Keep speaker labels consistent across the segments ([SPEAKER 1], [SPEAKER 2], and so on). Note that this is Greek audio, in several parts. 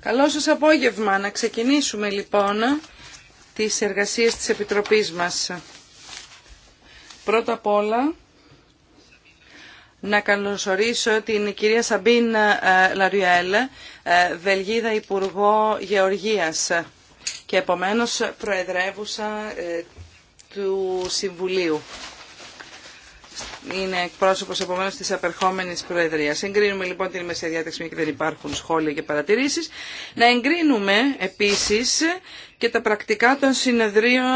[SPEAKER 1] Καλό σας απόγευμα. Να ξεκινήσουμε λοιπόν τις εργασίες της Επιτροπής μας. Πρώτα απ' όλα να καλωσορίσω την κυρία Σαμπίν ε, Λαριουέλ, ε, Βελγίδα Υπουργό Γεωργίας και επομένως Προεδρεύουσα ε, του Συμβουλίου είναι εκπρόσωπο επομένω τη απερχόμενη Προεδρία. Εγκρίνουμε λοιπόν την ημερησία διάταξη, και δεν υπάρχουν σχόλια και παρατηρήσει. Να εγκρίνουμε επίση και τα πρακτικά των συνεδρίων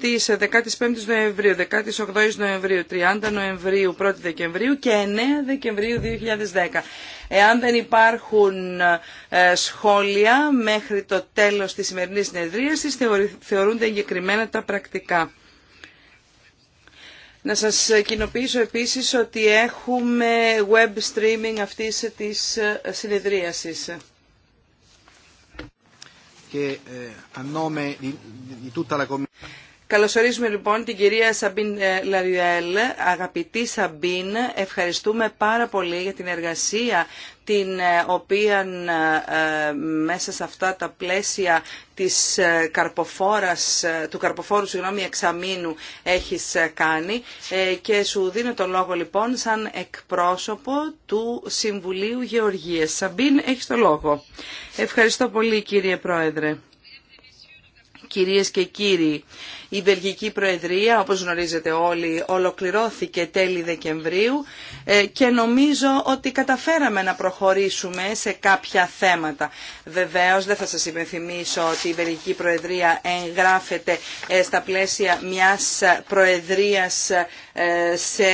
[SPEAKER 1] τη 15η Νοεμβρίου, 18η Νοεμβρίου, 30 Νοεμβρίου, 1η Δεκεμβρίου και 9 Δεκεμβρίου 2010. Εάν δεν υπάρχουν ε, σχόλια μέχρι το τέλο τη σημερινή συνεδρίασης, θεωρούνται εγκεκριμένα τα πρακτικά. Να σας κοινοποιήσω επίσης ότι έχουμε web streaming αυτής της ε, συνεδρίασης.
[SPEAKER 2] Και, ε,
[SPEAKER 1] Καλωσορίζουμε λοιπόν την κυρία Σαμπίν ε, Λαριουέλ. Αγαπητή Σαμπίν, ευχαριστούμε πάρα πολύ για την εργασία την ε, οποία ε, μέσα σε αυτά τα πλαίσια της καρποφόρας, του καρποφόρου συγγνώμη, εξαμήνου έχεις κάνει και σου δίνω τον λόγο λοιπόν σαν εκπρόσωπο του Συμβουλίου Γεωργίας. Σαμπίν, έχεις το λόγο. Ευχαριστώ πολύ κύριε Πρόεδρε. Κυρίες και κύριοι, η Βελγική Προεδρία, όπως γνωρίζετε όλοι, ολοκληρώθηκε τέλη Δεκεμβρίου ε, και νομίζω ότι καταφέραμε να προχωρήσουμε σε κάποια θέματα. Βεβαίως, δεν θα σας υπενθυμίσω ότι η Βελγική Προεδρία εγγράφεται ε, στα πλαίσια μιας προεδρίας ε, σε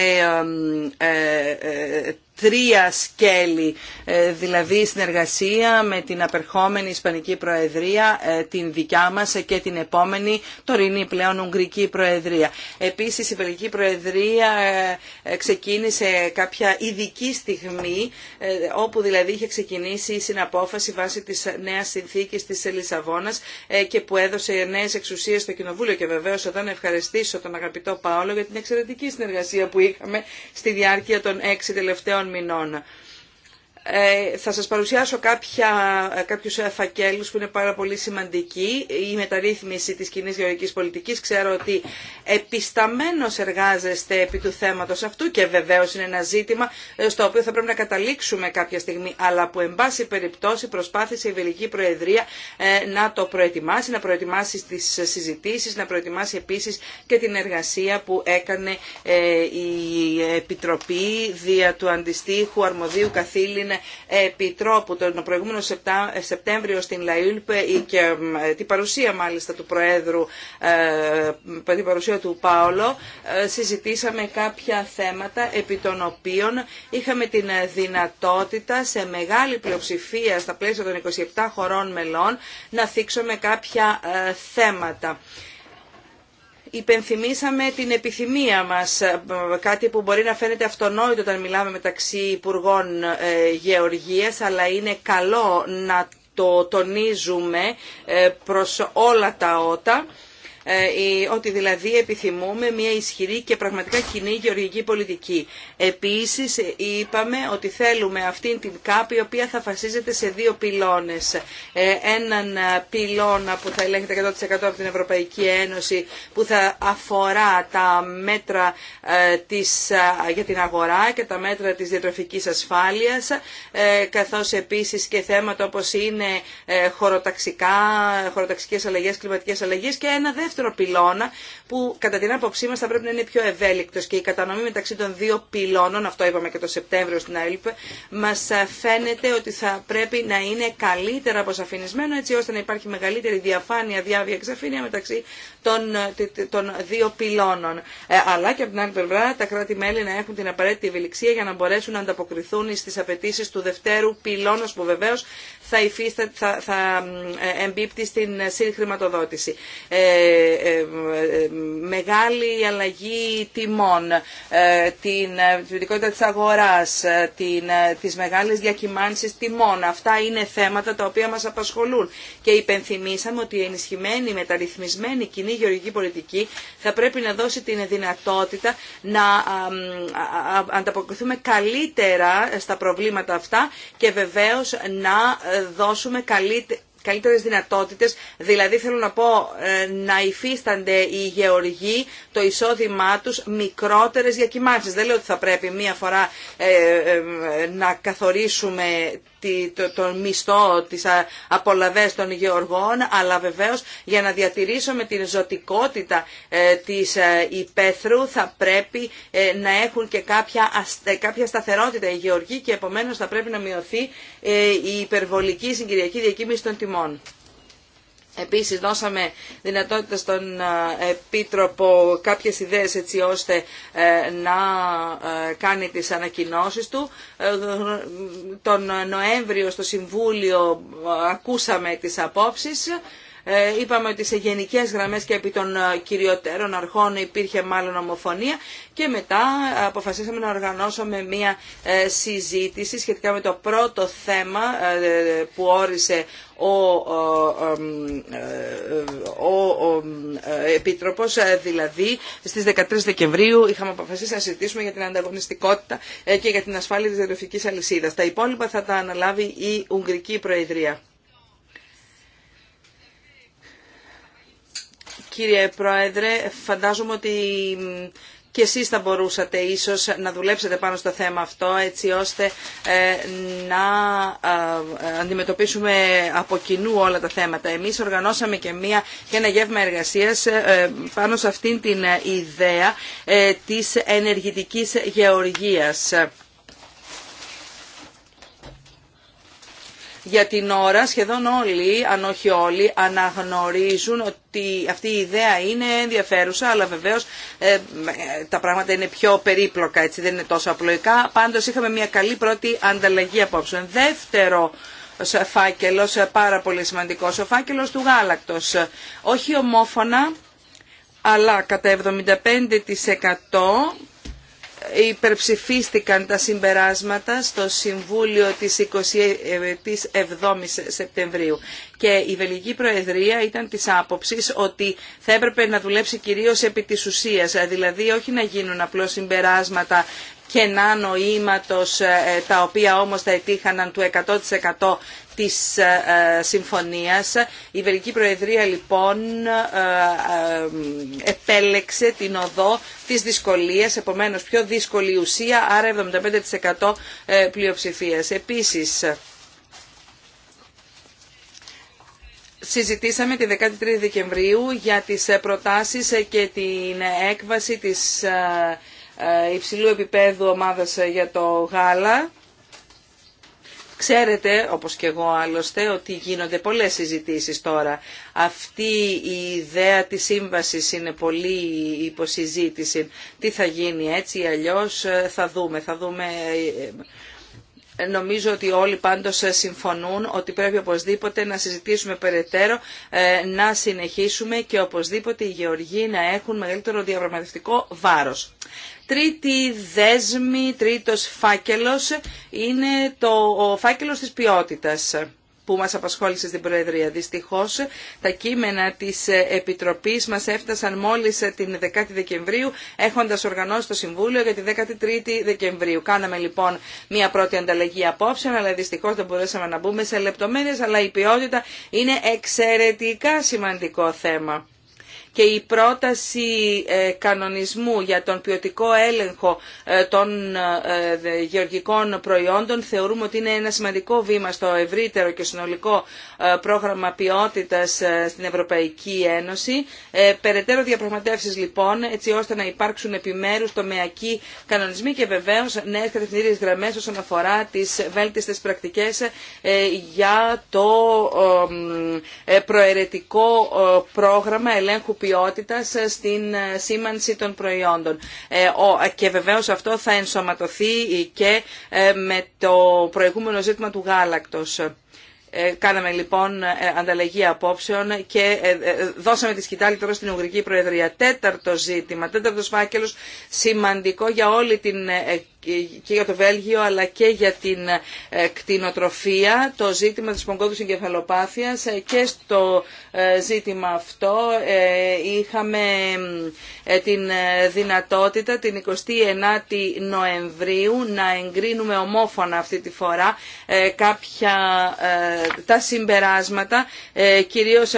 [SPEAKER 1] τρία σκέλη, ε, δηλαδή συνεργασία με την απερχόμενη Ισπανική Προεδρία, ε, την δικιά μας και την επόμενη τωρινή πλέον Ουγγρική Προεδρία. Επίσης η Βελγική Προεδρία ε, ξεκίνησε κάποια ειδική στιγμή, όπου δηλαδή είχε ξεκινήσει η συναπόφαση βάσει της νέας συνθήκης της Λισαβόνας και που έδωσε νέες εξουσίες στο Κοινοβούλιο και βεβαίως εδώ να ευχαριστήσω τον αγαπητό Παόλο για την εξαιρετική συνεργασία που είχαμε στη διάρκεια των έξι τελευταίων μηνών. Ε, θα σας παρουσιάσω κάποια, κάποιους φακέλους που είναι πάρα πολύ σημαντικοί. Η μεταρρύθμιση της κοινή γεωργικής πολιτικής. Ξέρω ότι επισταμένως εργάζεστε επί του θέματος αυτού και βεβαίως είναι ένα ζήτημα ε, στο οποίο θα πρέπει να καταλήξουμε κάποια στιγμή, αλλά που εν πάση περιπτώσει προσπάθησε η Βελική Προεδρία ε, να το προετοιμάσει, να προετοιμάσει τις συζητήσεις, να προετοιμάσει επίσης και την εργασία που έκανε η Επιτροπή δια του αντιστοίχου αρμοδίου καθήλυνα Επιτρόπου τον προηγούμενο Σεπτέμβριο στην ΛΑΙΛΠ και την παρουσία μάλιστα του Προέδρου, ε, την παρουσία του Πάολο, ε, συζητήσαμε κάποια θέματα επί των οποίων είχαμε την δυνατότητα σε μεγάλη πλειοψηφία στα πλαίσια των 27 χωρών μελών να θίξουμε κάποια ε, θέματα υπενθυμίσαμε την επιθυμία μας, ε, κάτι που μπορεί να φαίνεται αυτονόητο όταν μιλάμε μεταξύ Υπουργών ε, Γεωργίας, αλλά είναι καλό να το τονίζουμε ε, προς όλα τα ότα ε, ότι δηλαδή επιθυμούμε μια ισχυρή και πραγματικά κοινή γεωργική πολιτική. Επίσης είπαμε ότι θέλουμε αυτή την ΚΑΠ η οποία θα φασίζεται σε δύο πυλώνες. Ε, έναν πυλώνα που θα ελέγχεται 100% από την Ευρωπαϊκή Ένωση που θα αφορά τα μέτρα ε, για την αγορά και τα μέτρα της διατροφικής ασφάλειας καθώς επίσης και θέματα όπως είναι χωροταξικά, χωροταξικές αλλαγές, κλιματικές αλλαγές και ένα δεύτερο πυλώνα που κατά την άποψή μα θα πρέπει να είναι πιο ευέλικτο και η κατανομή μεταξύ των δύο πυλώνων, αυτό είπαμε και το Σεπτέμβριο στην ΑΕΛΠ, μα ε, φαίνεται ότι θα πρέπει να είναι καλύτερα αποσαφινισμένο έτσι ώστε να υπάρχει μεγαλύτερη διαφάνεια, διάβια εξαφήνεια μεταξύ των, ε, των δύο πυλώνων. Ε, αλλά και από την άλλη πλευρά τα κράτη-μέλη να έχουν την απαραίτητη ευελιξία για να μπορέσουν να ανταποκριθούν στι απαιτήσει του δευτέρου πυλώνα που βεβαίω θα, ε, εμπίπτει στην συγχρηματοδότηση. Ε, ε, ε μεγάλη αλλαγή τιμών, την ποιοτικότητα της αγοράς, την, τις μεγάλες διακυμάνσεις τιμών. Αυτά είναι θέματα τα οποία μας απασχολούν. Και υπενθυμίσαμε ότι η ενισχυμένη, μεταρρυθμισμένη κοινή γεωργική πολιτική θα πρέπει να δώσει την δυνατότητα να ανταποκριθούμε καλύτερα στα προβλήματα αυτά και βεβαίως να δώσουμε καλύτερες δυνατότητες, δηλαδή θέλω να πω ε, να υφίστανται οι γεωργοί το εισόδημά τους μικρότερες διακοιμάνσεις. Δεν λέω ότι θα πρέπει μία φορά ε, ε, να καθορίσουμε τον μισθό, της απολαβές των γεωργών, αλλά βεβαίως για να διατηρήσουμε την ζωτικότητα ε, της ε, υπαίθρου θα πρέπει ε, να έχουν και κάποια, κάποια σταθερότητα οι γεωργοί και επομένως θα πρέπει να μειωθεί η υπερβολική συγκυριακή διακύμηση των τιμών. Επίσης δώσαμε δυνατότητα στον ε, Επίτροπο κάποιες ιδέες έτσι ώστε ε, να ε, κάνει τις ανακοινώσεις του. Τον Νοέμβριο στο Συμβούλιο ακούσαμε τις απόψεις ε, είπαμε ότι σε γενικές γραμμές και επί των ε, κυριωτέρων αρχών υπήρχε μάλλον ομοφωνία και μετά αποφασίσαμε να οργανώσουμε μία ε, συζήτηση σχετικά με το πρώτο θέμα που όρισε ο, ο, Επίτροπος, δηλαδή στις 13 Δεκεμβρίου είχαμε αποφασίσει να συζητήσουμε για την ανταγωνιστικότητα και για την ασφάλεια της διατροφικής αλυσίδας. Τα υπόλοιπα θα τα αναλάβει η Ουγγρική Προεδρία. Κύριε Πρόεδρε, φαντάζομαι ότι και εσείς θα μπορούσατε ίσως να δουλέψετε πάνω στο θέμα αυτό έτσι ώστε ε, να ε, αντιμετωπίσουμε από κοινού όλα τα θέματα. Εμείς οργανώσαμε και, μία, και ένα γεύμα εργασίας ε, πάνω σε αυτήν την ιδέα της ενεργητικής γεωργίας. Για την ώρα σχεδόν όλοι, αν όχι όλοι, αναγνωρίζουν ότι αυτή η ιδέα είναι ενδιαφέρουσα, αλλά βεβαίως ε, τα πράγματα είναι πιο περίπλοκα, έτσι δεν είναι τόσο απλοϊκά. Πάντως είχαμε μια καλή πρώτη ανταλλαγή απόψε. Δεύτερο φάκελος, ε, πάρα πολύ σημαντικός, ο φάκελος του γάλακτος. Όχι ομόφωνα, αλλά κατά 75% υπερψηφίστηκαν τα συμπεράσματα στο Συμβούλιο της 27ης Σεπτεμβρίου και η Βελγική Προεδρία ήταν της άποψης ότι θα έπρεπε να δουλέψει κυρίως επί της ουσίας, δηλαδή όχι να γίνουν απλώς συμπεράσματα κενά νοήματος ε, τα οποία όμως θα ετύχαναν του 100% της ε, ε, συμφωνίας. Η Βελική Προεδρία λοιπόν επέλεξε την οδό της δυσκολίας, επομένως πιο δύσκολη ουσία, άρα 75% πλειοψηφίας. Επίσης, συζητήσαμε την 13η Δεκεμβρίου για τις προτάσεις και την έκβαση της ε, υψηλού επίπεδου ομάδας ε, για το γάλα. Ξέρετε, όπως και εγώ άλλωστε, ότι γίνονται πολλές συζητήσεις τώρα. Αυτή η ιδέα της σύμβασης είναι πολύ υποσυζήτηση. Τι θα γίνει έτσι ή αλλιώς ε, θα δούμε. Θα δούμε Νομίζω ότι όλοι πάντως συμφωνούν ότι πρέπει οπωσδήποτε να συζητήσουμε περαιτέρω, ε, να συνεχίσουμε και οπωσδήποτε οι γεωργοί να έχουν μεγαλύτερο διαπραγματευτικό βάρος. Τρίτη δέσμη, τρίτος φάκελος είναι το, ο φάκελος της ποιότητας που μας απασχόλησε στην Προεδρία. Δυστυχώς τα κείμενα της Επιτροπής μας έφτασαν μόλις την 10η Δεκεμβρίου έχοντας οργανώσει το Συμβούλιο για την 13η Δεκεμβρίου. Κάναμε λοιπόν μια πρώτη ανταλλαγή απόψεων αλλά δυστυχώς δεν μπορέσαμε να μπούμε σε λεπτομέρειες αλλά η ποιότητα είναι εξαιρετικά σημαντικό θέμα και η πρόταση ε, κανονισμού για τον ποιοτικό έλεγχο ε, των ε, γεωργικών προϊόντων θεωρούμε ότι είναι ένα σημαντικό βήμα στο ευρύτερο και συνολικό πρόγραμμα ποιότητας στην Ευρωπαϊκή Ένωση. Περαιτέρω διαπραγματεύσεις λοιπόν έτσι ώστε να υπάρξουν επιμέρους τομεακοί κανονισμοί και βεβαίως νέες κατευθυντήριες γραμμές όσον αφορά τις βέλτιστες πρακτικές για το προαιρετικό πρόγραμμα ελέγχου ε, στην ε, σήμανση των προϊόντων. Ε, και βεβαίως αυτό θα ενσωματωθεί και με το προηγούμενο ζήτημα του γάλακτος. Κάναμε λοιπόν ανταλλαγή απόψεων και δώσαμε τη σκητάλη τώρα στην Ουγγρική Προεδρία. Τέταρτο ζήτημα, τέταρτος φάκελο. σημαντικό για όλη την και για το Βέλγιο αλλά και για την ε, κτηνοτροφία το ζήτημα της πονκόδου συγκεφαλοπάθειας ε, και στο ε, ζήτημα αυτό είχαμε την δυνατότητα την 29η Νοεμβρίου να εγκρίνουμε ομόφωνα αυτή τη φορά κάποια τα συμπεράσματα κυρίως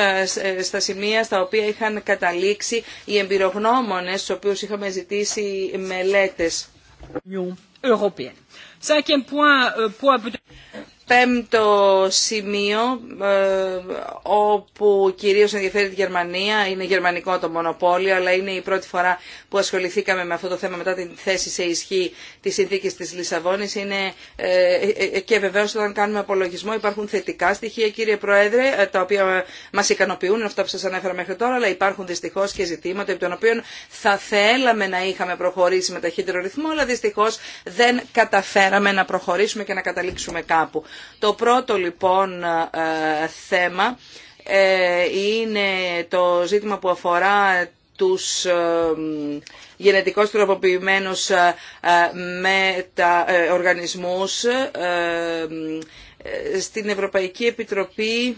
[SPEAKER 1] στα σημεία στα οποία είχαν καταλήξει οι εμπειρογνώμονες στους οποίους είχαμε ζητήσει μελέτες l'union européenne. cinquième point poids πέμπτο σημείο ε, όπου κυρίως ενδιαφέρει τη Γερμανία, είναι γερμανικό το μονοπόλιο αλλά είναι η πρώτη φορά που ασχοληθήκαμε με αυτό το θέμα μετά την θέση σε ισχύ της συνθήκης της Λισαβόνης είναι, ε, ε, και βεβαίως όταν κάνουμε απολογισμό υπάρχουν θετικά στοιχεία κύριε Πρόεδρε τα οποία μας ικανοποιούν αυτά που σας ανέφερα μέχρι τώρα αλλά υπάρχουν δυστυχώς και ζητήματα επί των οποίων θα θέλαμε να είχαμε προχωρήσει με ταχύτερο ρυθμό αλλά δυστυχώς δεν καταφέραμε να προχωρήσουμε και να καταλήξουμε κάπου. Το πρώτο λοιπόν ε, θέμα ε, είναι το ζήτημα που αφορά τους ε, γενετικώς τροποποιημένους με οργανισμούς. Στην Ευρωπαϊκή Επιτροπή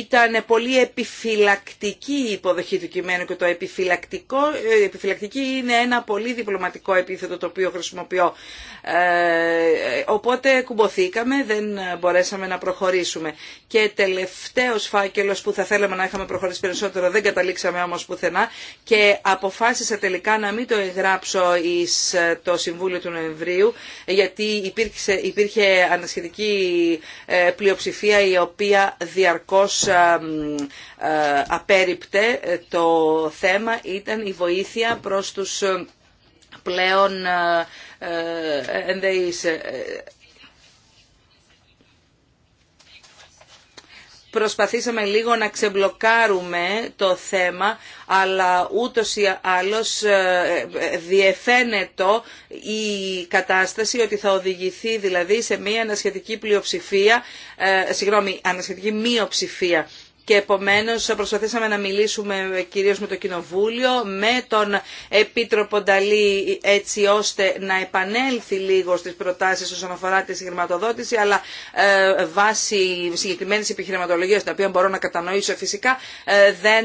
[SPEAKER 1] ήταν πολύ επιφυλακτική η υποδοχή του κειμένου και το επιφυλακτικό, ε, επιφυλακτική είναι ένα πολύ διπλωματικό επίθετο το οποίο χρησιμοποιώ. Ε, οπότε κουμποθήκαμε, δεν μπορέσαμε να προχωρήσουμε. Και τελευταίος φάκελος που θα θέλαμε να είχαμε προχωρήσει περισσότερο, δεν καταλήξαμε όμως πουθενά και αποφάσισα τελικά να μην το εγγράψω εις ε, το Συμβούλιο του Νοεμβρίου γιατί υπήρχε ανασχετική πλειοψηφία η οποία Διαρκώ διαρκώς απέριπτε το θέμα ήταν η βοήθεια προς τους πλέον ενδεείς Προσπαθήσαμε λίγο να ξεμπλοκάρουμε το θέμα, αλλά ούτως ή άλλως ε, ε, διεφαίνεται η κατάσταση ότι θα οδηγηθεί δηλαδή σε μια ανασχετική πλειοψηφία, ε, συγγνώμη, ανασχετική μειοψηφία και επομένως προσπαθήσαμε να μιλήσουμε κυρίως με το Κοινοβούλιο, με τον Επίτροπο Νταλή έτσι ώστε να επανέλθει λίγο στις προτάσεις όσον αφορά τη συγχρηματοδότηση, αλλά ε, βάσει συγκεκριμένης επιχειρηματολογίας, την οποία μπορώ να κατανοήσω φυσικά, ε, δεν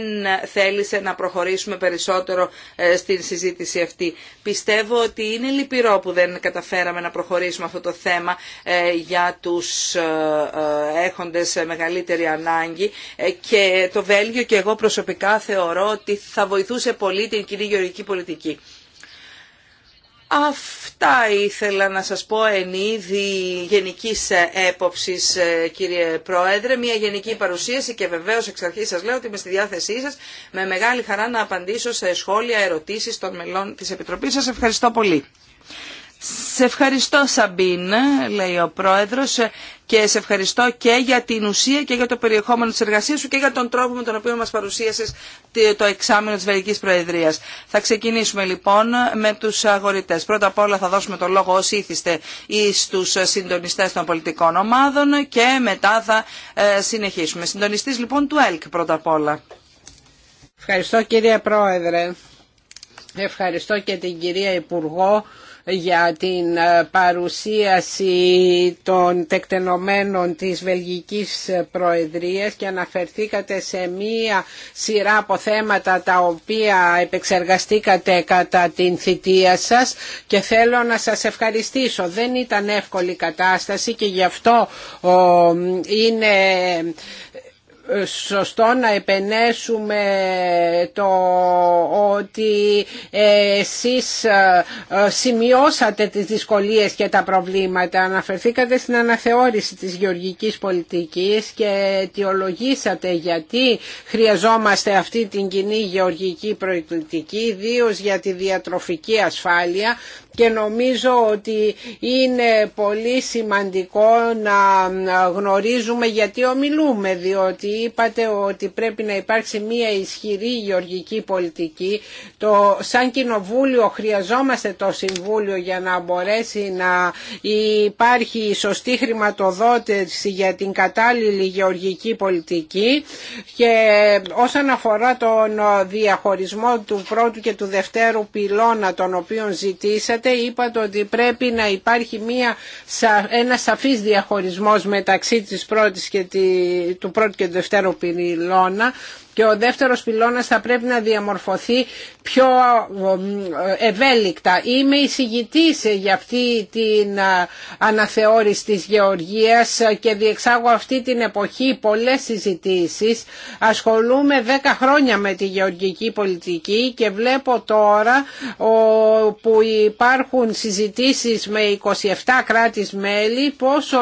[SPEAKER 1] θέλησε να προχωρήσουμε περισσότερο ε, στην συζήτηση αυτή. Πιστεύω ότι είναι λυπηρό που δεν καταφέραμε να προχωρήσουμε αυτό το θέμα ε, για τους ε, έχοντες μεγαλύτερη ανάγκη και το Βέλγιο και εγώ προσωπικά θεωρώ ότι θα βοηθούσε πολύ την κοινή γεωργική πολιτική. Αυτά ήθελα να σας πω εν είδη γενικής ε, έποψης ε, κύριε Πρόεδρε, μια γενική παρουσίαση και βεβαίως εξ αρχής σας λέω ότι είμαι στη διάθεσή σας με μεγάλη χαρά να απαντήσω σε σχόλια, ερωτήσεις των μελών της Επιτροπής. Σας ευχαριστώ πολύ. Σε ευχαριστώ Σαμπίν, λέει ο Πρόεδρος, και σε ευχαριστώ και για την ουσία και για το περιεχόμενο της εργασίας σου και για τον τρόπο με τον οποίο μας παρουσίασες το εξάμεινο της Βελγικής Προεδρίας. Θα ξεκινήσουμε λοιπόν με τους αγορητές. Πρώτα απ' όλα θα δώσουμε το λόγο ως ήθιστε ή στους συντονιστές των πολιτικών ομάδων και μετά θα ε, συνεχίσουμε. Συντονιστής λοιπόν του ΕΛΚ πρώτα απ' όλα.
[SPEAKER 3] Ευχαριστώ κυρία Πρόεδρε. Ευχαριστώ και την κυρία Υπουργό για την ε, παρουσίαση των τεκτενωμένων της Βελγικής Προεδρίας και αναφερθήκατε σε μία σειρά από θέματα τα οποία επεξεργαστήκατε κατά την θητεία σας και θέλω να σας ευχαριστήσω. Δεν ήταν εύκολη κατάσταση και γι' αυτό είναι σωστό να επενέσουμε το ότι εσείς ε, ε, σημειώσατε τις δυσκολίες και τα προβλήματα. Αναφερθήκατε στην αναθεώρηση της γεωργικής πολιτικής και αιτιολογήσατε γιατί χρειαζόμαστε αυτή την κοινή γεωργική προεκλητική, ιδίω για τη διατροφική ασφάλεια και νομίζω ότι είναι πολύ σημαντικό να γνωρίζουμε γιατί ομιλούμε διότι είπατε ότι πρέπει να υπάρξει μια ισχυρή γεωργική πολιτική το σαν κοινοβούλιο χρειαζόμαστε το Συμβούλιο για να μπορέσει να υπάρχει σωστή χρηματοδότηση για την κατάλληλη γεωργική πολιτική και όσον αφορά τον διαχωρισμό του πρώτου και του δευτέρου πυλώνα τον οποίον ζητήσατε είπατε ότι πρέπει να υπάρχει μια, ένα σαφής διαχωρισμός μεταξύ της πρώτης και του πρώτου και του δευτέρου πυλώνα και ο δεύτερος πυλώνας θα πρέπει να διαμορφωθεί πιο ευέλικτα. Είμαι εισηγητής για αυτή την αναθεώρηση της γεωργίας και διεξάγω αυτή την εποχή πολλές συζητήσεις. Ασχολούμαι 10 χρόνια με τη γεωργική πολιτική και βλέπω τώρα που υπάρχουν συζητήσεις με 27 κράτη-μέλη πόσο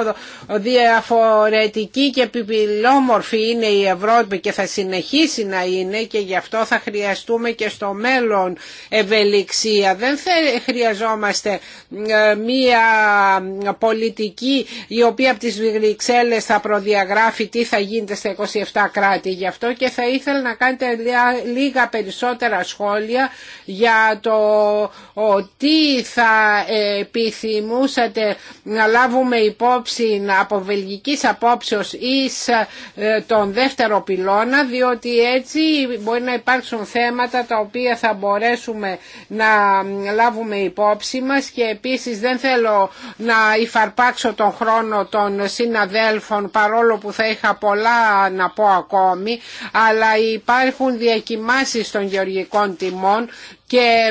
[SPEAKER 3] διαφορετική και επιπυλόμορφη είναι η Ευρώπη και θα συνεχίσει είναι και γι' αυτό θα χρειαστούμε και στο μέλλον ευελιξία. Δεν χρειαζόμαστε ε, μία πολιτική η οποία από τις Βρυξέλλες θα προδιαγράφει τι θα γίνεται στα 27 κράτη. Γι' αυτό και θα ήθελα να κάνετε λίγα περισσότερα σχόλια για το ότι θα επιθυμούσατε να λάβουμε υπόψη από βελγικής απόψεως εις ε, τον δεύτερο πυλώνα διότι έτσι μπορεί να υπάρξουν θέματα τα οποία θα μπορέσουμε να λάβουμε υπόψη μας και επίσης δεν θέλω να υφαρπάξω τον χρόνο των συναδέλφων παρόλο που θα είχα πολλά να πω ακόμη αλλά υπάρχουν διακοιμάσεις των γεωργικών τιμών και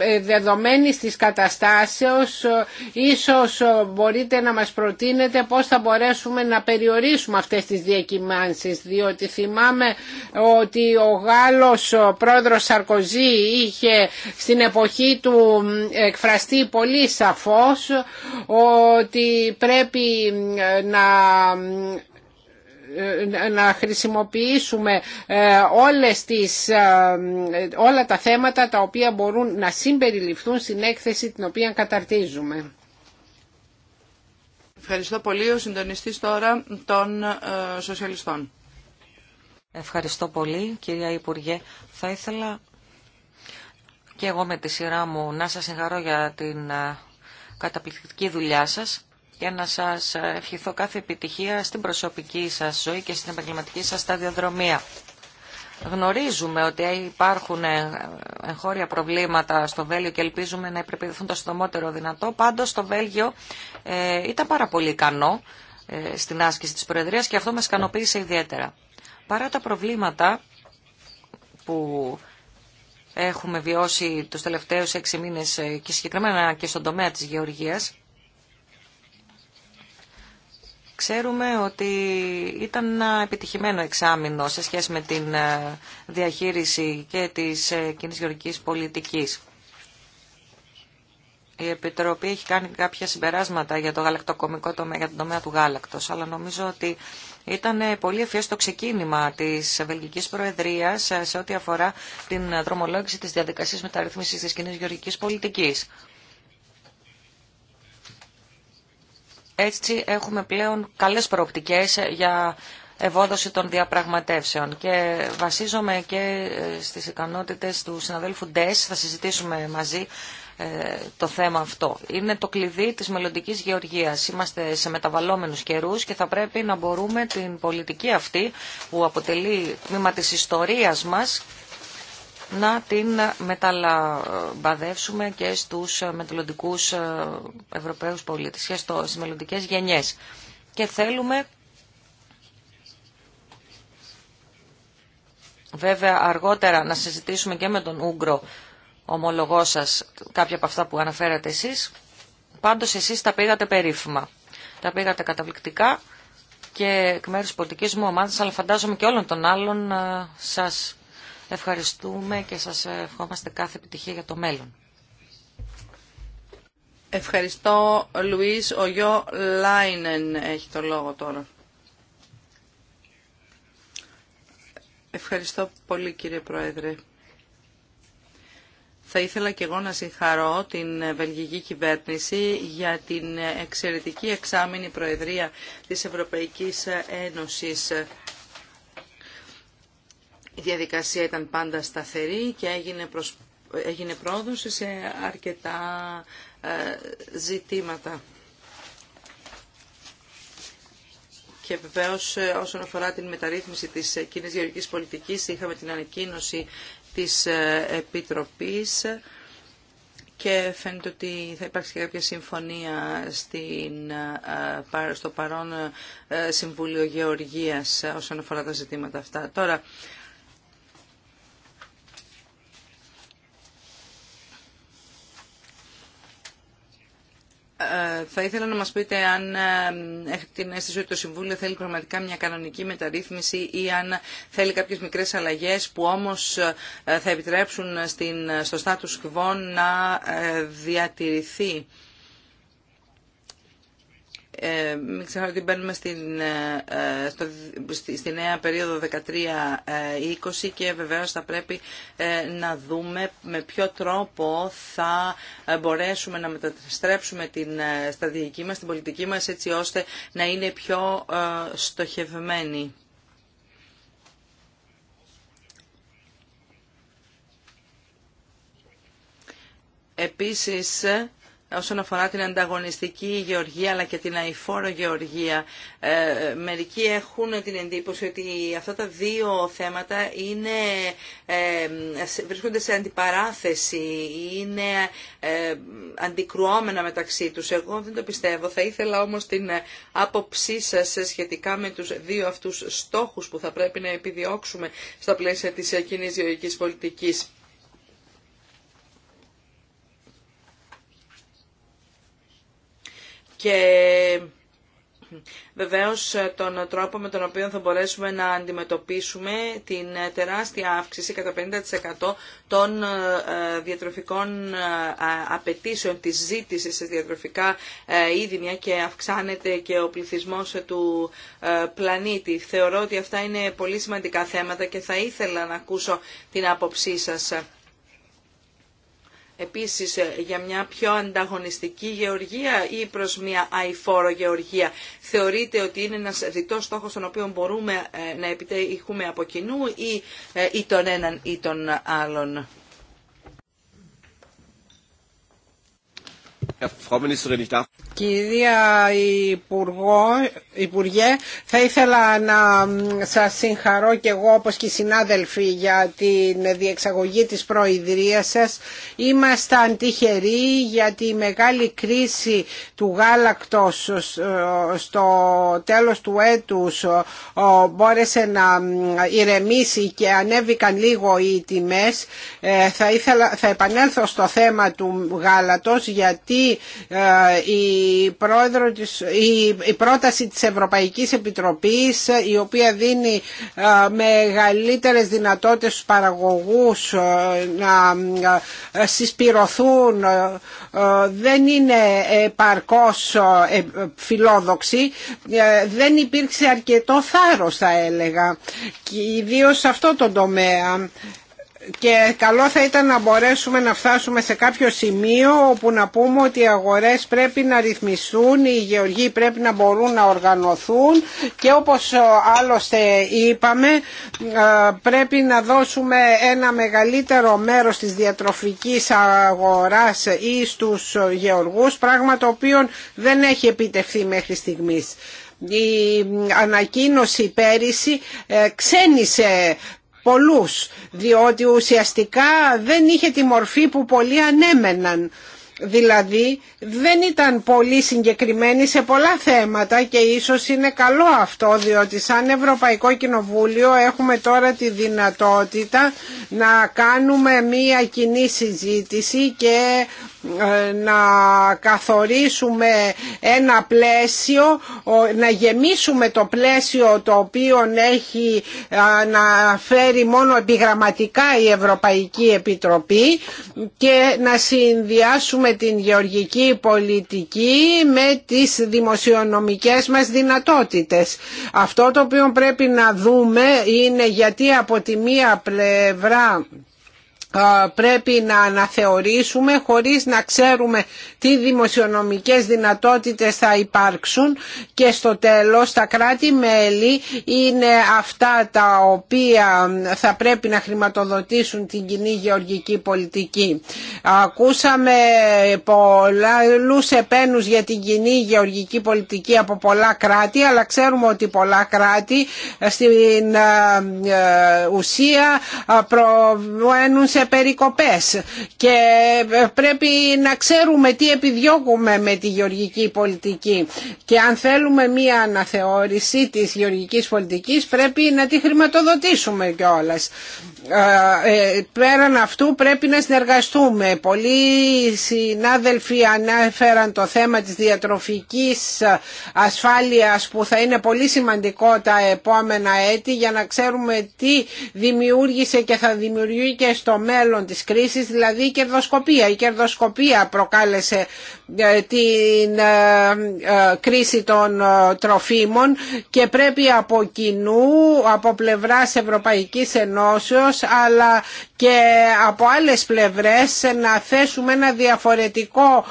[SPEAKER 3] ε, ε, δεδομένης της καταστάσεως ε, ίσως μπορείτε να μας προτείνετε πώς θα μπορέσουμε να περιορίσουμε αυτές τις διακυμάνσεις διότι θυμάμαι ότι ο Γάλλος ο πρόεδρος Σαρκοζή είχε στην εποχή του εκφραστεί πολύ σαφώς ότι πρέπει να ε, να χρησιμοποιήσουμε ε, όλες τις, ε, όλα τα θέματα τα οποία μπορούν να συμπεριληφθούν στην έκθεση την οποία καταρτίζουμε.
[SPEAKER 1] Ευχαριστώ πολύ. Ο συντονιστής
[SPEAKER 4] τώρα των σοσιαλιστών. Ευχαριστώ πολύ κυρία Υπουργέ. Θα ήθελα και εγώ με τη σειρά μου να σας συγχαρώ για την καταπληκτική δουλειά σας και να σας ευχηθώ κάθε επιτυχία στην προσωπική σας ζωή και στην επαγγελματική σας σταδιοδρομία. Γνωρίζουμε ότι υπάρχουν ε, εγχώρια προβλήματα στο Βέλγιο και ελπίζουμε να υπερπηδηθούν το στομότερο δυνατό. Πάντως το Βέλγιο ε, ήταν πάρα πολύ ικανό ε, στην άσκηση της Προεδρίας και αυτό μας ικανοποίησε ιδιαίτερα. Παρά τα προβλήματα που έχουμε βιώσει τους τελευταίους έξι μήνες και συγκεκριμένα και στον τομέα της γεωργίας, Ξέρουμε ότι ήταν ένα επιτυχημένο εξάμεινο σε σχέση με την ε, διαχείριση και της ε, κοινής γεωργικής πολιτικής. Η Επιτροπή έχει κάνει κάποια συμπεράσματα για το γαλακτοκομικό τομέα, για τον τομέα του γάλακτος, αλλά νομίζω ότι ήταν πολύ ευφιές το ξεκίνημα της Βελγικής Προεδρίας ε, σε ό,τι αφορά την δρομολόγηση της διαδικασίας μεταρρύθμισης της κοινής γεωργικής πολιτικής. Έτσι έχουμε πλέον καλές προοπτικές για ευόδοση των διαπραγματεύσεων και βασίζομαι και ε, στις ικανότητες του συναδέλφου Ντές, θα συζητήσουμε μαζί ε, το θέμα αυτό. Είναι το κλειδί της μελλοντική γεωργίας. Είμαστε σε μεταβαλλόμενους καιρούς και θα πρέπει να μπορούμε την πολιτική αυτή που αποτελεί τμήμα της ιστορίας μας να την μεταλαμπαδεύσουμε και στους μελλοντικού ε, Ευρωπαίους πολίτες και στις μελλοντικέ γενιές. Και θέλουμε βέβαια αργότερα να συζητήσουμε και με τον Ούγκρο ομολογό σας κάποια από αυτά που αναφέρατε εσείς. Πάντως εσείς τα πήγατε περίφημα. Τα πήγατε καταπληκτικά και εκ μέρους πολιτικής μου ομάδας, αλλά φαντάζομαι και όλων των άλλων ε, σας Ευχαριστούμε και σας ευχόμαστε κάθε επιτυχία για το μέλλον.
[SPEAKER 1] Ευχαριστώ, Λουίς. Ο Γιώ Λάινεν έχει το λόγο τώρα. Ευχαριστώ πολύ, κύριε Πρόεδρε. Θα ήθελα και εγώ να συγχαρώ την βελγική κυβέρνηση για την εξαιρετική εξάμεινη προεδρία της Ευρωπαϊκής Ένωσης η διαδικασία ήταν πάντα σταθερή και έγινε, προσ... έγινε πρόοδος σε αρκετά ε, ζητήματα. Και βεβαίω ε, όσον αφορά την μεταρρύθμιση της ε, κοινή γεωργικής πολιτικής είχαμε την ανακοίνωση της Επιτροπής και φαίνεται ότι θα υπάρξει κάποια συμφωνία στην, στο παρόν Συμβούλιο Γεωργίας όσον αφορά τα ζητήματα αυτά. Τώρα, Ε, θα ήθελα να μας πείτε αν ε, έχετε την αίσθηση ότι το Συμβούλιο θέλει πραγματικά μια κανονική μεταρρύθμιση ή αν θέλει κάποιες μικρές αλλαγές που όμως ε, θα επιτρέψουν στην, στο status quo να διατηρηθεί. Ε, μην ξεχνάτε ότι μπαίνουμε στην, ε, στο, στη, στη νέα περίοδο 13-20 ε, και βεβαίως θα πρέπει να δούμε με ποιο τρόπο θα μπορέσουμε να μεταστρέψουμε την στρατηγική μας, την πολιτική μας έτσι ώστε να είναι πιο στοχευμένη. Επίσης, όσον αφορά την ανταγωνιστική γεωργία αλλά και την αηφόρο γεωργία. Ε, μερικοί έχουν την εντύπωση ότι αυτά τα δύο θέματα είναι, ε, βρίσκονται σε αντιπαράθεση, είναι ε, αντικρουόμενα μεταξύ τους. Εγώ δεν το πιστεύω. Θα ήθελα όμως την άποψή σας σχετικά με τους δύο αυτούς στόχους που θα πρέπει να επιδιώξουμε στα πλαίσια της κοινή γεωργικής πολιτικής. και βεβαίως τον τρόπο με τον οποίο θα μπορέσουμε να αντιμετωπίσουμε την τεράστια αύξηση κατά 50% των ε, διατροφικών ε, απαιτήσεων της ζήτησης σε διατροφικά ε, είδη μια και αυξάνεται και ο πληθυσμός του πλανήτη. Θεωρώ ότι αυτά είναι πολύ σημαντικά θέματα και θα ήθελα να ακούσω την άποψή σας επίσης ε, για μια πιο ανταγωνιστική γεωργία ή προς μια αηφόρο γεωργία. Θεωρείτε ότι είναι ένας διτός στόχος τον οποίο μπορούμε ε, να επιτύχουμε από κοινού ή, ε, ή τον έναν ή τον άλλον.
[SPEAKER 3] Κυρία Υπουργό, Υπουργέ, θα ήθελα να σας συγχαρώ και εγώ όπως και οι συνάδελφοι για την διεξαγωγή της προεδρίας σας. είμαστε τυχεροί γιατί η μεγάλη κρίση του γάλακτος ε, στο τέλος του έτους ε, ε, μπόρεσε να ηρεμήσει και ανέβηκαν λίγο οι τιμές. Θα, θα επανέλθω στο θέμα του γάλατος γιατί ε, η, πρόταση της Ευρωπαϊκής Επιτροπής η οποία δίνει ε, μεγαλύτερες δυνατότητες στους παραγωγούς ε, να συσπηρωθούν δεν είναι ε, φιλόδοξη δεν υπήρξε αρκετό θάρρος θα έλεγα ιδίως σε αυτό το τομέα και καλό θα ήταν να μπορέσουμε να φτάσουμε σε κάποιο σημείο όπου να πούμε ότι οι αγορές πρέπει να ρυθμιστούν, οι γεωργοί πρέπει να μπορούν να οργανωθούν και όπως άλλωστε είπαμε πρέπει να δώσουμε ένα μεγαλύτερο μέρος της διατροφικής αγοράς ή στους γεωργούς, πράγμα το οποίο δεν έχει επιτευχθεί μέχρι στιγμής η ανακοίνωση πέρυσι ε, ξένησε πολλούς, διότι ουσιαστικά δεν είχε τη μορφή που πολλοί ανέμεναν. Δηλαδή δεν ήταν πολύ συγκεκριμένοι σε πολλά θέματα και ίσως είναι καλό αυτό διότι σαν Ευρωπαϊκό Κοινοβούλιο έχουμε τώρα τη δυνατότητα να κάνουμε μία κοινή συζήτηση και ε, να καθορίσουμε ένα πλαίσιο, να γεμίσουμε το πλαίσιο το οποίο έχει ε, να φέρει μόνο επιγραμματικά η Ευρωπαϊκή Επιτροπή και να συνδυάσουμε την γεωργική πολιτική με τις δημοσιονομικές μας δυνατότητες. Αυτό το οποίο πρέπει να δούμε είναι γιατί από τη μία πλευρά πρέπει να αναθεωρήσουμε χωρίς να ξέρουμε τι δημοσιονομικές δυνατότητες θα υπάρξουν και στο τέλος τα κράτη-μέλη είναι αυτά τα οποία θα πρέπει να χρηματοδοτήσουν την κοινή γεωργική πολιτική. Ακούσαμε πολλούς επένους για την κοινή γεωργική πολιτική από πολλά κράτη αλλά ξέρουμε ότι πολλά κράτη στην ε, ε, ουσία ε, προβαίνουν σε και ε, πρέπει να ξέρουμε τι επιδιώκουμε με τη γεωργική πολιτική και αν θέλουμε μία αναθεώρηση της γεωργικής πολιτικής πρέπει να τη χρηματοδοτήσουμε κιόλας. Ε, πέραν αυτού πρέπει να συνεργαστούμε. Πολλοί συνάδελφοι ανέφεραν το θέμα της διατροφικής ασφάλειας που θα είναι πολύ σημαντικό τα επόμενα έτη για να ξέρουμε τι δημιούργησε και θα δημιουργεί και στο μέλλον της κρίσης, δηλαδή η κερδοσκοπία. Η κερδοσκοπία προκάλεσε ε, την ε, κρίση των τροφίμων και πρέπει από κοινού, από πλευράς Ευρωπαϊκής Ενώσεως αλλά και από άλλες πλευρές να θέσουμε ένα διαφορετικό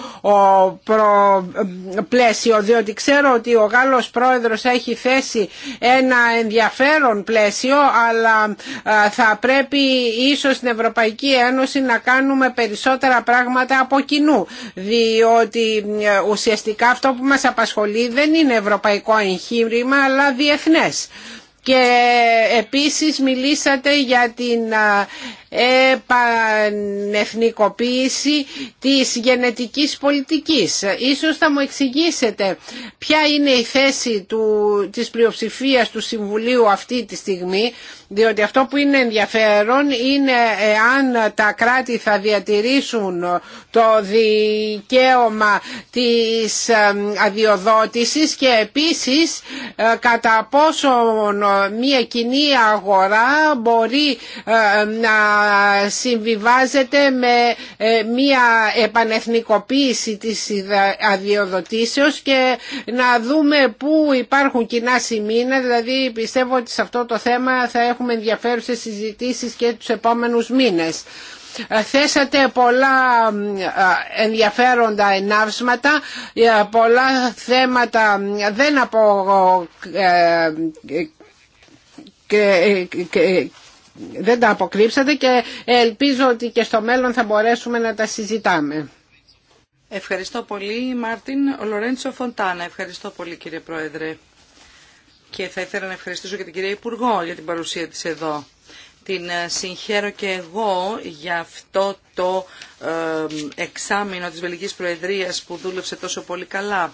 [SPEAKER 3] πλαίσιο, διότι ξέρω ότι ο Γάλλος Πρόεδρος έχει θέσει ένα ενδιαφέρον πλαίσιο, αλλά θα πρέπει ίσως στην Ευρωπαϊκή Ένωση να κάνουμε περισσότερα πράγματα από κοινού, διότι ε, ουσιαστικά αυτό που μας απασχολεί δεν είναι ευρωπαϊκό εγχείρημα, αλλά διεθνές και επίσης μιλήσατε για την επανεθνικοποίηση της γενετικής πολιτικής. Ίσως θα μου εξηγήσετε ποια είναι η θέση του, της πλειοψηφίας του Συμβουλίου αυτή τη στιγμή διότι αυτό που είναι ενδιαφέρον είναι εάν τα κράτη θα διατηρήσουν το δικαίωμα της αδειοδότησης και επίσης ε, κατά πόσο ε, μια κοινή αγορά μπορεί ε, να συμβιβάζεται με μια επανεθνικοποίηση της αδειοδοτήσεως και να δούμε πού υπάρχουν κοινά σημεία, δηλαδή πιστεύω ότι σε αυτό το θέμα θα έχουμε ενδιαφέρουσες συζητήσεις και τους επόμενους μήνες. Ε, θέσατε πολλά ενδιαφέροντα ενάυσματα, ε, πολλά θέματα ε, δεν απο δεν τα αποκρύψατε και ελπίζω ότι και στο μέλλον θα μπορέσουμε να τα συζητάμε.
[SPEAKER 1] Ευχαριστώ πολύ Μάρτιν. Ο Λορέντσο Φοντάνα. Ευχαριστώ πολύ κύριε Πρόεδρε και θα ήθελα να ευχαριστήσω και την κυρία Υπουργό για την παρουσία της εδώ. Την ε, συγχαίρω και εγώ για αυτό το ε, εξάμεινο της Βελικής Προεδρίας που δούλεψε τόσο πολύ καλά.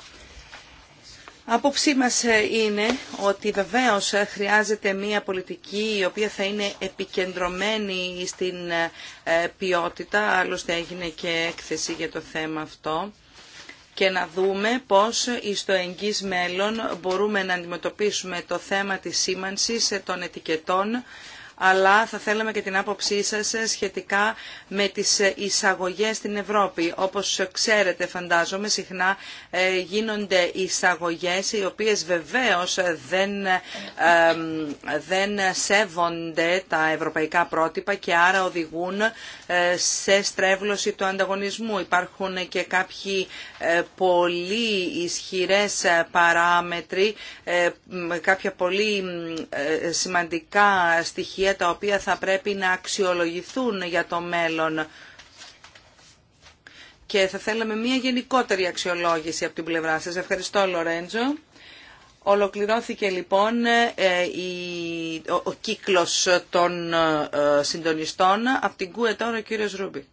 [SPEAKER 1] Απόψή μας ε, είναι ότι βεβαίως χρειάζεται μια πολιτική η οποία θα είναι επικεντρωμένη στην ποιότητα, άλλωστε έγινε και έκθεση για το θέμα αυτό και να δούμε πώς στο εγγύς μέλλον μπορούμε να αντιμετωπίσουμε το θέμα της σήμανσης των ετικετών αλλά θα θέλαμε και την άποψή σας σχετικά με τις εισαγωγές στην Ευρώπη. Όπως ξέρετε, φαντάζομαι, συχνά ε, γίνονται εισαγωγές οι οποίες βεβαίως δεν, δεν σέβονται τα ευρωπαϊκά πρότυπα και άρα οδηγούν ε, σε στρέβλωση του ανταγωνισμού. Υπάρχουν και κάποιοι ε, πολύ ισχυρές παράμετροι, κάποια πολύ σημαντικά στοιχεία τα οποία θα πρέπει να αξιολογηθούν για το μέλλον. Και θα θέλαμε μια γενικότερη αξιολόγηση από την πλευρά σας. Ευχαριστώ Λορέντζο. Ολοκληρώθηκε λοιπόν ε, ο κύκλος των ε, συντονιστών.
[SPEAKER 4] Από την Κούε τώρα ο κύριος Ρούμπι.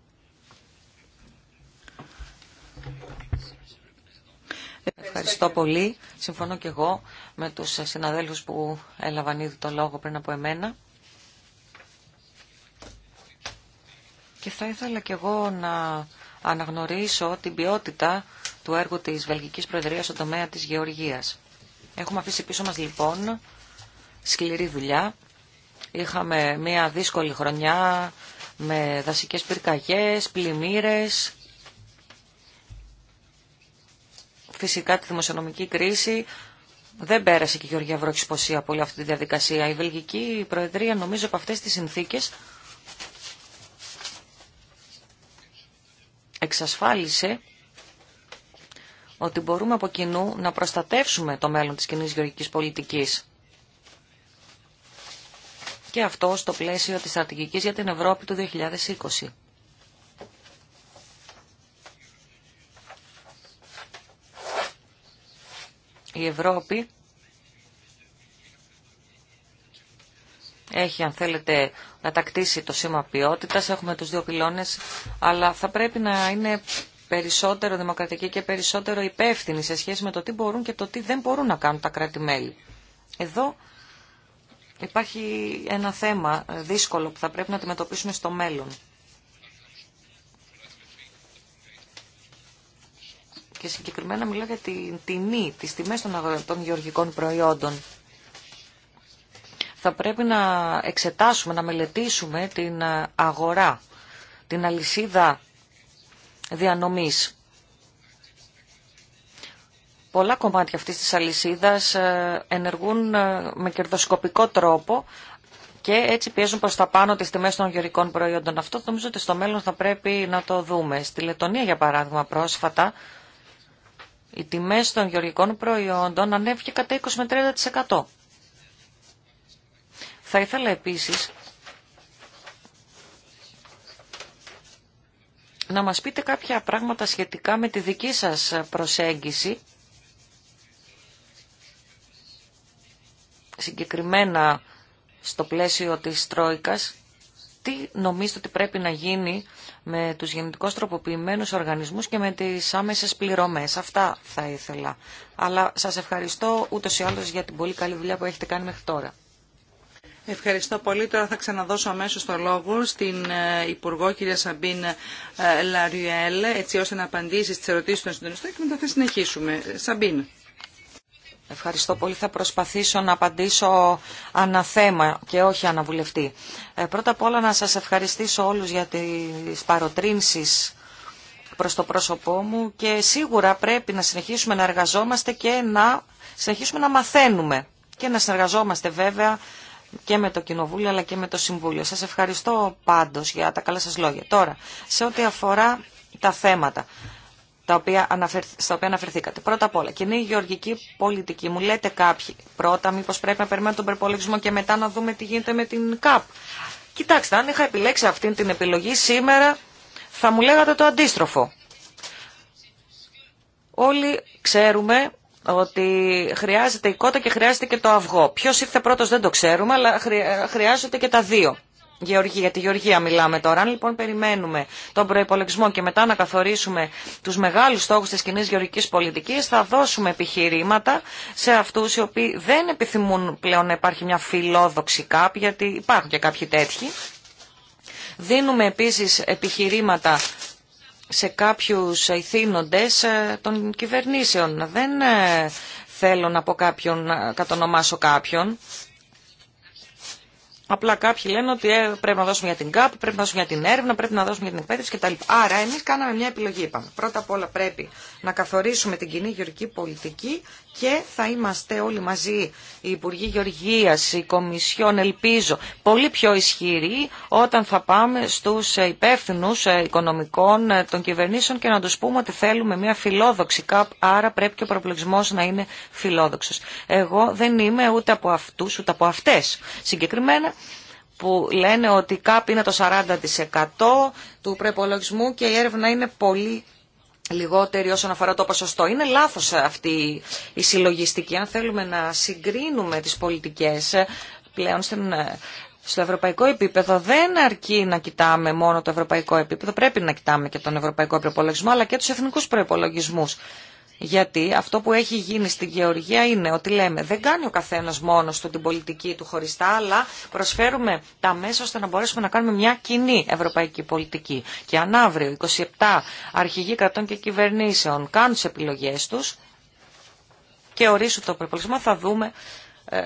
[SPEAKER 4] Ευχαριστώ πολύ. Συμφωνώ και εγώ με τους συναδέλφους που έλαβαν ήδη το λόγο πριν από εμένα. Και θα ήθελα και εγώ να αναγνωρίσω την ποιότητα του έργου της Βελγικής Προεδρίας στον τομέα της γεωργίας. Έχουμε αφήσει πίσω μας λοιπόν σκληρή δουλειά. Είχαμε μια δύσκολη χρονιά με δασικές πυρκαγιές, πλημμύρες, φυσικά τη δημοσιονομική κρίση. Δεν πέρασε και η Γεωργία Βρόξη Ποσία από όλη αυτή τη διαδικασία. Η Βελγική Προεδρία νομίζω από αυτές τις συνθήκες εξασφάλισε ότι μπορούμε από κοινού να προστατεύσουμε το μέλλον της κοινή γεωργικής πολιτικής. Και αυτό στο πλαίσιο της στρατηγικής για την Ευρώπη του 2020. Η Ευρώπη έχει αν θέλετε να τακτήσει το σήμα ποιότητας, έχουμε τους δύο πυλώνες, αλλά θα πρέπει να είναι περισσότερο δημοκρατική και περισσότερο υπεύθυνη σε σχέση με το τι μπορούν και το τι δεν μπορούν να κάνουν τα κράτη-μέλη. Εδώ υπάρχει ένα θέμα δύσκολο που θα πρέπει να αντιμετωπίσουμε στο μέλλον. Και συγκεκριμένα μιλάω για την τιμή, τις τιμές των, αγρο... των γεωργικών προϊόντων θα πρέπει να εξετάσουμε, να μελετήσουμε την αγορά, την αλυσίδα διανομής. Πολλά κομμάτια αυτής της αλυσίδας ε, ενεργούν ε, με κερδοσκοπικό τρόπο και έτσι πιέζουν προς τα πάνω τις τιμές των γεωργικών προϊόντων. Αυτό νομίζω ότι στο μέλλον θα πρέπει να το δούμε. Στη Λετωνία, για παράδειγμα, πρόσφατα, οι τιμές των γεωργικών προϊόντων ανέβηκε κατά 20 με 30%. Θα ήθελα επίσης να μας πείτε κάποια πράγματα σχετικά με τη δική σας προσέγγιση. Συγκεκριμένα στο πλαίσιο της Τρόικας, τι νομίζετε ότι πρέπει να γίνει με τους γενετικώς τροποποιημένους οργανισμούς και με τις άμεσες πληρωμές. Αυτά θα ήθελα. Αλλά σας ευχαριστώ ούτως ή άλλως για την πολύ καλή δουλειά που έχετε κάνει μέχρι τώρα. Ευχαριστώ πολύ. Τώρα θα ξαναδώσω αμέσως το λόγο
[SPEAKER 1] στην ε, Υπουργό κυρία Σαμπίν ε, Λαριουέλ έτσι ώστε να απαντήσει στις ερωτήσεις των
[SPEAKER 4] συντονιστών και μετά θα συνεχίσουμε. Σαμπίν. Ευχαριστώ πολύ. Θα προσπαθήσω να απαντήσω αναθέμα και όχι αναβουλευτή. Ε, πρώτα απ' όλα να σας ευχαριστήσω όλους για τις παροτρύνσεις προς το πρόσωπό μου και σίγουρα πρέπει να συνεχίσουμε να εργαζόμαστε και να συνεχίσουμε να μαθαίνουμε και να συνεργαζόμαστε βέβαια και με το Κοινοβούλιο αλλά και με το Συμβούλιο. Σας ευχαριστώ πάντως για τα καλά σας λόγια. Τώρα, σε ό,τι αφορά τα θέματα τα οποία στα οποία αναφερθήκατε. Πρώτα απ' όλα, κοινή γεωργική πολιτική. Μου λέτε κάποιοι πρώτα μήπως πρέπει να περιμένουμε τον προπολογισμό και μετά να δούμε τι γίνεται με την ΚΑΠ. Κοιτάξτε, αν είχα επιλέξει αυτή την επιλογή σήμερα θα μου λέγατε το αντίστροφο. Όλοι ξέρουμε ότι χρειάζεται η κότα και χρειάζεται και το αυγό. Ποιο ήρθε πρώτο δεν το ξέρουμε, αλλά χρειάζονται και τα δύο. Γεωργία, για τη Γεωργία μιλάμε τώρα. Αν λοιπόν περιμένουμε τον προπολογισμό και μετά να καθορίσουμε του μεγάλου στόχου τη κοινή γεωργική πολιτική, θα δώσουμε επιχειρήματα σε αυτού οι οποίοι δεν επιθυμούν πλέον να υπάρχει μια φιλόδοξη κάπ, γιατί υπάρχουν και κάποιοι τέτοιοι. Δίνουμε επίση επιχειρήματα σε κάποιους ηθήνοντες ε, των κυβερνήσεων. Δεν ε, θέλω να πω κάποιον, κατονομάσω κάποιον. Απλά κάποιοι λένε ότι ε, πρέπει να δώσουμε για την ΚΑΠ, πρέπει να δώσουμε για την έρευνα, πρέπει να δώσουμε για την εκπαίδευση κτλ. Άρα εμείς κάναμε μια επιλογή, είπαμε. Πρώτα απ' όλα πρέπει να καθορίσουμε την κοινή γεωργική πολιτική και θα είμαστε όλοι μαζί, οι Υπουργοί Γεωργίας, η Κομισιόν, ελπίζω, πολύ πιο ισχυροί όταν θα πάμε στους υπεύθυνου οικονομικών των κυβερνήσεων και να τους πούμε ότι θέλουμε μια φιλόδοξη ΚΑΠ, άρα πρέπει και ο προπλογισμός να είναι φιλόδοξος. Εγώ δεν είμαι ούτε από αυτούς, ούτε από αυτές συγκεκριμένα που λένε ότι η ΚΑΠ είναι το 40% του προπολογισμού και η έρευνα είναι πολύ Λιγότεροι όσον αφορά το ποσοστό. Είναι λάθος αυτή η συλλογιστική. Αν θέλουμε να συγκρίνουμε τις πολιτικές ε, πλέον στην, ε, στο ευρωπαϊκό επίπεδο δεν αρκεί να κοιτάμε μόνο το ευρωπαϊκό επίπεδο, πρέπει να κοιτάμε και τον ευρωπαϊκό προπολογισμό αλλά και τους εθνικούς προπολογισμούς. Γιατί αυτό που έχει γίνει στην Γεωργία είναι ότι λέμε δεν κάνει ο καθένα μόνο του την πολιτική του χωριστά, αλλά προσφέρουμε τα μέσα ώστε να μπορέσουμε να κάνουμε μια κοινή ευρωπαϊκή πολιτική. Και αν αύριο 27 αρχηγοί κρατών και κυβερνήσεων κάνουν τι επιλογέ του και ορίσουν το προπολισμό, θα δούμε ε,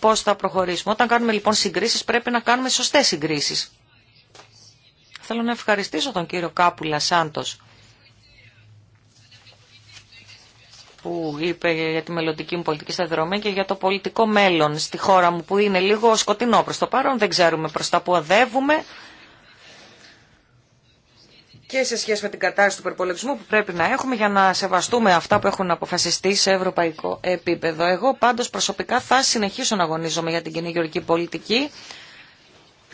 [SPEAKER 4] πώ θα προχωρήσουμε. Όταν κάνουμε λοιπόν συγκρίσει, πρέπει να κάνουμε σωστέ συγκρίσει. Θέλω να ευχαριστήσω τον κύριο Κάπουλα Σάντος που είπε για τη μελλοντική μου πολιτική σταδρομή και για το πολιτικό μέλλον στη χώρα μου που είναι λίγο σκοτεινό προς το παρόν, δεν ξέρουμε προς τα που οδεύουμε και σε σχέση με την κατάσταση του προπολογισμού που πρέπει να έχουμε για να σεβαστούμε αυτά που έχουν αποφασιστεί σε ευρωπαϊκό επίπεδο. Εγώ πάντως προσωπικά θα συνεχίσω να αγωνίζομαι για την κοινή γεωργική πολιτική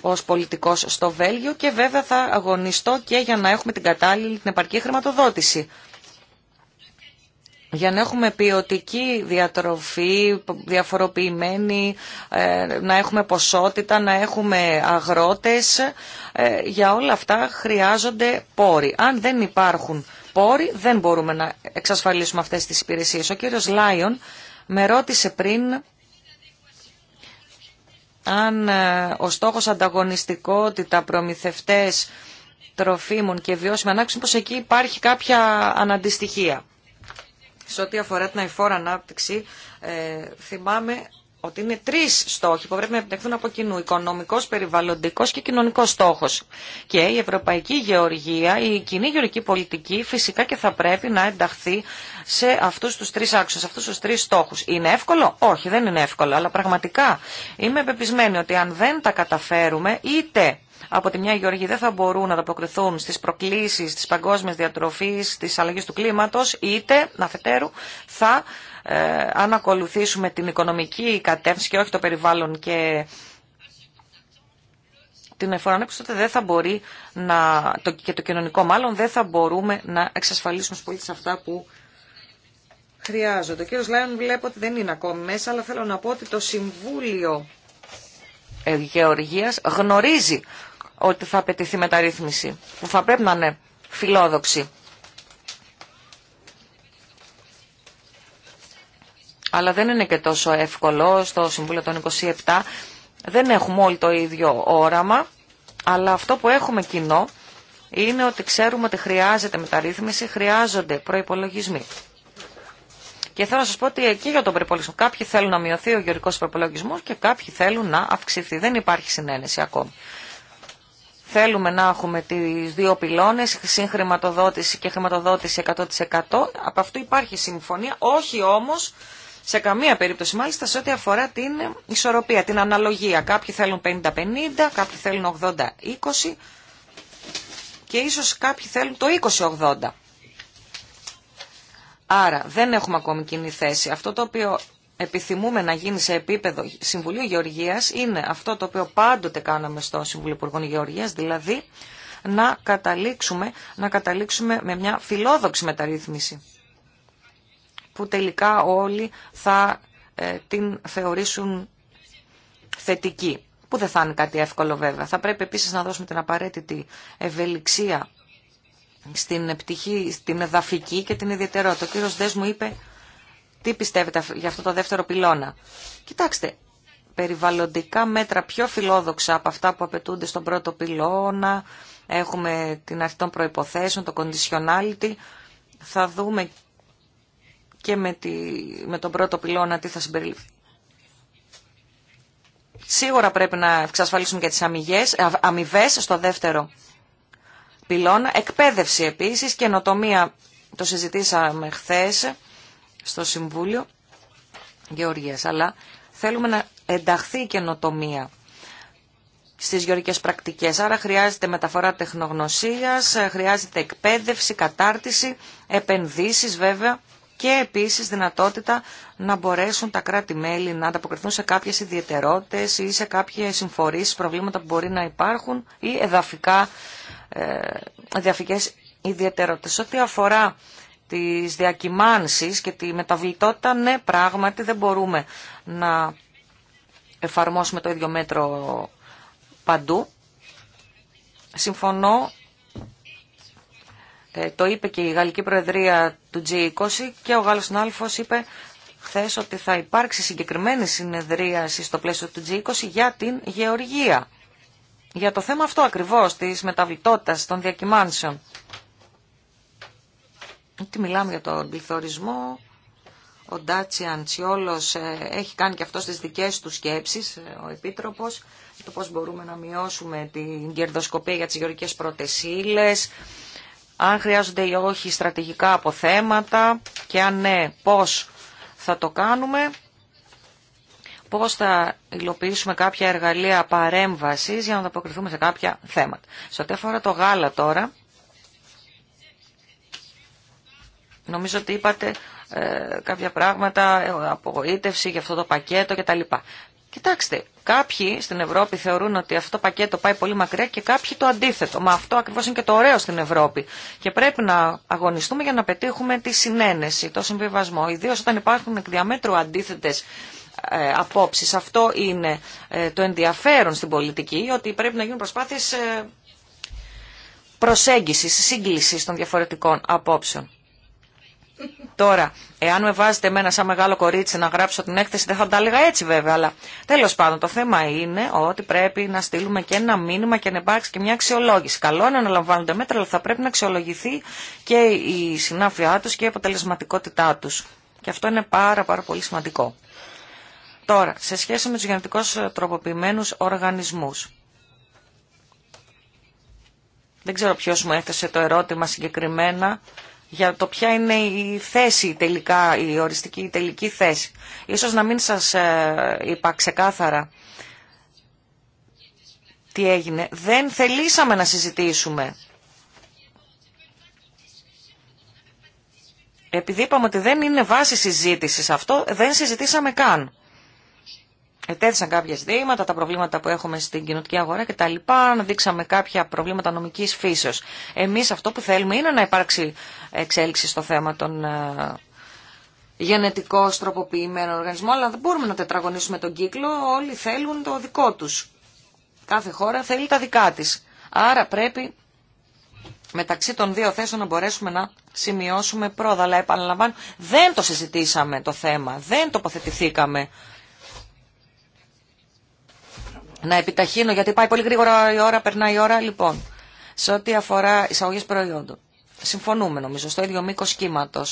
[SPEAKER 4] ως πολιτικός στο Βέλγιο και βέβαια θα αγωνιστώ και για να έχουμε την κατάλληλη την επαρκή χρηματοδότηση για να έχουμε ποιοτική διατροφή, διαφοροποιημένη, ε, να έχουμε ποσότητα, να έχουμε αγρότες. Ε, για όλα αυτά χρειάζονται πόροι. Αν δεν υπάρχουν πόροι δεν μπορούμε να εξασφαλίσουμε αυτές τις υπηρεσίες. Ο κύριος Λάιον με ρώτησε πριν αν ε, ο στόχος ανταγωνιστικότητα, προμηθευτές τροφίμων και βιώσιμων να πως εκεί υπάρχει κάποια αναντιστοιχία σε ό,τι αφορά την αηφόρα ανάπτυξη, ε, θυμάμαι ότι είναι τρει στόχοι που πρέπει να επιτευχθούν από κοινού. Οικονομικό, περιβαλλοντικό και κοινωνικό στόχο. Και η Ευρωπαϊκή Γεωργία, η κοινή γεωργική πολιτική, φυσικά και θα πρέπει να ενταχθεί σε αυτού του τρει άξονε, αυτού του τρει στόχου. Είναι εύκολο? Όχι, δεν είναι εύκολο. Αλλά πραγματικά είμαι πεπισμένη ότι αν δεν τα καταφέρουμε, είτε από τη μια οι γεωργοί δεν θα μπορούν να ανταποκριθούν στις προκλήσεις της παγκόσμιας διατροφής, της αλλαγής του κλίματος, είτε, να φετέρου θα ε, ανακολουθήσουμε την οικονομική κατεύθυνση και όχι το περιβάλλον και την εφορανέκουση, τότε δεν θα μπορεί να, το, και το κοινωνικό μάλλον, δεν θα μπορούμε να εξασφαλίσουμε στους πολίτες αυτά που χρειάζονται. Ο κύριος Λάιον βλέπω ότι δεν είναι ακόμη μέσα, αλλά θέλω να πω ότι το Συμβούλιο Γεωργίας γνωρίζει ότι θα απαιτηθεί μεταρρύθμιση, που θα πρέπει να είναι φιλόδοξη. Αλλά δεν είναι και τόσο εύκολο στο Συμβούλιο των 27. Δεν έχουμε όλοι το ίδιο όραμα, αλλά αυτό που έχουμε κοινό είναι ότι ξέρουμε ότι χρειάζεται μεταρρύθμιση, χρειάζονται προϋπολογισμοί. Και θέλω να σας πω ότι εκεί για τον προπολογισμό κάποιοι θέλουν να μειωθεί ο γεωρικός προπολογισμό και κάποιοι θέλουν να αυξηθεί. Δεν υπάρχει συνένεση ακόμη. Θέλουμε να έχουμε τις δύο πυλώνες, συγχρηματοδότηση και χρηματοδότηση 100%. Από αυτού υπάρχει συμφωνία, όχι όμως σε καμία περίπτωση μάλιστα σε ό,τι αφορά την ισορροπία, την αναλογία. Κάποιοι θέλουν 50-50, κάποιοι θέλουν 80-20 και ίσως κάποιοι θέλουν το 20-80. Άρα δεν έχουμε ακόμη κοινή θέση. Αυτό το οποίο επιθυμούμε να γίνει σε επίπεδο Συμβουλίου Γεωργίας είναι αυτό το οποίο πάντοτε κάναμε στο Συμβουλίο Υπουργών Γεωργίας, δηλαδή να καταλήξουμε, να καταλήξουμε με μια φιλόδοξη μεταρρύθμιση που τελικά όλοι θα ε, την θεωρήσουν θετική, που δεν θα είναι κάτι εύκολο βέβαια. Θα πρέπει επίσης να δώσουμε την απαραίτητη ευελιξία στην πτυχή, στην εδαφική και την ιδιαιτερότητα. Ο κύριος Δέσμου είπε τι πιστεύετε για αυτό το δεύτερο πυλώνα. Κοιτάξτε, περιβαλλοντικά μέτρα πιο φιλόδοξα από αυτά που απαιτούνται στον πρώτο πυλώνα. Έχουμε την αρχή των προϋποθέσεων, το conditionality. Θα δούμε και με, τη, με τον πρώτο πυλώνα τι θα συμπεριληφθεί. Σίγουρα πρέπει να εξασφαλίσουμε και τις αμοιβέ στο δεύτερο πυλώνα. Εκπαίδευση επίσης, καινοτομία το συζητήσαμε χθες στο Συμβούλιο Γεωργίας. Αλλά θέλουμε να ενταχθεί η καινοτομία στις γεωργικές πρακτικές. Άρα χρειάζεται μεταφορά τεχνογνωσίας, χρειάζεται εκπαίδευση, κατάρτιση, επενδύσεις βέβαια και επίσης δυνατότητα να μπορέσουν τα κράτη-μέλη να ανταποκριθούν σε κάποιες ιδιαιτερότητες ή σε κάποιες συμφορήσεις, προβλήματα που μπορεί να υπάρχουν ή εδαφικά, ε, ιδιαιτερότητες. Ό,τι αφορά τις διακυμάνσεις και τη μεταβλητότητα, ναι, πράγματι δεν μπορούμε να εφαρμόσουμε το ίδιο μέτρο παντού. Συμφωνώ, ε, το είπε και η Γαλλική Προεδρία του G20 και ο Γάλλος Νάλφος είπε χθες ότι θα υπάρξει συγκεκριμένη συνεδρίαση στο πλαίσιο του G20 για την γεωργία. Για το θέμα αυτό ακριβώς, της μεταβλητότητας των διακυμάνσεων. Τι μιλάμε για τον πληθωρισμό, ο Ντάτσιαν Τσιόλος ε, έχει κάνει και αυτό στις δικές του σκέψεις, ε, ο Επίτροπος, το πώς μπορούμε να μειώσουμε την κερδοσκοπία για τις γεωργικέ πρωτεσίλες, αν χρειάζονται ή όχι στρατηγικά αποθέματα και αν ναι, πώς θα το κάνουμε, πώς θα υλοποιήσουμε κάποια εργαλεία παρέμβασης για να ανταποκριθούμε σε κάποια θέματα. Σε ό,τι αφορά το γάλα τώρα, Νομίζω ότι είπατε ε, κάποια πράγματα, ε, απογοήτευση για αυτό το πακέτο κτλ. Κοιτάξτε, κάποιοι στην Ευρώπη θεωρούν ότι αυτό το πακέτο πάει πολύ μακριά και κάποιοι το αντίθετο. Μα αυτό ακριβώ είναι και το ωραίο στην Ευρώπη. Και πρέπει να αγωνιστούμε για να πετύχουμε τη συνένεση, το συμβιβασμό. Ιδίω όταν υπάρχουν εκ διαμέτρου αντίθετε ε, απόψεις. Αυτό είναι ε, το ενδιαφέρον στην πολιτική, ότι πρέπει να γίνουν προσπάθειε ε, προσέγγισης, σύγκλησης των διαφορετικών απόψεων. Τώρα, εάν με βάζετε εμένα σαν μεγάλο κορίτσι να γράψω την έκθεση, δεν θα τα έλεγα έτσι βέβαια, αλλά τέλος πάντων το θέμα είναι ότι πρέπει να στείλουμε και ένα μήνυμα και να υπάρξει και μια αξιολόγηση. Καλό είναι να λαμβάνονται μέτρα, αλλά θα πρέπει να αξιολογηθεί και η συνάφειά τους και η αποτελεσματικότητά τους. Και αυτό είναι πάρα πάρα πολύ σημαντικό. Τώρα, σε σχέση με τους γενετικώς τροποποιημένους οργανισμούς. Δεν ξέρω ποιος μου έθεσε το ερώτημα συγκεκριμένα για το ποια είναι η θέση τελικά, η οριστική, τελική θέση. Ίσως να μην σας ε, είπα ξεκάθαρα τι έγινε. Δεν θελήσαμε να συζητήσουμε. Επειδή είπαμε ότι δεν είναι βάση συζήτησης αυτό, δεν συζητήσαμε καν. Ετέθησαν κάποια ζητήματα, τα προβλήματα που έχουμε στην κοινωτική αγορά κτλ. Δείξαμε κάποια προβλήματα νομική φύσεω. Εμεί αυτό που θέλουμε είναι να υπάρξει εξέλιξη στο θέμα των ε, γενετικό τροποποιημένων οργανισμών, αλλά δεν μπορούμε να τετραγωνίσουμε τον κύκλο. Όλοι θέλουν το δικό τους. Κάθε χώρα θέλει τα δικά της. Άρα πρέπει μεταξύ των δύο θέσεων να μπορέσουμε να σημειώσουμε πρόοδα. Αλλά επαναλαμβάνω, δεν το συζητήσαμε το θέμα, δεν τοποθετηθήκαμε να επιταχύνω, γιατί πάει πολύ γρήγορα η ώρα, περνάει η ώρα. Λοιπόν, σε ό,τι αφορά εισαγωγέ προϊόντων. Συμφωνούμε νομίζω, στο ίδιο μήκο κύματο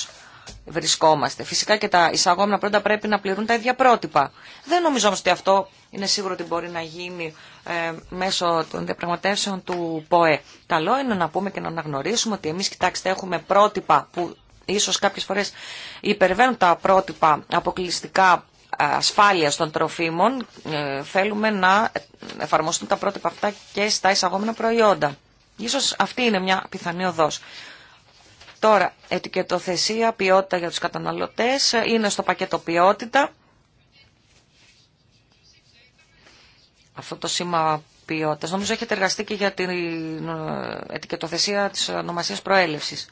[SPEAKER 4] βρισκόμαστε. Φυσικά και τα εισαγόμενα πρώτα πρέπει να πληρούν τα ίδια πρότυπα. Δεν νομίζω όμως ότι αυτό είναι σίγουρο ότι μπορεί να γίνει ε, μέσω των διαπραγματεύσεων του ΠΟΕ. Καλό είναι να πούμε και να αναγνωρίσουμε ότι εμείς κοιτάξτε έχουμε πρότυπα που ίσως κάποιες φορές υπερβαίνουν τα πρότυπα αποκλειστικά ασφάλεια των τροφίμων ε, θέλουμε να εφαρμοστούν τα πρότυπα αυτά και στα εισαγόμενα προϊόντα. Ίσως αυτή είναι μια πιθανή οδός. Τώρα, ετικετοθεσία, ποιότητα για τους καταναλωτές, είναι στο πακέτο ποιότητα. Αυτό το σήμα ποιότητας. Νομίζω έχετε εργαστεί και για την ε, ετικετοθεσία της ονομασίας προέλευσης.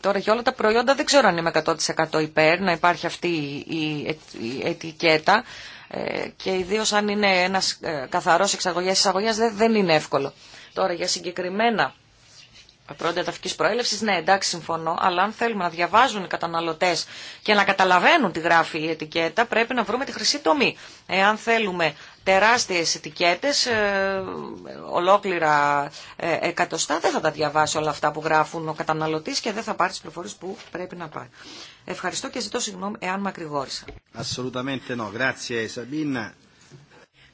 [SPEAKER 4] Τώρα για όλα τα προϊόντα δεν ξέρω αν είμαι 100% υπέρ να υπάρχει αυτή η ετικέτα ε, και ιδίω αν είναι ένας ε, καθαρός εξαγωγές-εισαγωγές δεν είναι εύκολο. Τώρα για συγκεκριμένα Πρώτα ταφική προέλευση, ναι, εντάξει, συμφωνώ, αλλά αν θέλουμε να διαβάζουν οι καταναλωτέ και να καταλαβαίνουν τι γράφει η ετικέτα, πρέπει να βρούμε τη χρυσή τομή. Εάν θέλουμε τεράστιες ετικέτες, ε, ολόκληρα ε, εκατοστά, δεν θα τα διαβάσει όλα αυτά που γράφουν ο καταναλωτής και δεν θα πάρει τις πληροφορίες που πρέπει να πάρει. Ευχαριστώ και ζητώ συγγνώμη εάν μακρηγόρησα.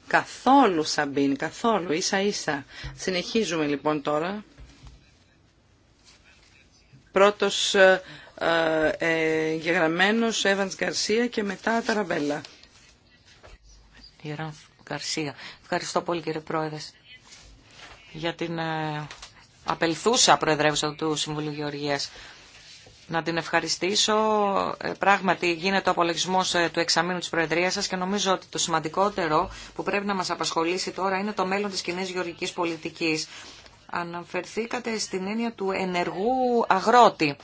[SPEAKER 1] Καθόλου Σαμπίν, καθόλου, ίσα ίσα. Συνεχίζουμε λοιπόν τώρα. Πρώτος ε, ε, γεγραμμένος
[SPEAKER 4] Εύανς Γκαρσία και μετά Ταραμπέλα. Ιεράν Ευχαριστώ πολύ κύριε Πρόεδρε για την ε, απελθούσα προεδρεύουσα του Συμβουλίου Γεωργίας. Να την ευχαριστήσω. Ε, πράγματι γίνεται ο απολογισμό ε, του εξαμήνου τη Προεδρία σα και νομίζω ότι το σημαντικότερο που πρέπει να μα απασχολήσει τώρα είναι το μέλλον τη κοινή γεωργική πολιτική. Αναφερθήκατε στην έννοια του ενεργού αγρότη.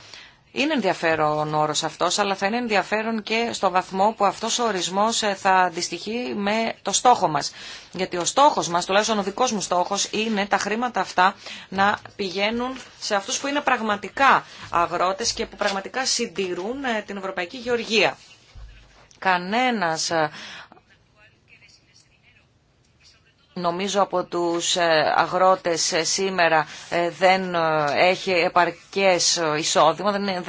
[SPEAKER 4] Είναι ενδιαφέρον ο όρο αυτό, αλλά θα είναι ενδιαφέρον και στο βαθμό που αυτό ο ορισμό ε, θα αντιστοιχεί με το στόχο μα. Γιατί ο στόχο μα, τουλάχιστον ο δικό μου στόχο, είναι τα χρήματα αυτά να πηγαίνουν σε αυτού που είναι πραγματικά αγρότε και που πραγματικά συντηρούν ε, την Ευρωπαϊκή Γεωργία. Κανένας ε, Νομίζω από τους ε, αγρότες ε, σήμερα ε, δεν έχει επαρκές εισόδημα, δεν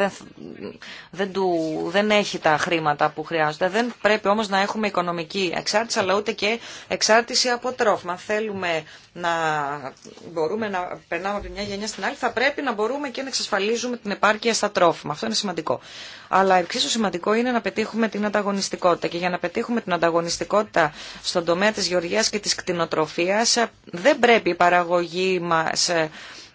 [SPEAKER 4] δεν, του, δεν έχει τα χρήματα που χρειάζονται. Δεν πρέπει όμως να έχουμε οικονομική εξάρτηση, αλλά ούτε και εξάρτηση από τρόφιμα. Θέλουμε να μπορούμε να περνάμε από τη μια γενιά στην άλλη, θα πρέπει να μπορούμε και να εξασφαλίζουμε την επάρκεια στα τρόφιμα. Αυτό είναι σημαντικό. Αλλά εξίσου σημαντικό είναι να πετύχουμε την ανταγωνιστικότητα. Και για να πετύχουμε την ανταγωνιστικότητα στον τομέα της γεωργίας και της κτηνοτροφίας, δεν πρέπει η παραγωγή μας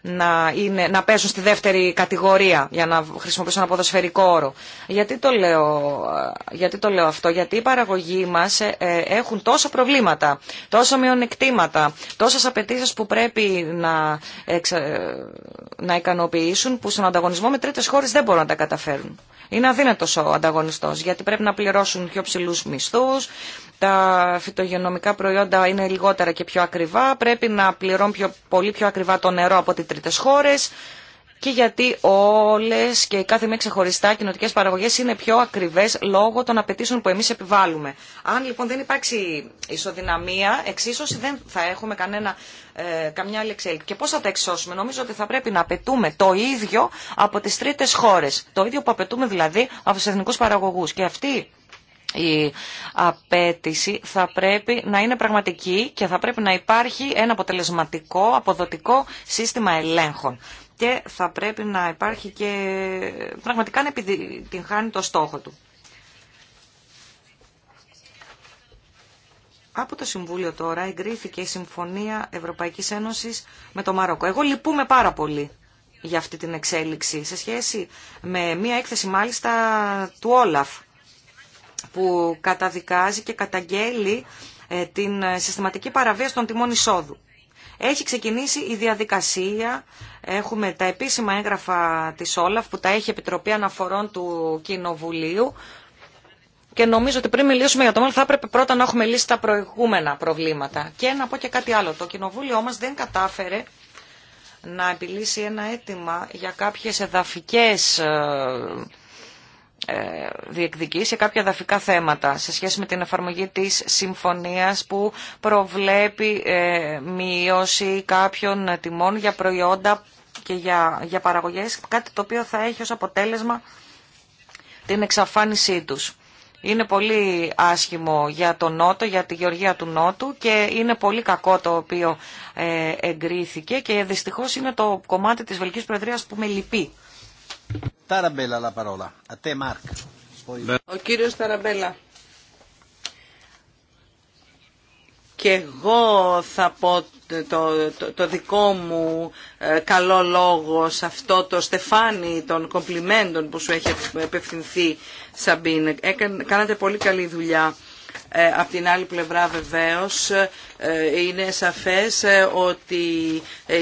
[SPEAKER 4] να, είναι, να πέσουν στη δεύτερη κατηγορία, για να χρησιμοποιήσω ένα ποδοσφαιρικό όρο. Γιατί το λέω, ε, γιατί το λέω αυτό, γιατί οι παραγωγοί μας ε, ε, έχουν τόσα προβλήματα, τόσα μειονεκτήματα, τόσες απαιτήσει που πρέπει να, να ικανοποιήσουν, που στον ανταγωνισμό με τρίτες χώρες δεν μπορούν να τα καταφέρουν. Είναι αδύνατος ο ανταγωνιστός, γιατί πρέπει να πληρώσουν πιο ψηλού μισθούς, τα φυτογενομικά προϊόντα είναι λιγότερα και πιο ακριβά, πρέπει να πληρώνουν πιο, πολύ πιο ακριβά το νερό από τις τρίτες χώρες και γιατί όλες και κάθε μία ξεχωριστά κοινοτικές παραγωγές είναι πιο ακριβές λόγω των απαιτήσεων που εμείς επιβάλλουμε. Αν λοιπόν δεν υπάρξει ισοδυναμία, εξίσωση δεν θα έχουμε κανένα, ε, καμιά άλλη εξέλιξη. Και πώς θα τα εξώσουμε. Νομίζω ότι θα πρέπει να απαιτούμε το ίδιο από τις τρίτες χώρες. Το ίδιο που απαιτούμε δηλαδή από του εθνικούς παραγωγούς. Και αυτοί η απέτηση θα πρέπει να είναι πραγματική και θα πρέπει να υπάρχει ένα αποτελεσματικό, αποδοτικό σύστημα ελέγχων. Και θα πρέπει να υπάρχει και πραγματικά να επιτυγχάνει το στόχο του. Από το Συμβούλιο τώρα εγκρίθηκε η Συμφωνία Ευρωπαϊκής Ένωσης με το Μαρόκο. Εγώ λυπούμαι πάρα πολύ για αυτή την εξέλιξη σε σχέση με μια έκθεση μάλιστα του Όλαφ που καταδικάζει και καταγγέλει ε, την ε, συστηματική παραβίαση των τιμών εισόδου. Έχει ξεκινήσει η διαδικασία, έχουμε τα επίσημα έγγραφα της Όλαφ που τα έχει η Επιτροπή Αναφορών του Κοινοβουλίου και νομίζω ότι πριν μιλήσουμε για το μέλλον θα έπρεπε πρώτα να έχουμε λύσει τα προηγούμενα προβλήματα. Και να πω και κάτι άλλο, το Κοινοβούλιο μας δεν κατάφερε να επιλύσει ένα αίτημα για κάποιες εδαφικές ε, ε, διεκδικήσει κάποια δαφικά θέματα σε σχέση με την εφαρμογή της συμφωνίας που προβλέπει ε, μείωση κάποιων τιμών για προϊόντα και για, για παραγωγές, κάτι το οποίο θα έχει ως αποτέλεσμα την εξαφάνισή τους. Είναι πολύ άσχημο για τον Νότο, για τη γεωργία του Νότου και είναι πολύ κακό το οποίο ε, εγκρίθηκε και δυστυχώς είναι το κομμάτι της Βελικής
[SPEAKER 2] Προεδρίας που με λυπεί. Ο κύριος Ταραμπέλα. Και
[SPEAKER 1] εγώ θα πω το, το, δικό μου ε, καλό λόγο σε αυτό το στεφάνι των κομπλιμέντων που σου έχει απευθυνθεί Σαμπίν. κάνατε πολύ καλή δουλειά ε, απ' την άλλη πλευρά βεβαίως ε, είναι σαφές ε, ότι